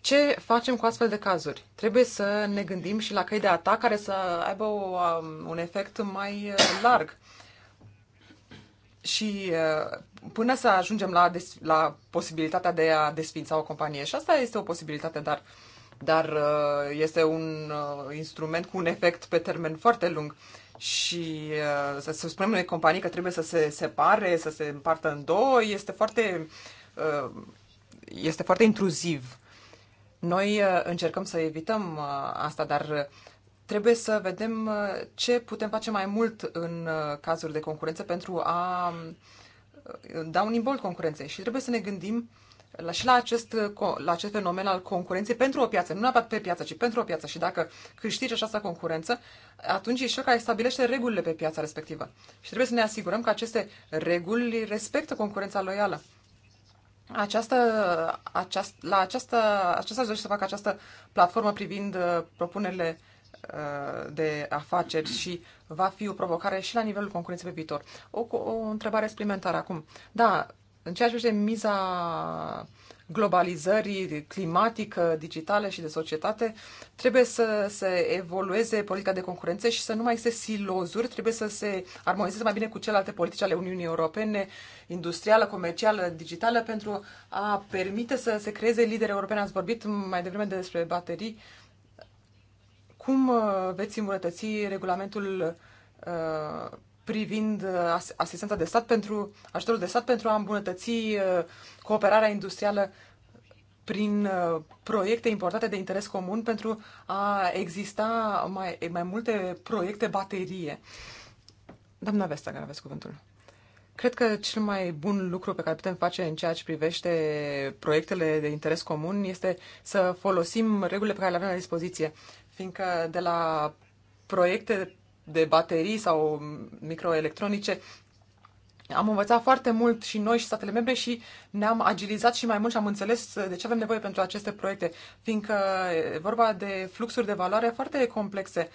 Ce facem cu astfel de cazuri? Trebuie să ne gândim și la căi de atac care să aibă o, um, un efect mai larg. Uh, și uh, până să ajungem la, des, la posibilitatea de a desfința o companie. Și asta este o posibilitate, dar, dar uh, este un uh, instrument cu un efect pe termen foarte lung. Și să, să spunem unei companii că trebuie să se separe, să se împartă în două, este foarte, este foarte intruziv. Noi încercăm să evităm asta, dar trebuie să vedem uh, ce putem face mai mult în uh, cazuri de concurență pentru a uh, da un imbol concurenței și trebuie să ne gândim la, și la acest, la acest fenomen al concurenței pentru o piață, nu neapărat pe piață, ci pentru o piață. Și dacă câștigi această concurență, atunci ești cel care stabilește regulile pe piața respectivă. Și trebuie să ne asigurăm că aceste reguli respectă concurența loială. Această, aceast, la această, aceasta aș dori să fac această platformă privind propunerile Uh, de afaceri și va fi o provocare și la nivelul concurenței pe viitor. O, o întrebare suplimentară acum. Da, în ceea ce privește miza globalizării climatică, digitale și de societate, trebuie să se evolueze politica de concurență și să nu mai existe silozuri, trebuie să se armonizeze mai bine cu celelalte politici ale Uniunii Europene, industrială, comercială, digitală, pentru a permite să se creeze lideri europeni. Ați vorbit mai devreme despre baterii. Uh, cum uh, veți îmbunătăți regulamentul uh, privind uh, asistența de stat pentru ajutorul de stat pentru a îmbunătăți cooperarea industrială prin proiecte importante de interes comun pentru a exista mai, mai multe proiecte baterie. Doamna Vesta, care aveți cuvântul. Cred că cel mai bun lucru pe care putem face în ceea ce privește proiectele de interes comun este să folosim regulile pe care le avem la dispoziție fiindcă de la proiecte de baterii sau microelectronice am învățat foarte mult și noi și statele membre și ne-am agilizat și mai mult și am înțeles de ce avem nevoie pentru aceste proiecte, fiindcă e vorba de fluxuri de valoare foarte complexe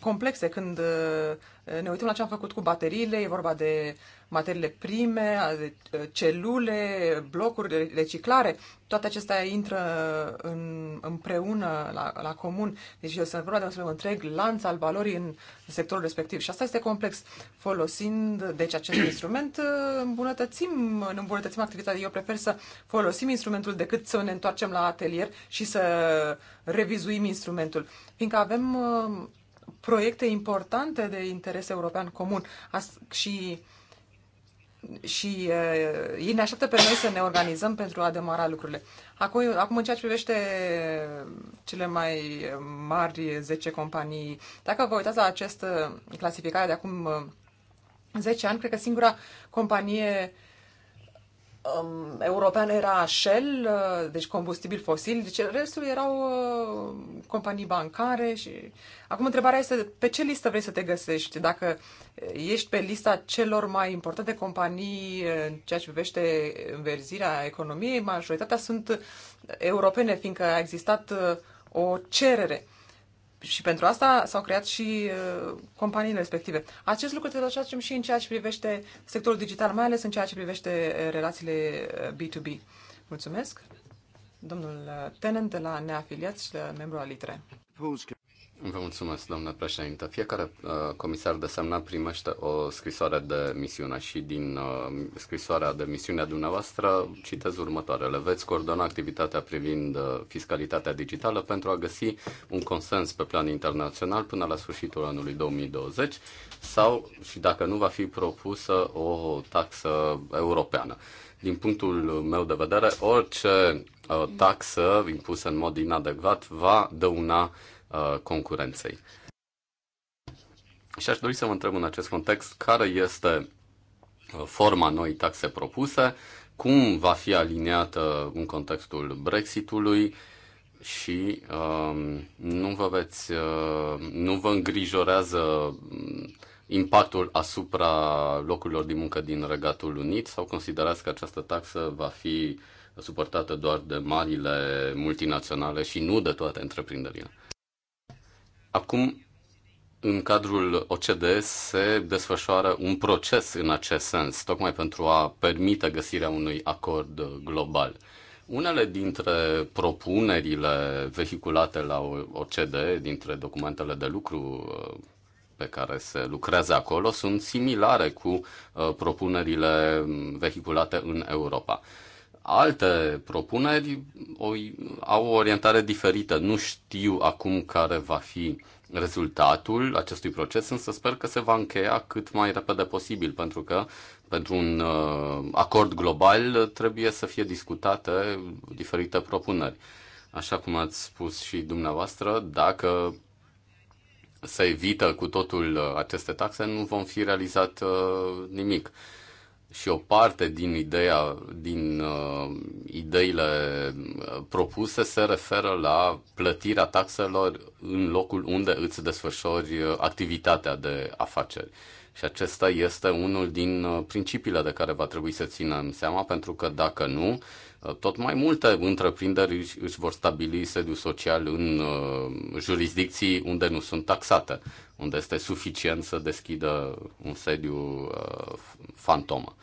complexe când uh, ne uităm la ce am făcut cu bateriile, e vorba de materiile prime, de uh, celule, blocuri, reciclare, toate acestea intră în, împreună la, la comun. Deci eu sunt vorba de un întreg lanț al valorii în sectorul respectiv și asta este complex. Folosind deci acest instrument, uh, îmbunătățim, îmbunătățim activitatea. Eu prefer să folosim instrumentul decât să ne întoarcem la atelier și să revizuim instrumentul, fiindcă avem proiecte importante de interes european comun și, și uh, ei ne așteaptă pe noi să ne organizăm pentru a demara lucrurile. Acum, acum în ceea ce privește cele mai mari 10 companii, dacă vă uitați la această clasificare de acum 10 uh, ani, cred că singura companie uh, um, european era Shell, uh, deci combustibil fosil, deci restul erau uh, companii bancare și... Acum întrebarea este pe ce listă vrei să te găsești? Dacă ești pe lista celor mai importante companii uh, în ceea ce privește înverzirea economiei, majoritatea sunt europene, fiindcă a existat uh, o cerere. Uh, și pentru asta s-au creat și uh, companiile respective. Acest lucru trebuie să facem și în ceea ce privește sectorul digital, mai ales în ceea ce privește uh, relațiile B2B. Uh, Mulțumesc. Domnul uh, Tenent de la Neafiliați și membru al ITRE. Vă mulțumesc, doamnă președinte. Fiecare uh, comisar semnat primește o scrisoare de misiune și din uh, scrisoarea de misiune a dumneavoastră citez următoarele. Veți coordona activitatea privind uh, fiscalitatea digitală pentru a găsi un consens pe plan internațional până la sfârșitul anului 2020 sau și dacă nu va fi propusă o taxă europeană. Din punctul meu de vedere, orice uh, taxă impusă în mod inadecvat va dăuna Uh, concurenței. Și aș dori să vă întreb în acest context care este uh, forma noi taxe propuse, cum va fi aliniată în contextul Brexitului și uh, nu vă veți, uh, nu vă îngrijorează mm, impactul asupra locurilor de muncă din Regatul Unit sau considerați că această taxă va fi suportată doar de marile multinaționale și nu de toate întreprinderile? Acum, în cadrul OCDE se desfășoară un proces în acest sens, tocmai pentru a permite găsirea unui acord global. Unele dintre propunerile vehiculate la OCDE, dintre documentele de lucru uh, pe care se lucrează acolo, sunt similare cu uh, propunerile vehiculate în Europa. Alte propuneri au o orientare diferită. Nu știu acum care va fi rezultatul acestui proces, însă sper că se va încheia cât mai repede posibil, pentru că pentru un uh, acord global trebuie să fie discutate diferite propuneri. Așa cum ați spus și dumneavoastră, dacă se evită cu totul uh, aceste taxe, nu vom fi realizat uh, nimic și o parte din ideea, din uh, ideile uh, propuse se referă la plătirea taxelor în locul unde îți desfășori uh, activitatea de afaceri. Și acesta este unul din uh, principiile de care va trebui să ținem seama, pentru că dacă nu, tot mai multe întreprinderi își, își vor stabili sediu social în uh, jurisdicții unde nu sunt taxate unde este suficient să deschidă un sediu uh, fantomă.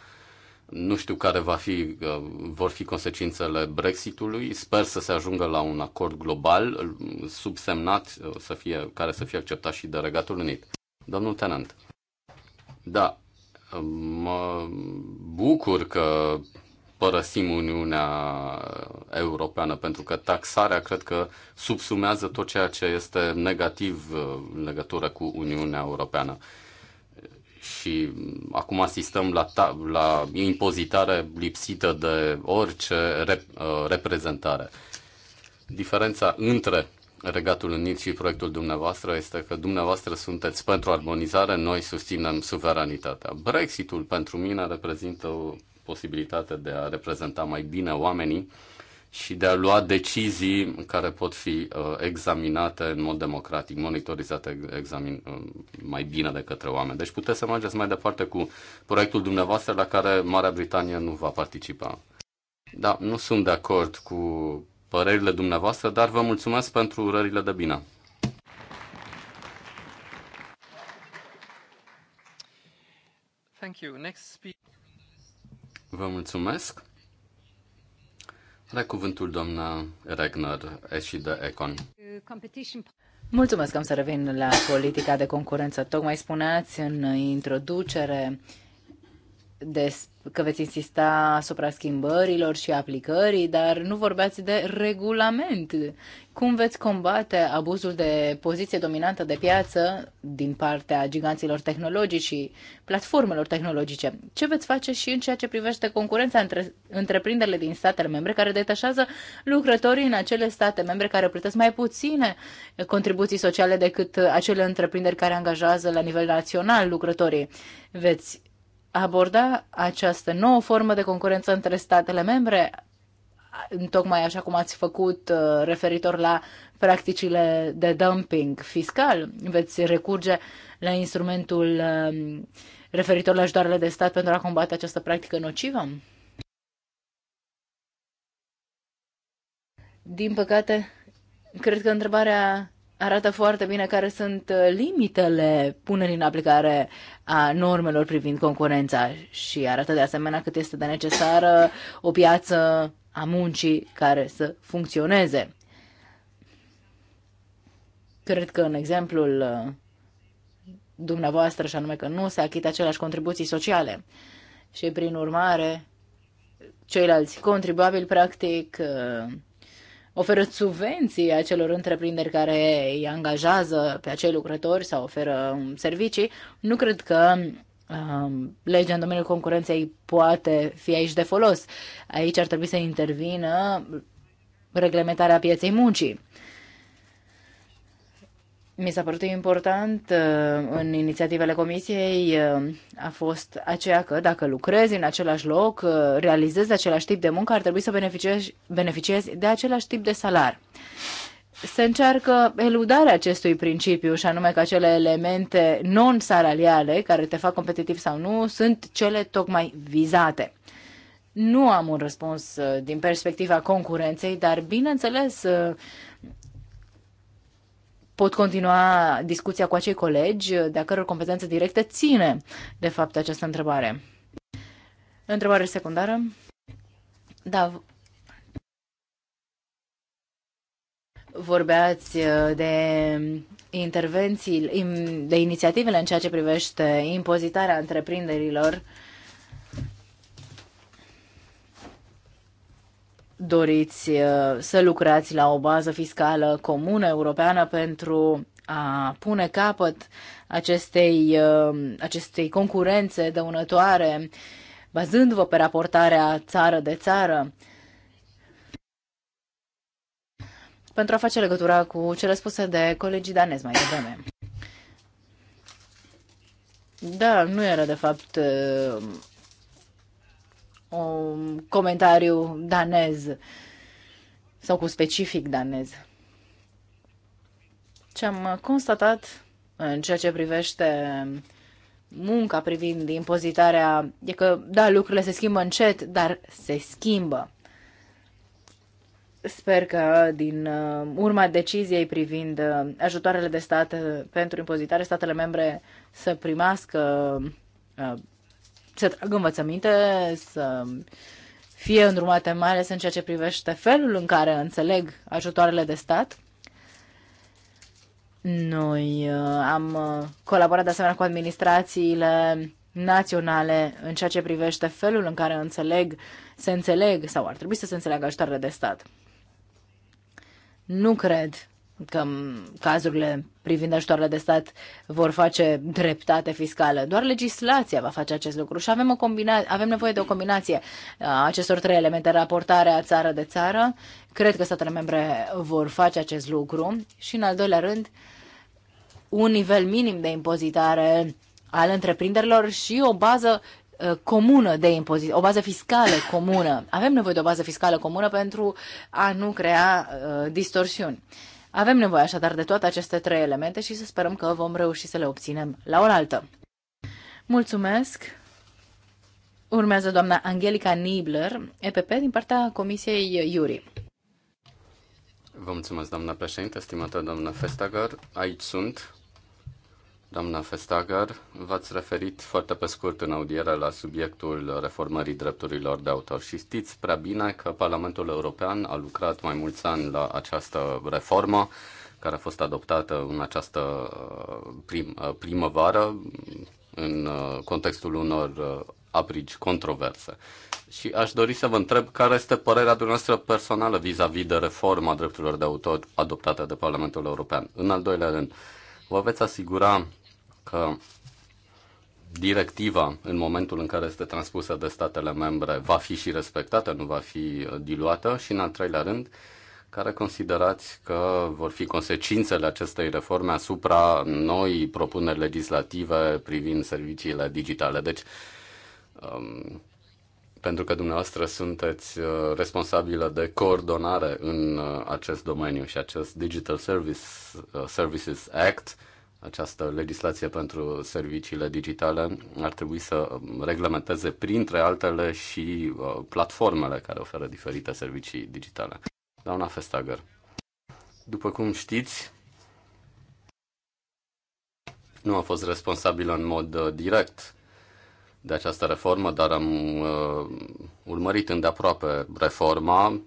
Nu știu care va fi, uh, vor fi consecințele Brexitului. Sper să se ajungă la un acord global subsemnat uh, să fie, care să fie acceptat și de Regatul Unit. Domnul Tenant. Da, uh, mă bucur că părăsim Uniunea Europeană, pentru că taxarea cred că subsumează tot ceea ce este negativ uh, în legătură cu Uniunea Europeană. Și acum asistăm la, ta- la impozitare lipsită de orice rep- uh, reprezentare. Diferența între Regatul Unit și proiectul dumneavoastră este că dumneavoastră sunteți pentru armonizare, noi susținem suveranitatea. Brexitul pentru mine reprezintă posibilitate de a reprezenta mai bine oamenii și de a lua decizii care pot fi uh, examinate în mod democratic, monitorizate examin, uh, mai bine de către oameni. Deci puteți să mergeți mai departe cu proiectul dumneavoastră la care Marea Britanie nu va participa. Da, nu sunt de acord cu părerile dumneavoastră, dar vă mulțumesc pentru urările de bine. Thank you. Next speaker. Vă mulțumesc. Are cuvântul doamna Regner, și de Econ. Mulțumesc, am să revin la politica de concurență. Tocmai spuneați în introducere des, că veți insista asupra schimbărilor și aplicării, dar nu vorbeați de regulament. Cum veți combate abuzul de poziție dominantă de piață din partea giganților tehnologici și platformelor tehnologice? Ce veți face și în ceea ce privește concurența între întreprinderile din statele membre care detașează lucrătorii în acele state membre care plătesc mai puține contribuții sociale decât acele întreprinderi care angajează la nivel național lucrătorii? Veți aborda această nouă formă de concurență între statele membre, tocmai așa cum ați făcut uh, referitor la practicile de dumping fiscal. Veți recurge la instrumentul um, referitor la ajutoarele de stat pentru a combate această practică nocivă? Din păcate, cred că întrebarea arată foarte bine care sunt uh, limitele punerii în aplicare a normelor privind concurența și arată de asemenea cât este de necesară o piață a muncii care să funcționeze. Cred că în exemplul uh, dumneavoastră, și anume că nu se achită aceleași contribuții sociale și, prin urmare, ceilalți contribuabili, practic, uh, oferă subvenții acelor întreprinderi care îi angajează pe acei lucrători sau oferă um, servicii, nu cred că um, legea în domeniul concurenței poate fi aici de folos. Aici ar trebui să intervină reglementarea pieței muncii mi s-a părut important uh, în inițiativele comisiei uh, a fost aceea că dacă lucrezi în același loc, uh, realizezi același tip de muncă, ar trebui să beneficiezi, beneficiezi de același tip de salar. Se încearcă eludarea acestui principiu și anume că acele elemente non-salariale care te fac competitiv sau nu sunt cele tocmai vizate. Nu am un răspuns din perspectiva concurenței, dar bineînțeles pot continua discuția cu acei colegi de-a căror competență directă ține, de fapt, această întrebare. Întrebare secundară? Da. Vorbeați uh, de intervenții, de inițiativele în ceea ce privește impozitarea întreprinderilor doriți uh, să lucrați la o bază fiscală comună europeană pentru a pune capăt acestei, uh, acestei concurențe dăunătoare, bazându-vă pe raportarea țară de țară. Pentru a face legătura cu cele spuse de colegii danezi mai devreme. Da, nu era de fapt uh, un comentariu danez sau cu specific danez. Ce am constatat în ceea ce privește munca privind impozitarea e că, da, lucrurile se schimbă încet, dar se schimbă. Sper că din uh, urma deciziei privind uh, ajutoarele de stat uh, pentru impozitare, statele membre să primească să trag învățăminte, să fie îndrumate mai ales în ceea ce privește felul în care înțeleg ajutoarele de stat. Noi uh, am uh, colaborat de asemenea cu administrațiile naționale în ceea ce privește felul în care înțeleg, se înțeleg sau ar trebui să se înțeleagă ajutoarele de stat. Nu cred că cazurile privind ajutoarele de stat vor face dreptate fiscală. Doar legislația va face acest lucru și avem, o combina- avem nevoie de o combinație a acestor trei elemente, raportarea țară de țară. Cred că statele membre vor face acest lucru și, în al doilea rând, un nivel minim de impozitare al întreprinderilor și o bază uh, comună de impozit, o bază fiscală comună. Avem nevoie de o bază fiscală comună pentru a nu crea uh, distorsiuni. Avem nevoie așadar de toate aceste trei elemente și să sperăm că vom reuși să le obținem la oaltă. Mulțumesc! Urmează doamna Angelica Nibler, EPP, din partea Comisiei Iuri. Vă mulțumesc, doamna președinte, stimată doamna Festager. Aici sunt. Doamna Festager, v-ați referit foarte pe scurt în audiere la subiectul reformării drepturilor de autor și știți prea bine că Parlamentul European a lucrat mai mulți ani la această reformă care a fost adoptată în această uh, prim, uh, primăvară în uh, contextul unor aprigi controverse. Și aș dori să vă întreb care este părerea dumneavoastră personală vis-a-vis -vis de reforma drepturilor de autor adoptată de Parlamentul European. În al doilea rând, vă veți asigura că directiva, în momentul în care este transpusă de statele membre, va fi și respectată, nu va fi uh, diluată și, în al treilea rând, care considerați că vor fi consecințele acestei reforme asupra noi propuneri legislative privind serviciile digitale. Deci, um, pentru că dumneavoastră sunteți uh, responsabilă de coordonare în uh, acest domeniu și acest Digital Service, Services Act această legislație pentru serviciile digitale ar trebui să reglementeze, printre altele, și uh, platformele care oferă diferite servicii digitale. Doamna Festager, după cum știți, nu am fost responsabil în mod uh, direct de această reformă, dar am uh, urmărit îndeaproape reforma,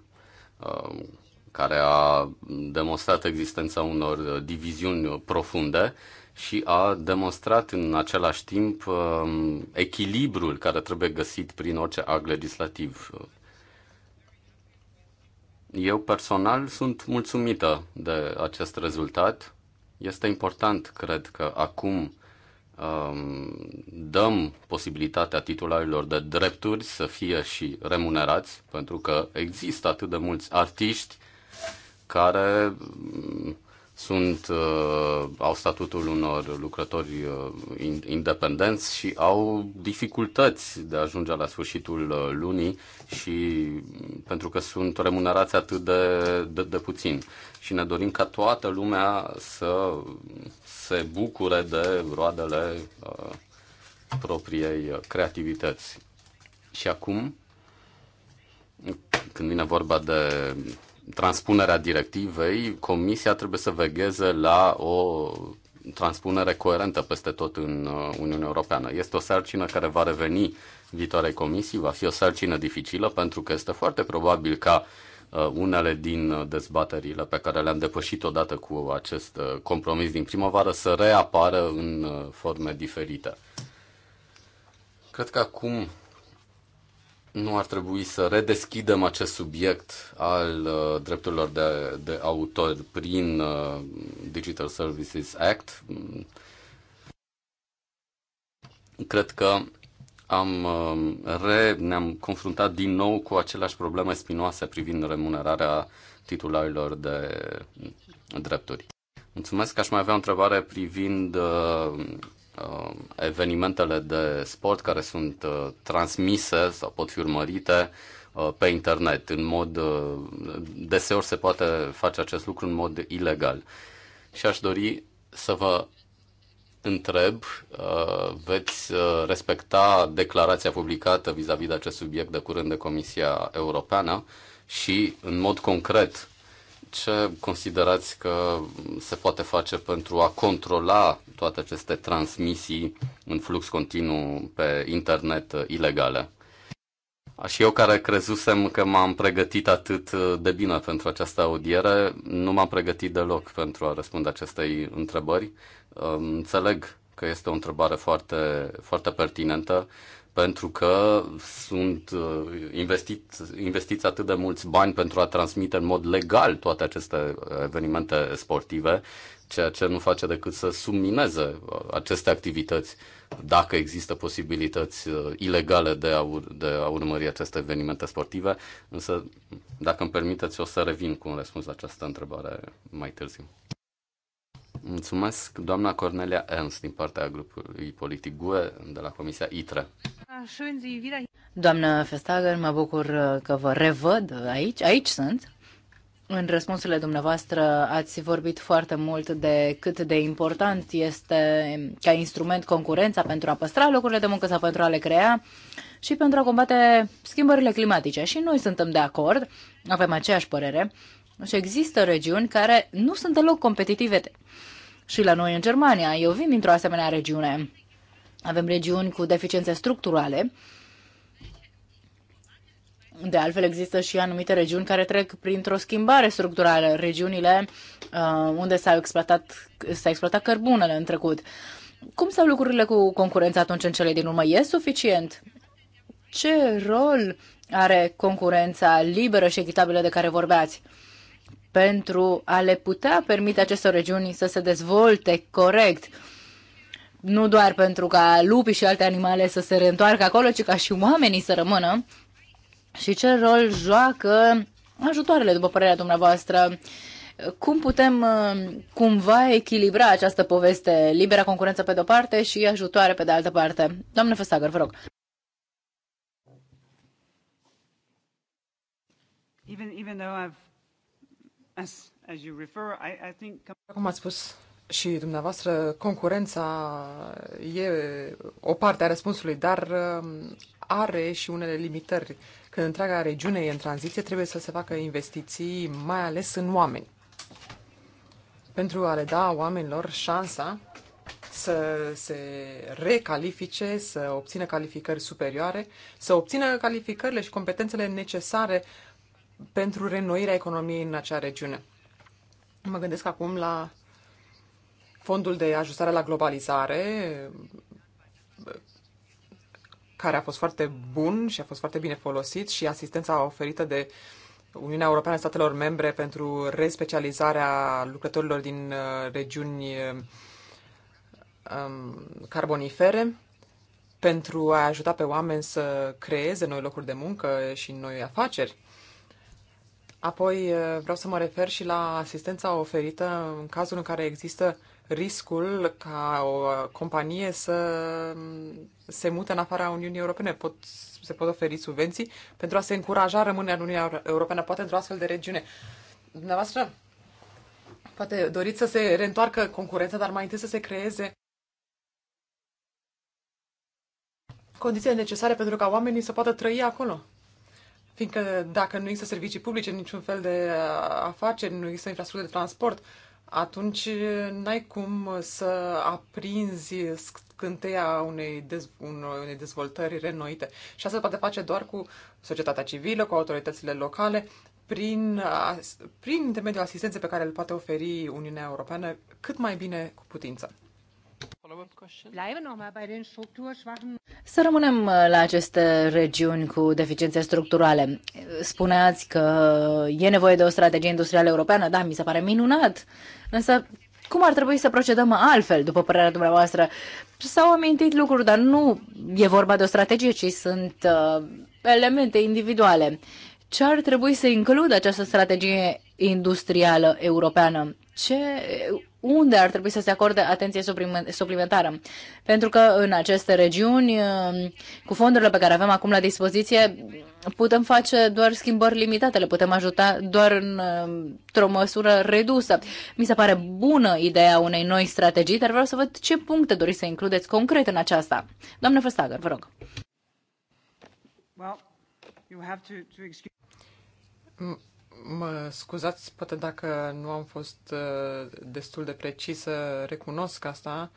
care a demonstrat existența unor uh, diviziuni profunde și a demonstrat în același timp um, echilibrul care trebuie găsit prin orice act legislativ. Eu personal sunt mulțumită de acest rezultat. Este important, cred că acum um, dăm posibilitatea titularilor de drepturi să fie și remunerați, pentru că există atât de mulți artiști care mm, sunt, uh, au statutul unor lucrători uh, independenți și au dificultăți de a ajunge la sfârșitul uh, lunii și mm, pentru că sunt remunerați atât de, de, de puțin. Și ne dorim ca toată lumea să se bucure de roadele uh, propriei creativități. Și acum, când vine vorba de transpunerea directivei, Comisia trebuie să vegheze la o transpunere coerentă peste tot în uh, Uniunea Europeană. Este o sarcină care va reveni viitoarei comisii, va fi o sarcină dificilă pentru că este foarte probabil ca uh, unele din dezbaterile pe care le-am depășit odată cu acest uh, compromis din primăvară să reapară în forme diferite. Cred că acum nu ar trebui să redeschidem acest subiect al uh, drepturilor de, de autor prin uh, Digital Services Act. Cred că am uh, re, ne-am confruntat din nou cu aceleași probleme spinoase privind remunerarea titularilor de drepturi. Mulțumesc, aș mai avea o întrebare privind uh, Um, evenimentele de sport care sunt uh, transmise sau pot fi urmărite uh, pe internet. În mod, uh, deseori se poate face acest lucru în mod ilegal. Și aș dori să vă întreb, veți respecta declarația publicată vis-a-vis -vis de acest subiect de curând de Comisia Europeană și, în mod concret, ce considerați că se poate face pentru a controla toate aceste transmisii în flux continuu pe internet ilegale? Și eu care crezusem că m-am pregătit atât de bine pentru această audiere, nu m-am pregătit deloc pentru a răspunde acestei întrebări. Înțeleg că este o întrebare foarte, foarte pertinentă pentru că sunt uh, investit, investiți atât de mulți bani pentru a transmite în mod legal toate aceste evenimente sportive, ceea ce nu face decât să submineze uh, aceste activități dacă există posibilități uh, ilegale de a, ur de a urmări aceste evenimente sportive. Însă, dacă îmi permiteți, o să revin cu un răspuns la această întrebare mai târziu. Mulțumesc, doamna Cornelia Ernst, din partea grupului politic GUE, de la Comisia ITRE. Doamna Festager, mă bucur că vă revăd aici. Aici sunt. În răspunsurile dumneavoastră ați vorbit foarte mult de cât de important este ca instrument concurența pentru a păstra locurile de muncă sau pentru a le crea și pentru a combate schimbările climatice. Și noi suntem de acord, avem aceeași părere. Și există regiuni care nu sunt deloc competitive. Și la noi în Germania, eu vin dintr-o asemenea regiune. Avem regiuni cu deficiențe structurale. De altfel, există și anumite regiuni care trec printr-o schimbare structurală. Regiunile uh, unde s-a exploatat, s-a exploatat cărbunele în trecut. Cum stau lucrurile cu concurența atunci în cele din urmă? E suficient? Ce rol are concurența liberă și echitabilă de care vorbeați? pentru a le putea permite acestor regiuni să se dezvolte corect. Nu doar pentru ca lupii și alte animale să se reîntoarcă acolo, ci ca și oamenii să rămână. Și ce rol joacă ajutoarele, după părerea dumneavoastră? Cum putem uh, cumva echilibra această poveste, libera concurență pe de-o parte și ajutoare pe de altă parte? Doamne Festager, vă rog. Even, even though I've cum ați spus și dumneavoastră, concurența e o parte a răspunsului, dar um, are și unele limitări. Când întreaga regiune e în tranziție, trebuie să se facă investiții, mai ales în oameni. Pentru a le da oamenilor șansa să se recalifice, să obțină calificări superioare, să obțină calificările și competențele necesare uh, pentru renoirea economiei în acea regiune. Mă gândesc acum la fondul de ajustare la globalizare, care a fost foarte bun și a fost foarte bine folosit și asistența oferită de Uniunea Europeană statelor membre pentru respecializarea lucrătorilor din uh, regiuni um, carbonifere pentru a ajuta pe oameni să creeze noi locuri de muncă și noi afaceri. Apoi eh, vreau să mă refer și la asistența oferită în cazul în care există riscul ca o companie să se mute în afara Uniunii Europene. Pot, se pot oferi subvenții pentru a se încuraja rămânerea în Uniunea Europeană, poate într-o astfel de regiune. Dumneavoastră, poate doriți să se reîntoarcă concurența, dar mai întâi să se creeze condițiile necesare pentru ca oamenii să poată trăi acolo. Fiindcă dacă nu există servicii publice, niciun fel de uh, afaceri, nu există infrastructură de transport, atunci uh, n-ai cum să aprinzi scânteia unei, dez, unei dezvoltări renoite. Și asta se poate face doar cu societatea civilă, cu autoritățile locale, prin, prin intermediul asistenței pe care îl poate oferi Uniunea Europeană cât mai bine cu putință. Să rămânem uh, la aceste regiuni cu deficiențe structurale. Spuneați că e nevoie de o strategie industrială europeană, da, mi se pare minunat, însă cum ar trebui să procedăm altfel, după părerea dumneavoastră? S-au amintit lucruri, dar nu e vorba de o strategie, ci sunt uh, elemente individuale. Ce ar trebui să includă această strategie industrială europeană? Ce unde ar trebui să se acorde atenție suplimentară. Pentru că în aceste regiuni, um, cu fondurile pe care avem acum la dispoziție, putem face doar schimbări limitate, le putem ajuta doar um, într-o măsură redusă. Mi se pare bună ideea unei noi strategii, dar vreau să văd ce puncte doriți să includeți concret în aceasta. Doamne Verstager, vă rog. Well, you have to, to excuse mm, Mă scuzați, poate dacă nu am fost uh, destul de precisă, recunosc asta.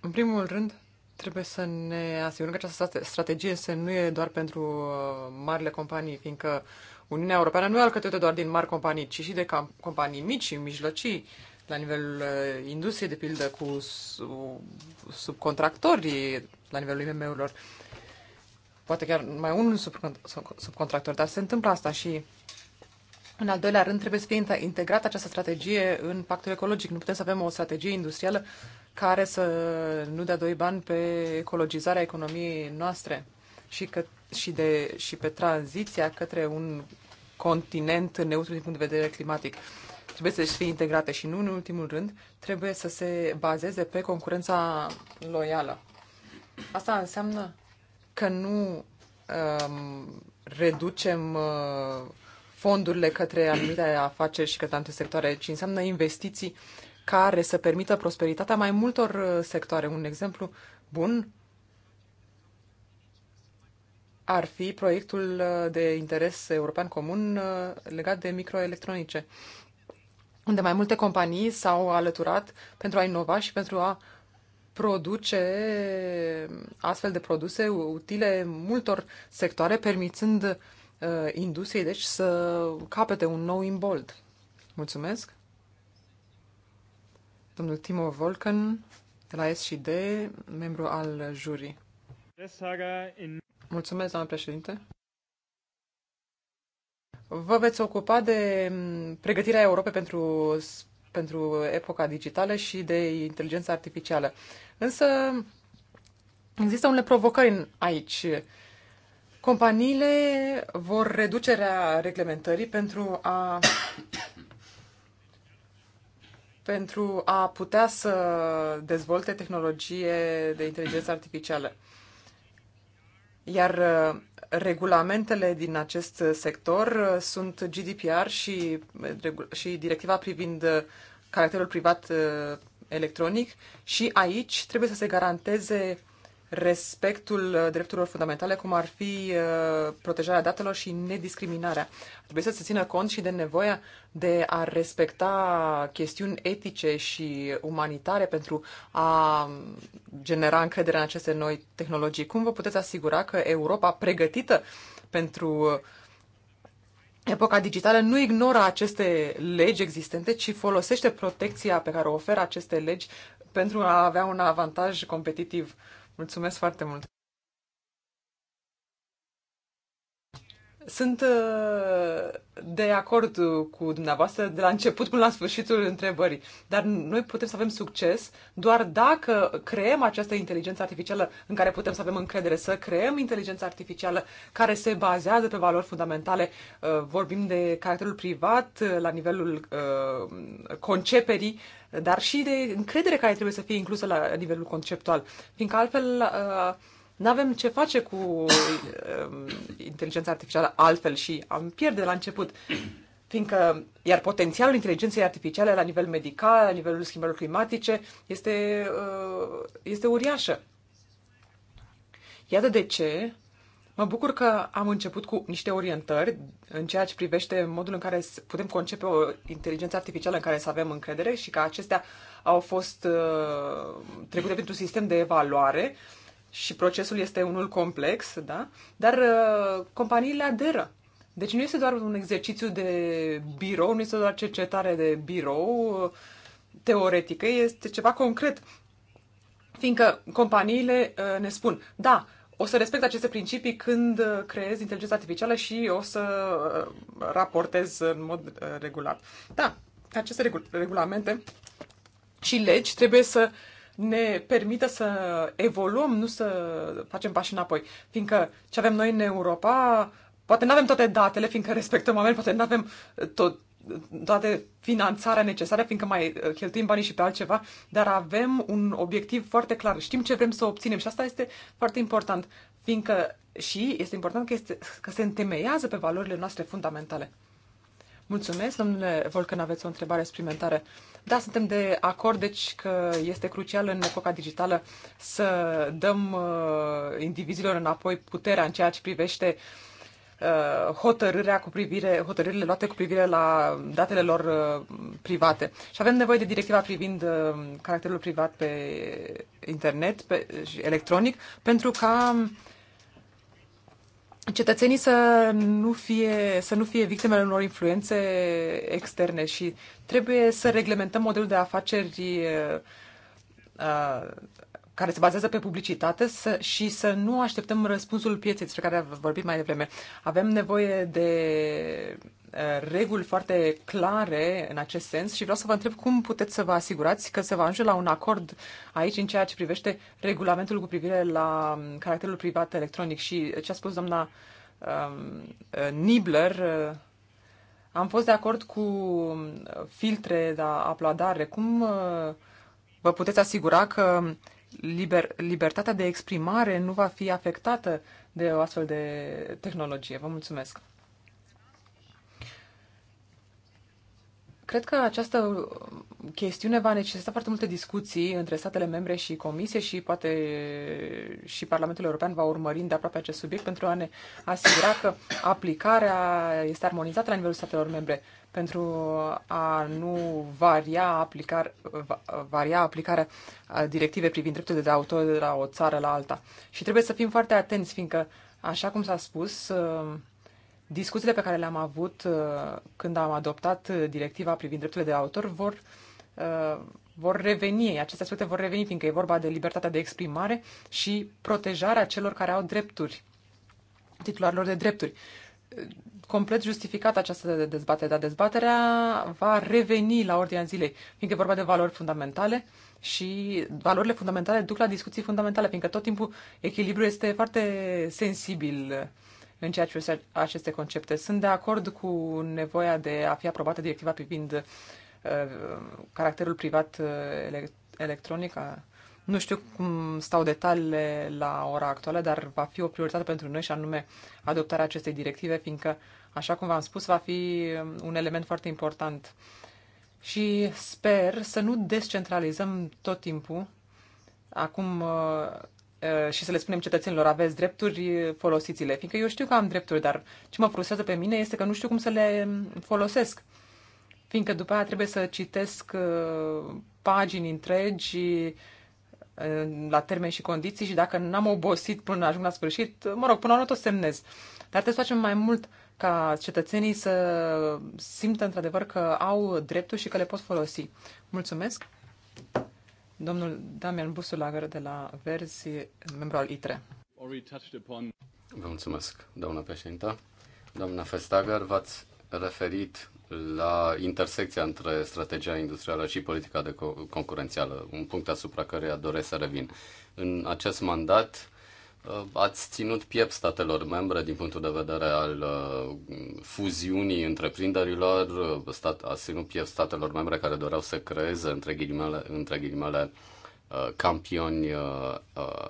În primul rând, trebuie să ne asigurăm că această strategie să nu e doar pentru uh, marile companii, fiindcă Uniunea Europeană nu e alcătuită doar din mari companii, ci și de companii mici și mijlocii, la nivelul uh, industriei, de pildă, cu subcontractorii, la nivelul IMM-urilor poate chiar mai unul subcontractor, dar se întâmplă asta și în al doilea rând trebuie să fie integrată această strategie în pactul ecologic. Nu putem să avem o strategie industrială care să nu dea doi bani pe ecologizarea economiei noastre și, că, și, de, și pe tranziția către un continent neutru din punct de vedere climatic. Trebuie să fie integrate și nu în ultimul rând, trebuie să se bazeze pe concurența loială. Asta înseamnă că nu um, reducem uh, fondurile către anumite afaceri și către anumite sectoare, ci înseamnă investiții care să permită prosperitatea mai multor uh, sectoare. Un exemplu bun ar fi proiectul uh, de interes european comun uh, legat de microelectronice, unde mai multe companii s-au alăturat pentru a inova și pentru a produce astfel de produse utile multor sectoare, permițând uh, industriei deci să capete un nou imbold. Mulțumesc. Domnul Timo Volken, de la SD, membru al jurii. Mulțumesc, doamnă președinte. Vă veți ocupa de mm, pregătirea Europei pentru, pentru epoca digitală și de inteligența artificială. Însă există unele provocări aici. Companiile vor reducerea reglementării pentru a pentru a putea să dezvolte tehnologie de inteligență artificială. Iar uh, regulamentele din acest sector uh, sunt GDPR și, uh, și directiva privind caracterul privat electronic și aici trebuie să se garanteze respectul uh, drepturilor fundamentale, cum ar fi uh, protejarea datelor și nediscriminarea. Trebuie să se țină cont și de nevoia de a respecta chestiuni etice și umanitare pentru a um, genera încredere în aceste noi tehnologii. Cum vă puteți asigura că Europa pregătită pentru uh, Epoca digitală nu ignoră aceste legi existente, ci folosește protecția pe care o oferă aceste legi pentru a avea un avantaj competitiv. Mulțumesc foarte mult! Sunt uh, de acord cu dumneavoastră de la început până la sfârșitul întrebării, dar noi putem să avem succes doar dacă creăm această inteligență artificială în care putem să avem încredere, să creăm inteligența artificială care se bazează pe valori fundamentale. Uh, vorbim de caracterul privat uh, la nivelul conceperii, dar și de încredere care trebuie să fie inclusă la nivelul conceptual, fiindcă altfel nu avem ce face cu uh, inteligența artificială altfel și am pierde la început. Fiindcă, iar potențialul inteligenței artificiale la nivel medical, la nivelul schimbărilor climatice, este, uh, este uriașă. Iată de ce mă bucur că am început cu niște orientări în ceea ce privește modul în care putem concepe o inteligență artificială în care să avem încredere și că acestea au fost uh, trecute pentru un sistem de evaluare uh, și procesul este unul complex, da? Dar uh, companiile aderă. Deci nu este doar un exercițiu de birou, nu este doar cercetare de birou uh, teoretică, este ceva concret. Fiindcă companiile uh, ne spun, da, o să respect aceste principii când uh, creez inteligența artificială și o să uh, raportez în mod regulat. Da, aceste regulamente și legi trebuie să uh, ne permită să evoluăm, nu să facem pași înapoi. Fiindcă ce avem noi în Europa, poate nu avem toate datele, fiindcă respectăm oameni, poate nu avem tot, toate finanțarea necesară, fiindcă mai cheltuim banii și pe altceva, dar avem un obiectiv foarte clar. Știm ce vrem să obținem și asta este foarte important, fiindcă și este important că, este, că se întemeiază pe valorile noastre fundamentale. Mulțumesc, domnule Volcan, aveți o întrebare suplimentară. Da, suntem de acord, deci că este crucial în epoca digitală să dăm uh, indivizilor înapoi puterea în ceea ce privește uh, hotărârea cu privire, hotărârile luate cu privire la datele lor uh, private. Și avem nevoie de directiva privind uh, caracterul privat pe internet, pe, și electronic, pentru ca uh, cetățenii să nu fie, să nu fie victimele unor influențe externe și trebuie să reglementăm modelul de afaceri uh, care se bazează pe publicitate să, și să nu așteptăm răspunsul pieței despre care am vorbit mai devreme. Avem nevoie de uh, reguli foarte clare în acest sens și vreau să vă întreb cum puteți să vă asigurați că se va ajunge la un acord aici în ceea ce privește regulamentul cu privire la um, caracterul privat electronic și ce a spus doamna um, uh, Nibler. Uh, am fost de acord cu um, filtre de aplaudare. Cum vă puteți asigura că liber, libertatea de exprimare nu va fi afectată de o astfel de tehnologie. Vă mulțumesc! Cred că această chestiune va necesita foarte multe discuții între statele membre și comisie și poate și Parlamentul European va urmări de aproape acest subiect pentru a ne asigura că aplicarea este armonizată la nivelul statelor membre pentru a nu varia, aplicar, varia aplicarea directivei privind drepturile de autor de la o țară la alta. Și trebuie să fim foarte atenți, fiindcă, așa cum s-a spus, discuțiile pe care le-am avut când am adoptat directiva privind drepturile de autor vor, vor reveni, aceste aspecte vor reveni, fiindcă e vorba de libertatea de exprimare și protejarea celor care au drepturi, titularilor de drepturi complet justificată această dezbatere, dar dezbaterea va reveni la ordinea zilei, fiindcă e vorba de valori fundamentale și valorile fundamentale duc la discuții fundamentale, fiindcă tot timpul echilibru este foarte sensibil în ceea ce aceste concepte. Sunt de acord cu nevoia de a fi aprobată directiva privind uh, caracterul privat uh, electronic. Nu știu cum stau detaliile la ora actuală, dar va fi o prioritate pentru noi și anume adoptarea acestei directive, fiindcă uh, așa cum v-am spus, va fi un element foarte important. Și sper să nu descentralizăm tot timpul. Acum uh, uh, și să le spunem cetățenilor, aveți drepturi, folosiți-le. Fiindcă eu știu că am drepturi, dar ce mă frustrează pe mine este că nu știu cum să le folosesc. Fiindcă după aia trebuie să citesc uh, pagini întregi la termeni și condiții și dacă n-am obosit până ajung la sfârșit, mă rog, până la urmă tot semnez. Dar trebuie să facem mai mult ca cetățenii să simtă într-adevăr că au dreptul și că le pot folosi. Mulțumesc! Domnul Damian Busulagăr de la Verzi, membru al ITRE. Vă mulțumesc, doamna președintă. Doamna Festager, v-ați referit la intersecția între strategia industrială și politica de co- concurențială, un punct asupra căreia doresc să revin. În acest mandat, Uh, ați ținut piept statelor membre din punctul de vedere al uh, fuziunii întreprinderilor, uh, stat, ați ținut piept statelor membre care doreau să creeze, între ghilimele, între ghilimele campioni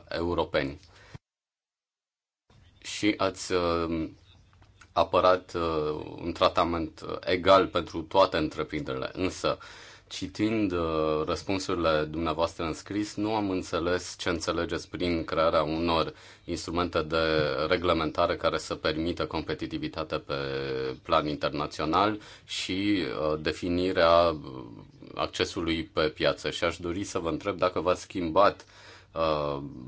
europeni. Și ați apărat un tratament egal pentru toate întreprinderile, însă uh, Citind uh, răspunsurile dumneavoastră în scris, nu am înțeles ce înțelegeți prin crearea unor instrumente de reglementare care să permită competitivitate pe plan internațional și uh, definirea uh, accesului pe piață. Și aș dori să vă întreb dacă v-ați schimbat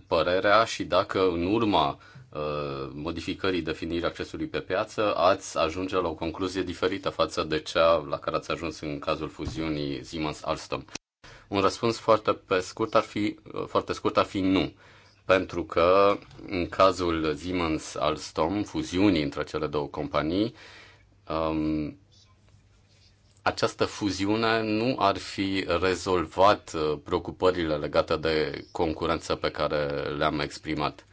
părerea și dacă în urma Uh, modificării definirii accesului pe piață, ați ajunge la o concluzie diferită față de cea la care ați ajuns în cazul fuziunii Siemens-Alstom? Un răspuns foarte pe scurt ar fi, uh, foarte scurt ar fi nu. Pentru că în cazul Siemens-Alstom, fuziunii între cele două companii, um, această fuziune nu ar fi rezolvat uh, preocupările legate de concurență pe care le-am exprimat.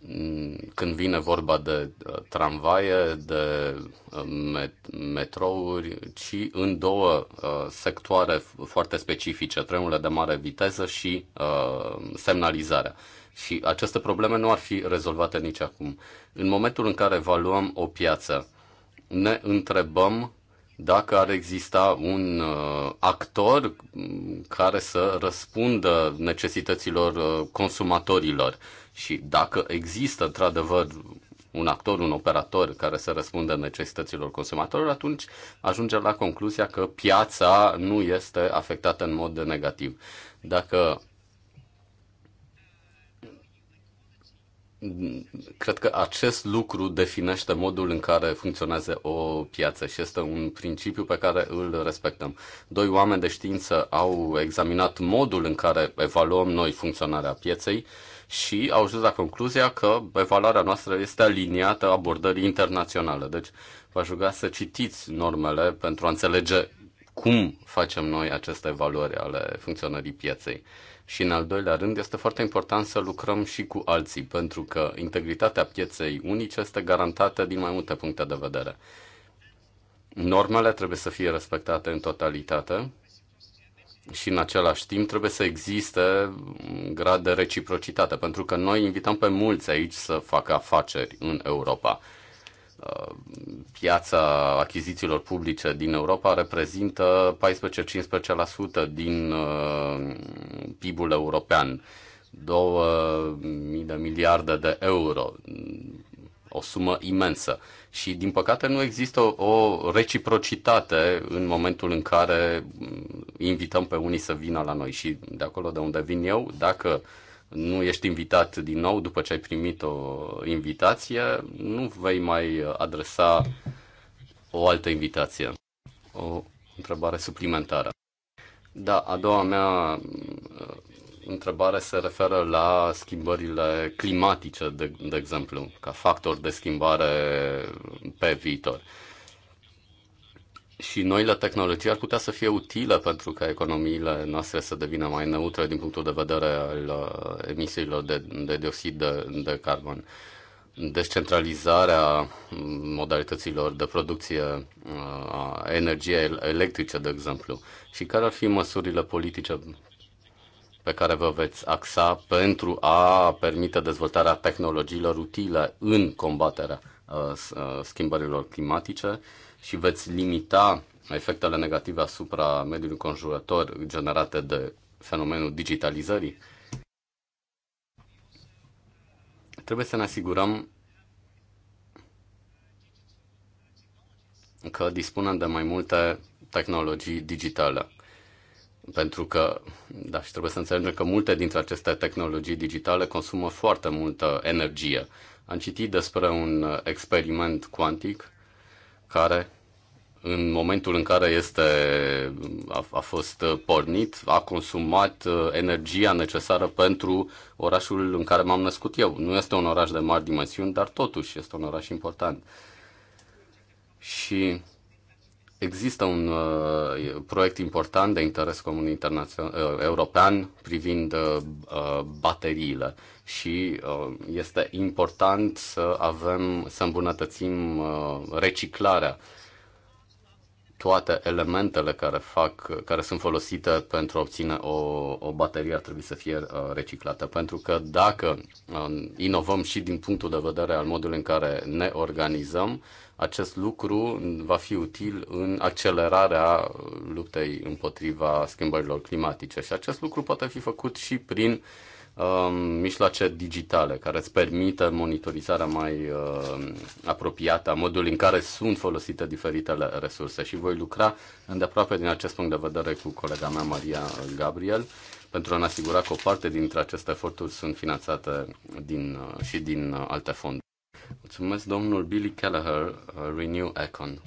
Mm, când vine vorba de uh, tramvaie, de uh, metrouri, ci în două uh, sectoare foarte specifice, trenurile de mare viteză și semnalizarea. Și aceste probleme nu ar fi rezolvate nici acum. În momentul în care evaluăm o piață, ne întrebăm dacă ar exista un uh, actor care să răspundă necesităților uh, consumatorilor și dacă există într-adevăr un actor, un operator care să răspundă necesităților consumatorilor, atunci ajunge la concluzia că piața nu este afectată în mod negativ. Dacă Cred că acest lucru definește modul în care funcționează o piață și este un principiu pe care îl respectăm. Doi oameni de știință au examinat modul în care evaluăm noi funcționarea pieței și au ajuns la concluzia că evaluarea noastră este aliniată abordării internaționale. Deci v-aș ruga să citiți normele pentru a înțelege cum facem noi aceste evaluări ale funcționării pieței. Și în al doilea rând, este foarte important să lucrăm și cu alții, pentru că integritatea pieței unice este garantată din mai multe puncte de vedere. Normele trebuie să fie respectate în totalitate și în același timp trebuie să existe grad de reciprocitate, pentru că noi invităm pe mulți aici să facă afaceri în Europa piața achizițiilor publice din Europa reprezintă 14-15% din uh, PIB-ul european, 2000 de miliarde de euro, o sumă imensă. Și, din păcate, nu există o reciprocitate în momentul în care invităm pe unii să vină la noi. Și de acolo de unde vin eu, dacă uh, nu ești invitat din nou după ce ai primit o invitație, nu vei mai adresa o altă invitație. O întrebare suplimentară. Da, a doua mea uh, întrebare se referă la schimbările climatice, de, de exemplu, ca factor de schimbare pe viitor. Uh, și noile tehnologii ar putea să fie utile pentru ca economiile noastre să devină mai neutre din punctul de vedere al uh, emisiilor de, de dioxid de, de carbon. Descentralizarea modalităților de producție uh, a energiei electrice, de exemplu, și care ar fi măsurile politice pe care vă veți axa pentru a permite dezvoltarea tehnologiilor utile în combaterea uh, schimbărilor climatice și veți limita efectele negative asupra mediului conjurător generate de fenomenul digitalizării? Trebuie să ne asigurăm că dispunem de mai multe tehnologii digitale. Pentru că, da, și trebuie să înțelegem că multe dintre aceste tehnologii digitale consumă foarte multă energie. Am citit despre un experiment cuantic care în momentul în care este, a, a fost pornit, a consumat uh, energia necesară pentru orașul în care m-am născut eu. Nu este un oraș de mari dimensiuni, dar totuși este un oraș important. Și Există un uh, proiect important de interes comun internațional, uh, european privind uh, uh, bateriile și uh, este important să avem, să îmbunătățim uh, reciclarea toate elementele care fac, care sunt folosite pentru a obține o, o baterie ar trebui să fie uh, reciclată. Pentru că dacă uh, inovăm și din punctul de vedere al modului în care ne organizăm, uh, acest lucru va fi util în accelerarea luptei împotriva schimbărilor climatice și acest lucru poate fi făcut și prin um, mijloace digitale care îți permită monitorizarea mai uh, apropiată a modului în care sunt folosite diferitele resurse și voi lucra îndeaproape din acest punct de vedere cu colega mea Maria Gabriel pentru a ne asigura că o parte dintre aceste eforturi sunt finanțate din, uh, și din uh, alte fonduri. Mulțumesc, domnul Billy Kelleher, uh, Renew Econ.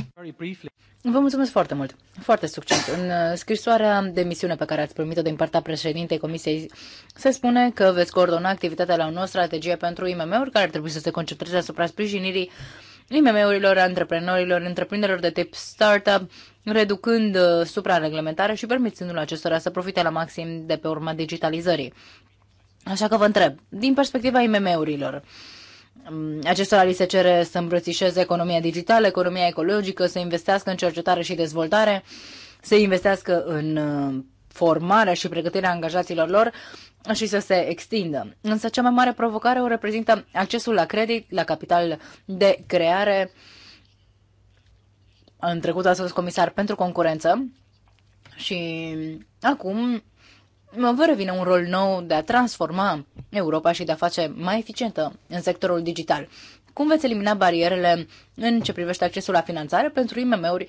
Vă mulțumesc foarte mult. Foarte succes. În uh, scrisoarea de misiune pe care ați primit-o din partea președintei Comisiei, se spune că veți coordona activitatea la o nouă strategie pentru IMM-uri care ar trebui să se concentreze asupra sprijinirii IMM-urilor, antreprenorilor, întreprinderilor de tip startup, reducând uh, suprareglementarea și permițându-l acestora să profite la maxim de pe urma digitalizării. Așa că vă întreb, din perspectiva IMM-urilor, uh, Mm, acestora li se cere să îmbrățișeze economia digitală, economia ecologică, să investească în cercetare și dezvoltare, să investească în uh, formarea și pregătirea angajaților lor și să se extindă. Însă cea mai mare provocare o reprezintă accesul la credit, la capital de creare. În trecut a fost comisar pentru concurență și acum vă revine un rol nou de a transforma Europa și de a face mai eficientă în sectorul digital. Cum veți elimina barierele în ce privește accesul la finanțare pentru IMM-uri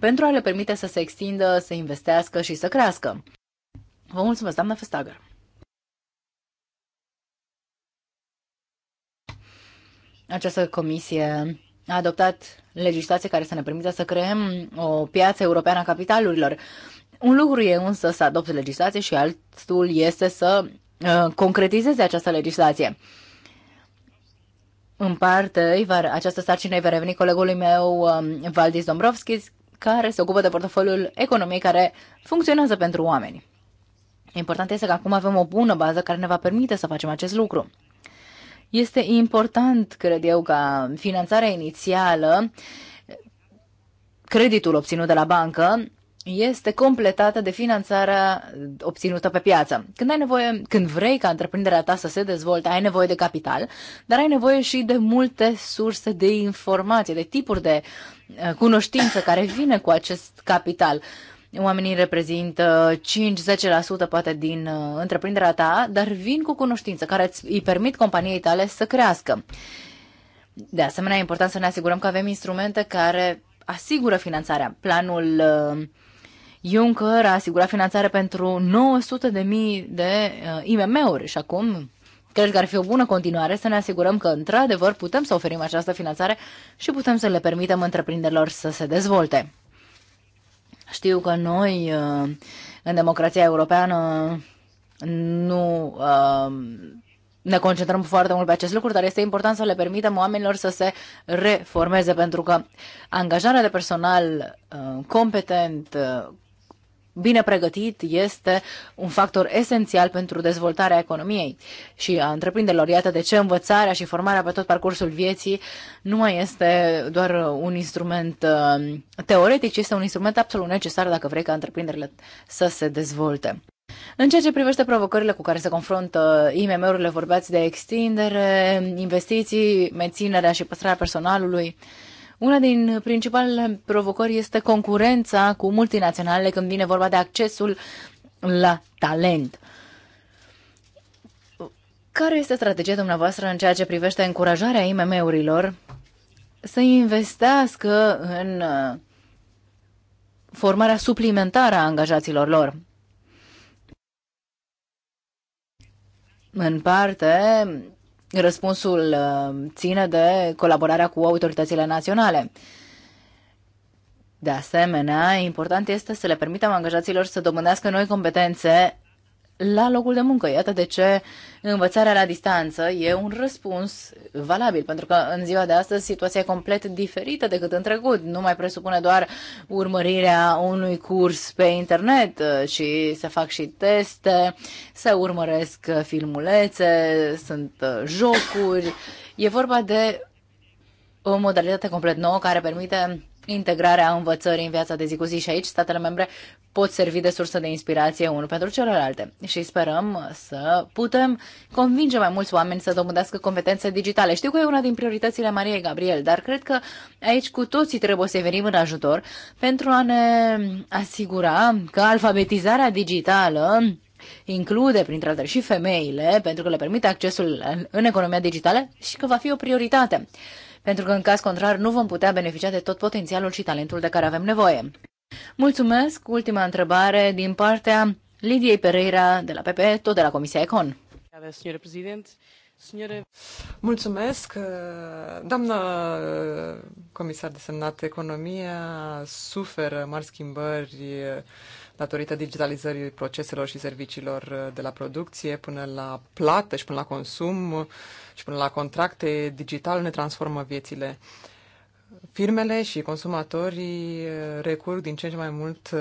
pentru a le permite să se extindă, să investească și să crească? Vă mulțumesc, doamna Festager. Această comisie a adoptat legislație care să ne permită să creăm o piață europeană a capitalurilor. Un lucru e însă să adopte legislație și altul este să uh, concretizeze această legislație. În parte, această sarcină îi va reveni colegului meu, um, Valdis Dombrovskis, care se ocupă de portofoliul economiei care funcționează pentru oameni. Important este că acum avem o bună bază care ne va permite să facem acest lucru. Este important, cred eu, ca finanțarea inițială, creditul obținut de la bancă, este completată de finanțarea obținută pe piață. Când ai nevoie, când vrei ca întreprinderea ta să se dezvolte, ai nevoie de capital, dar ai nevoie și de multe surse de informație, de tipuri de uh, cunoștință care vine cu acest capital. Oamenii reprezintă 5-10% poate din uh, întreprinderea ta, dar vin cu cunoștință care îi permit companiei tale să crească. De asemenea, e important să ne asigurăm că avem instrumente care asigură finanțarea. Planul uh, Juncker a asigurat finanțare pentru 900.000 de, mii de uh, IMM-uri și acum cred că ar fi o bună continuare să ne asigurăm că într-adevăr putem să oferim această finanțare și putem să le permitem întreprinderilor să se dezvolte. Știu că noi uh, în democrația europeană nu uh, ne concentrăm foarte mult pe acest lucru, dar este important să le permitem oamenilor să se reformeze, pentru că angajarea de personal uh, competent, uh, bine pregătit este un factor esențial pentru dezvoltarea economiei și a întreprinderilor. Iată de ce învățarea și formarea pe tot parcursul vieții nu mai este doar un instrument uh, teoretic, ci este un instrument absolut necesar dacă vrei ca întreprinderile să se dezvolte. În ceea ce privește provocările cu care se confruntă IMM-urile, vorbeați de extindere, investiții, menținerea și păstrarea personalului, una din principalele provocări este concurența cu multinaționalele când vine vorba de accesul la talent. Care este strategia dumneavoastră în ceea ce privește încurajarea IMM-urilor să investească în uh, formarea suplimentară a angajaților lor? În parte, Răspunsul uh, ține de colaborarea cu autoritățile naționale. De asemenea, important este să le permitem angajaților să dobândească noi competențe la locul de muncă. Iată de ce învățarea la distanță e un răspuns valabil, pentru că în ziua de astăzi situația e complet diferită decât în trecut. Nu mai presupune doar urmărirea unui curs pe internet, și se fac și teste, se urmăresc filmulețe, sunt uh, jocuri. E vorba de o modalitate complet nouă care permite integrarea învățării în viața de zi cu zi și aici statele membre pot servi de sursă de inspirație unul pentru celelalte și sperăm să putem convinge mai mulți oameni să dobândească competențe digitale. Știu că e una din prioritățile Mariei Gabriel, dar cred că aici cu toții trebuie să venim în ajutor pentru a ne asigura că alfabetizarea digitală include, printre altele, și femeile, pentru că le permite accesul în economia digitală și că va fi o prioritate pentru că în caz contrar nu vom putea beneficia de tot potențialul și talentul de care avem nevoie. Mulțumesc! Ultima întrebare din partea Lidiei Pereira de la PP, tot de la Comisia Econ. Mulțumesc, doamnă uh, comisar de semnat Economia suferă mari schimbări uh, datorită digitalizării proceselor și serviciilor uh, de la producție până la plată și până la consum și până la contracte digitale ne transformă viețile. Firmele și consumatorii uh, recurg din ce în ce mai mult uh,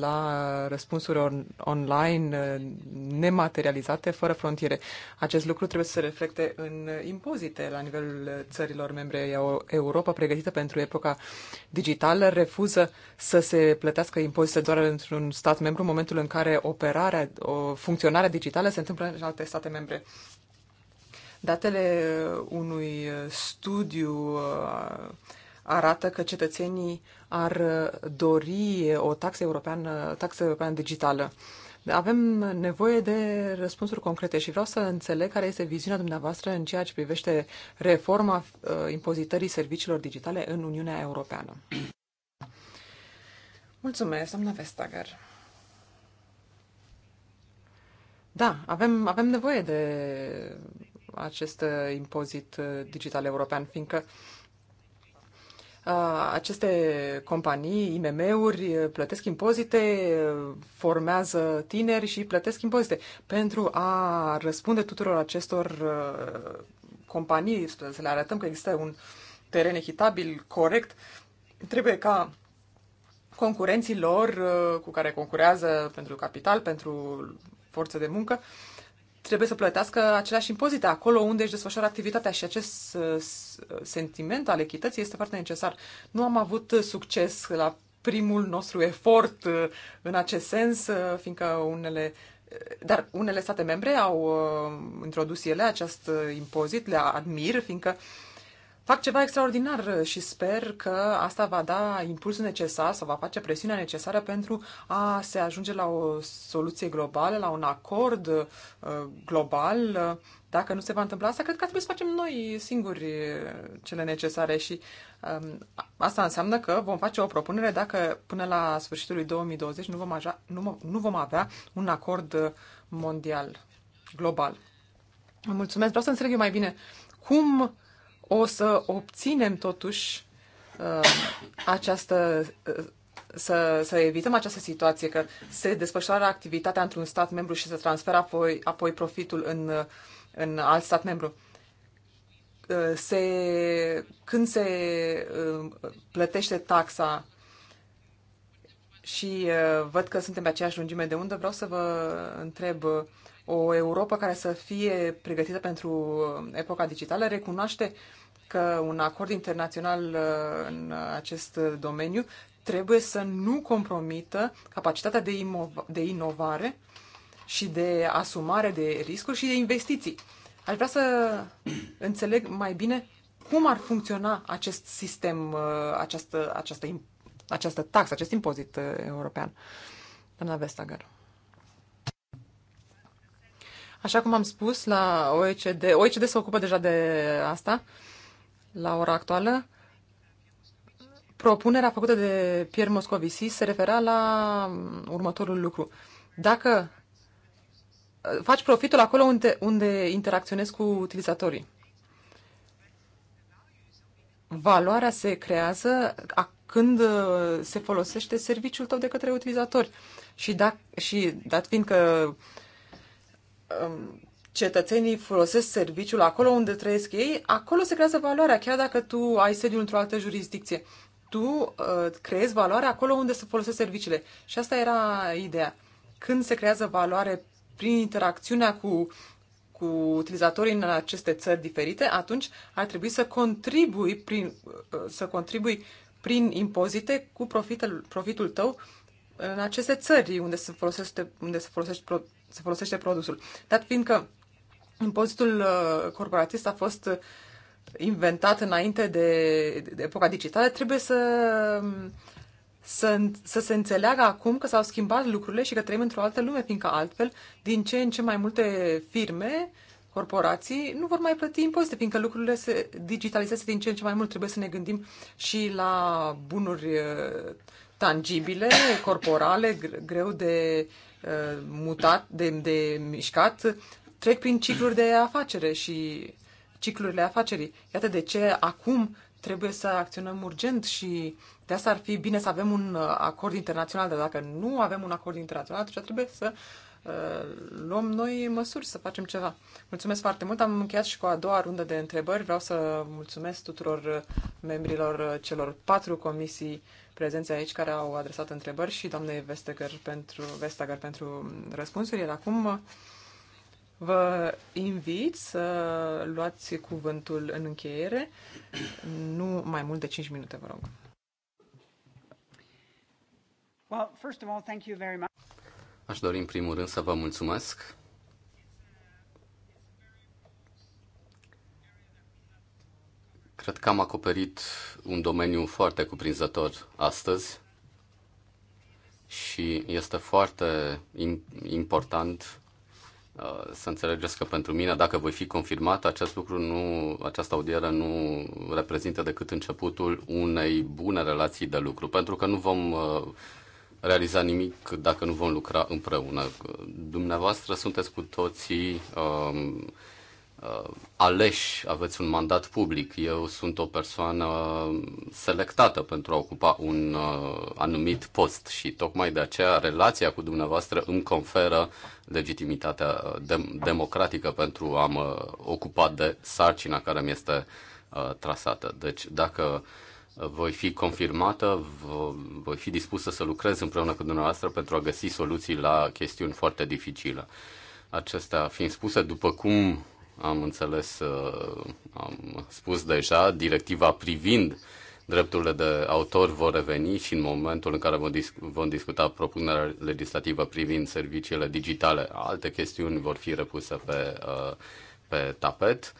la răspunsuri on- online uh, nematerializate, fără frontiere. Acest lucru trebuie să se reflecte în impozite la nivelul țărilor membre. Europa, pregătită pentru epoca digitală, refuză să se plătească impozite doar într-un stat membru, în momentul în care operarea, o funcționarea digitală se întâmplă în alte state membre. Datele uh, unui uh, studiu uh, arată că cetățenii ar dori o taxă europeană, taxă europeană digitală. Avem nevoie de răspunsuri concrete și vreau să înțeleg care este viziunea dumneavoastră în ceea ce privește reforma impozitării serviciilor digitale în Uniunea Europeană. Mulțumesc, doamna Vestager. Da, avem, avem nevoie de acest uh, impozit uh, digital european, fiindcă uh, aceste companii, IMM-uri, plătesc impozite, formează tineri și plătesc impozite. Pentru a răspunde tuturor acestor companii, să le arătăm că există un teren echitabil, corect, trebuie ca concurenții lor cu care concurează pentru capital, pentru forță de muncă, trebuie să plătească aceleași impozite acolo unde își desfășoară activitatea și acest uh, sentiment al echității este foarte necesar. Nu am avut succes la primul nostru efort uh, în acest sens, uh, fiindcă unele dar unele state membre au introdus ele acest impozit, le admir, fiindcă uh, fac ceva extraordinar și sper că asta va da impulsul necesar sau va face presiunea necesară pentru a se ajunge la o soluție globală, la un acord uh, global. Dacă nu se va întâmpla asta, cred că trebuie să facem noi singuri uh, cele necesare și um, asta înseamnă că vom face o propunere dacă până la sfârșitul lui 2020 nu vom, aja, nu, nu vom avea un acord uh, mondial, global. Mulțumesc, vreau să înțeleg eu mai bine cum o să obținem totuși uh, această uh, să, să evităm această situație că se desfășoară activitatea într-un stat membru și se transferă apoi, apoi profitul în, uh, în alt stat membru. Se, când se plătește taxa și văd că suntem pe aceeași lungime de undă, vreau să vă întreb o Europa care să fie pregătită pentru epoca digitală recunoaște uh, că un acord internațional uh, în acest domeniu trebuie să nu compromită capacitatea de, de inovare și de asumare de riscuri și de investiții. Aș vrea să înțeleg mai bine cum ar funcționa acest sistem, uh, această, această, această taxă, acest impozit uh, european. Doamna Vestager. Așa cum am spus, la OECD, OECD se ocupă deja de asta la ora actuală, propunerea făcută de Pierre Moscovici se refera la mm, următorul lucru. Dacă uh, faci profitul acolo unde, unde interacționezi cu utilizatorii, valoarea se creează când uh, se folosește serviciul tău de către utilizatori. Și, da, și dat fiind că um, cetățenii folosesc serviciul acolo unde trăiesc ei, acolo se creează valoarea, chiar dacă tu ai sediul într-o altă jurisdicție. Tu uh, creezi valoare acolo unde se folosesc serviciile. Și asta era ideea. Când se creează valoare prin interacțiunea cu, cu utilizatorii în aceste țări diferite, atunci ar trebui să contribui prin, uh, să contribui prin impozite cu profitul, profitul tău în aceste țări unde se folosește, unde se folosește, se folosește produsul. Dar fiindcă Impozitul uh, corporatist a fost uh, inventat înainte de, de epoca digitală. Trebuie să, um, să, să se înțeleagă acum că s-au schimbat lucrurile și că trăim într-o altă lume, fiindcă altfel, din ce în ce mai multe firme corporații nu vor mai plăti impozite, fiindcă lucrurile se digitalizează din ce în ce mai mult. Trebuie să ne gândim și la bunuri uh, tangibile, corporale, greu de mutat, de, de mișcat, trec prin cicluri de afacere și ciclurile afacerii. Iată de ce acum trebuie să acționăm urgent și de asta ar fi bine să avem un uh, acord internațional, dar dacă nu avem un acord internațional, atunci trebuie să uh, luăm noi măsuri, să facem ceva. Mulțumesc foarte mult, am încheiat și cu a doua rundă de întrebări. Vreau să mulțumesc tuturor uh, membrilor celor patru comisii prezenți aici care au adresat întrebări și doamnei Vestager pentru, Vestager pentru mm, răspunsuri. Iar acum Vă invit să luați cuvântul în încheiere, nu mai mult de 5 minute, vă rog. Well, first of all, thank you very much. Aș dori în primul rând să vă mulțumesc Cred că am acoperit un domeniu foarte cuprinzător astăzi și este foarte important Uh, să înțelegeți că pentru mine, dacă voi fi confirmat, acest lucru nu, această audiere nu reprezintă decât începutul unei bune relații de lucru, pentru că nu vom uh, realiza nimic dacă nu vom lucra împreună. Dumneavoastră sunteți cu toții um, uh, aleși, aveți un mandat public. Eu sunt o persoană selectată pentru a ocupa un uh, anumit post și tocmai de aceea relația cu dumneavoastră îmi conferă uh, legitimitatea uh, de- democratică pentru a mă uh, ocupa de sarcina care mi este uh, trasată. Deci dacă uh, voi fi confirmată, voi fi dispusă să lucrez împreună cu dumneavoastră pentru a găsi soluții la chestiuni foarte dificile. Acestea fiind spuse, după cum am înțeles, am spus deja, directiva privind drepturile de autor vor reveni și în momentul în care vom, disc- vom discuta propunerea legislativă privind serviciile digitale, alte chestiuni vor fi repuse pe, uh, pe tapet.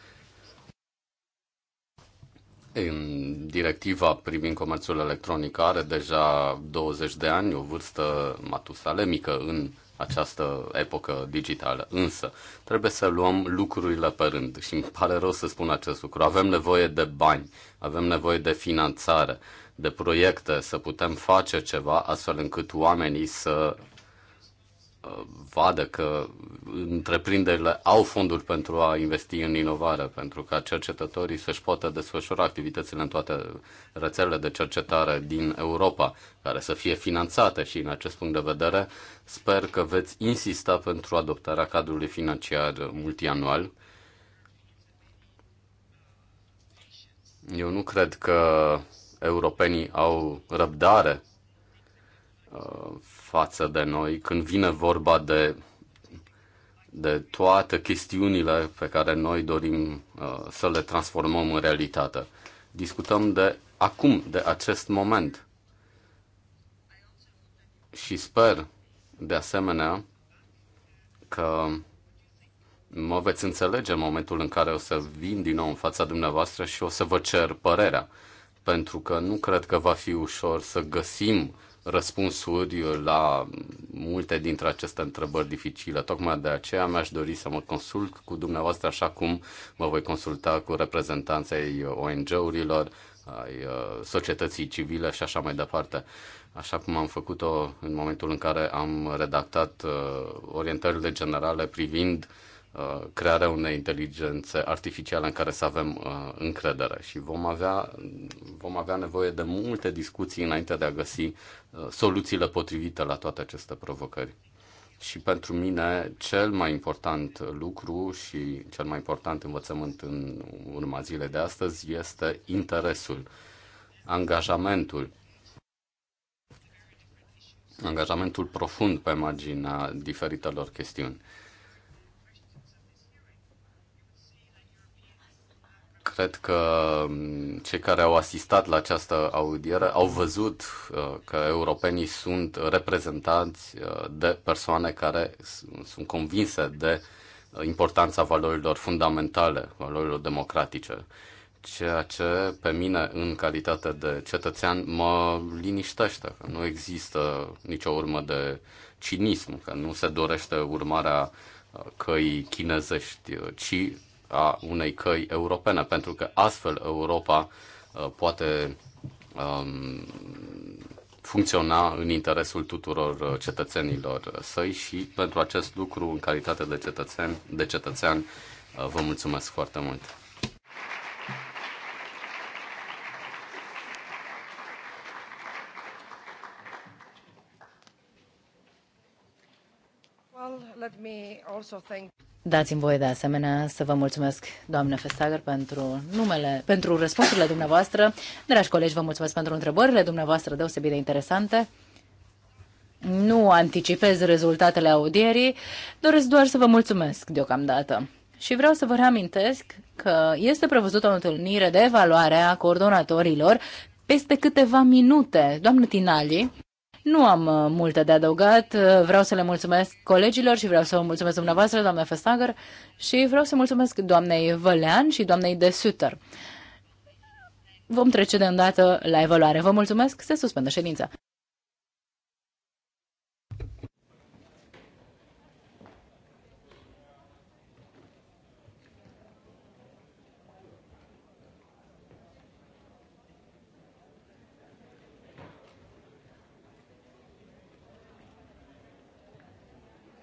În directiva privind comerțul electronic are deja 20 de ani, o vârstă matusalemică în această epocă digitală. Însă, trebuie să luăm lucrurile pe rând și îmi pare rău să spun acest lucru. Avem nevoie de bani, avem nevoie de finanțare, de proiecte, să putem face ceva astfel încât oamenii să vadă că întreprinderile au fonduri pentru a investi în inovare, pentru ca cercetătorii să-și poată desfășura activitățile în toate rețelele de cercetare din Europa, care să fie finanțate și în acest punct de vedere sper că veți insista pentru adoptarea cadrului financiar multianual. Eu nu cred că europenii au răbdare uh, față de noi când vine vorba de, de toate chestiunile pe care noi dorim uh, să le transformăm în realitate. Discutăm de acum, de acest moment. Și sper, de asemenea, că mă veți înțelege în momentul în care o să vin din nou în fața dumneavoastră și o să vă cer părerea. Pentru că nu cred că va fi ușor să găsim răspunsuri la multe dintre aceste întrebări dificile. Tocmai de aceea mi-aș dori să mă consult cu dumneavoastră așa cum mă voi consulta cu reprezentanții ONG-urilor, ai uh, societății civile și așa mai departe. Așa cum am făcut-o în momentul în care am redactat uh, orientările generale privind uh, Uh, crearea unei inteligențe artificiale în care să avem uh, încredere și vom avea, vom avea nevoie de multe discuții înainte de a găsi uh, soluțiile potrivite la toate aceste provocări. Și pentru mine cel mai important lucru și cel mai important învățământ în urma zilei de astăzi este interesul, angajamentul, angajamentul profund pe marginea diferitelor chestiuni. Cred că mm, cei care au asistat la această audiere au văzut uh, că europenii sunt reprezentați uh, de persoane care sunt convinse de uh, importanța valorilor fundamentale, valorilor democratice ceea ce pe mine, în calitate de cetățean, mă liniștește, că nu există nicio urmă de cinism, că nu se dorește urmarea căi chinezești, ci a unei căi europene, pentru că astfel Europa uh, poate um, funcționa în interesul tuturor uh, cetățenilor săi și pentru acest lucru, în calitate de cetățean, de cetățean uh, vă mulțumesc foarte mult. Dați-mi voie de asemenea să vă mulțumesc, doamnă Festager, pentru numele, pentru răspunsurile dumneavoastră. Dragi colegi, vă mulțumesc pentru întrebările dumneavoastră deosebit de interesante. Nu anticipez rezultatele audierii, doresc doar să vă mulțumesc deocamdată. Și vreau să vă reamintesc că este prevăzută o întâlnire de evaluare a coordonatorilor peste câteva minute. Doamnă Tinali, nu am uh, multe de adăugat. Uh, vreau să le mulțumesc colegilor și vreau să vă mulțumesc dumneavoastră, doamna Festager, și vreau să mulțumesc doamnei Vălean și doamnei de Sutter. Vom trece de îndată la evaluare. Vă mulțumesc, se suspendă ședința.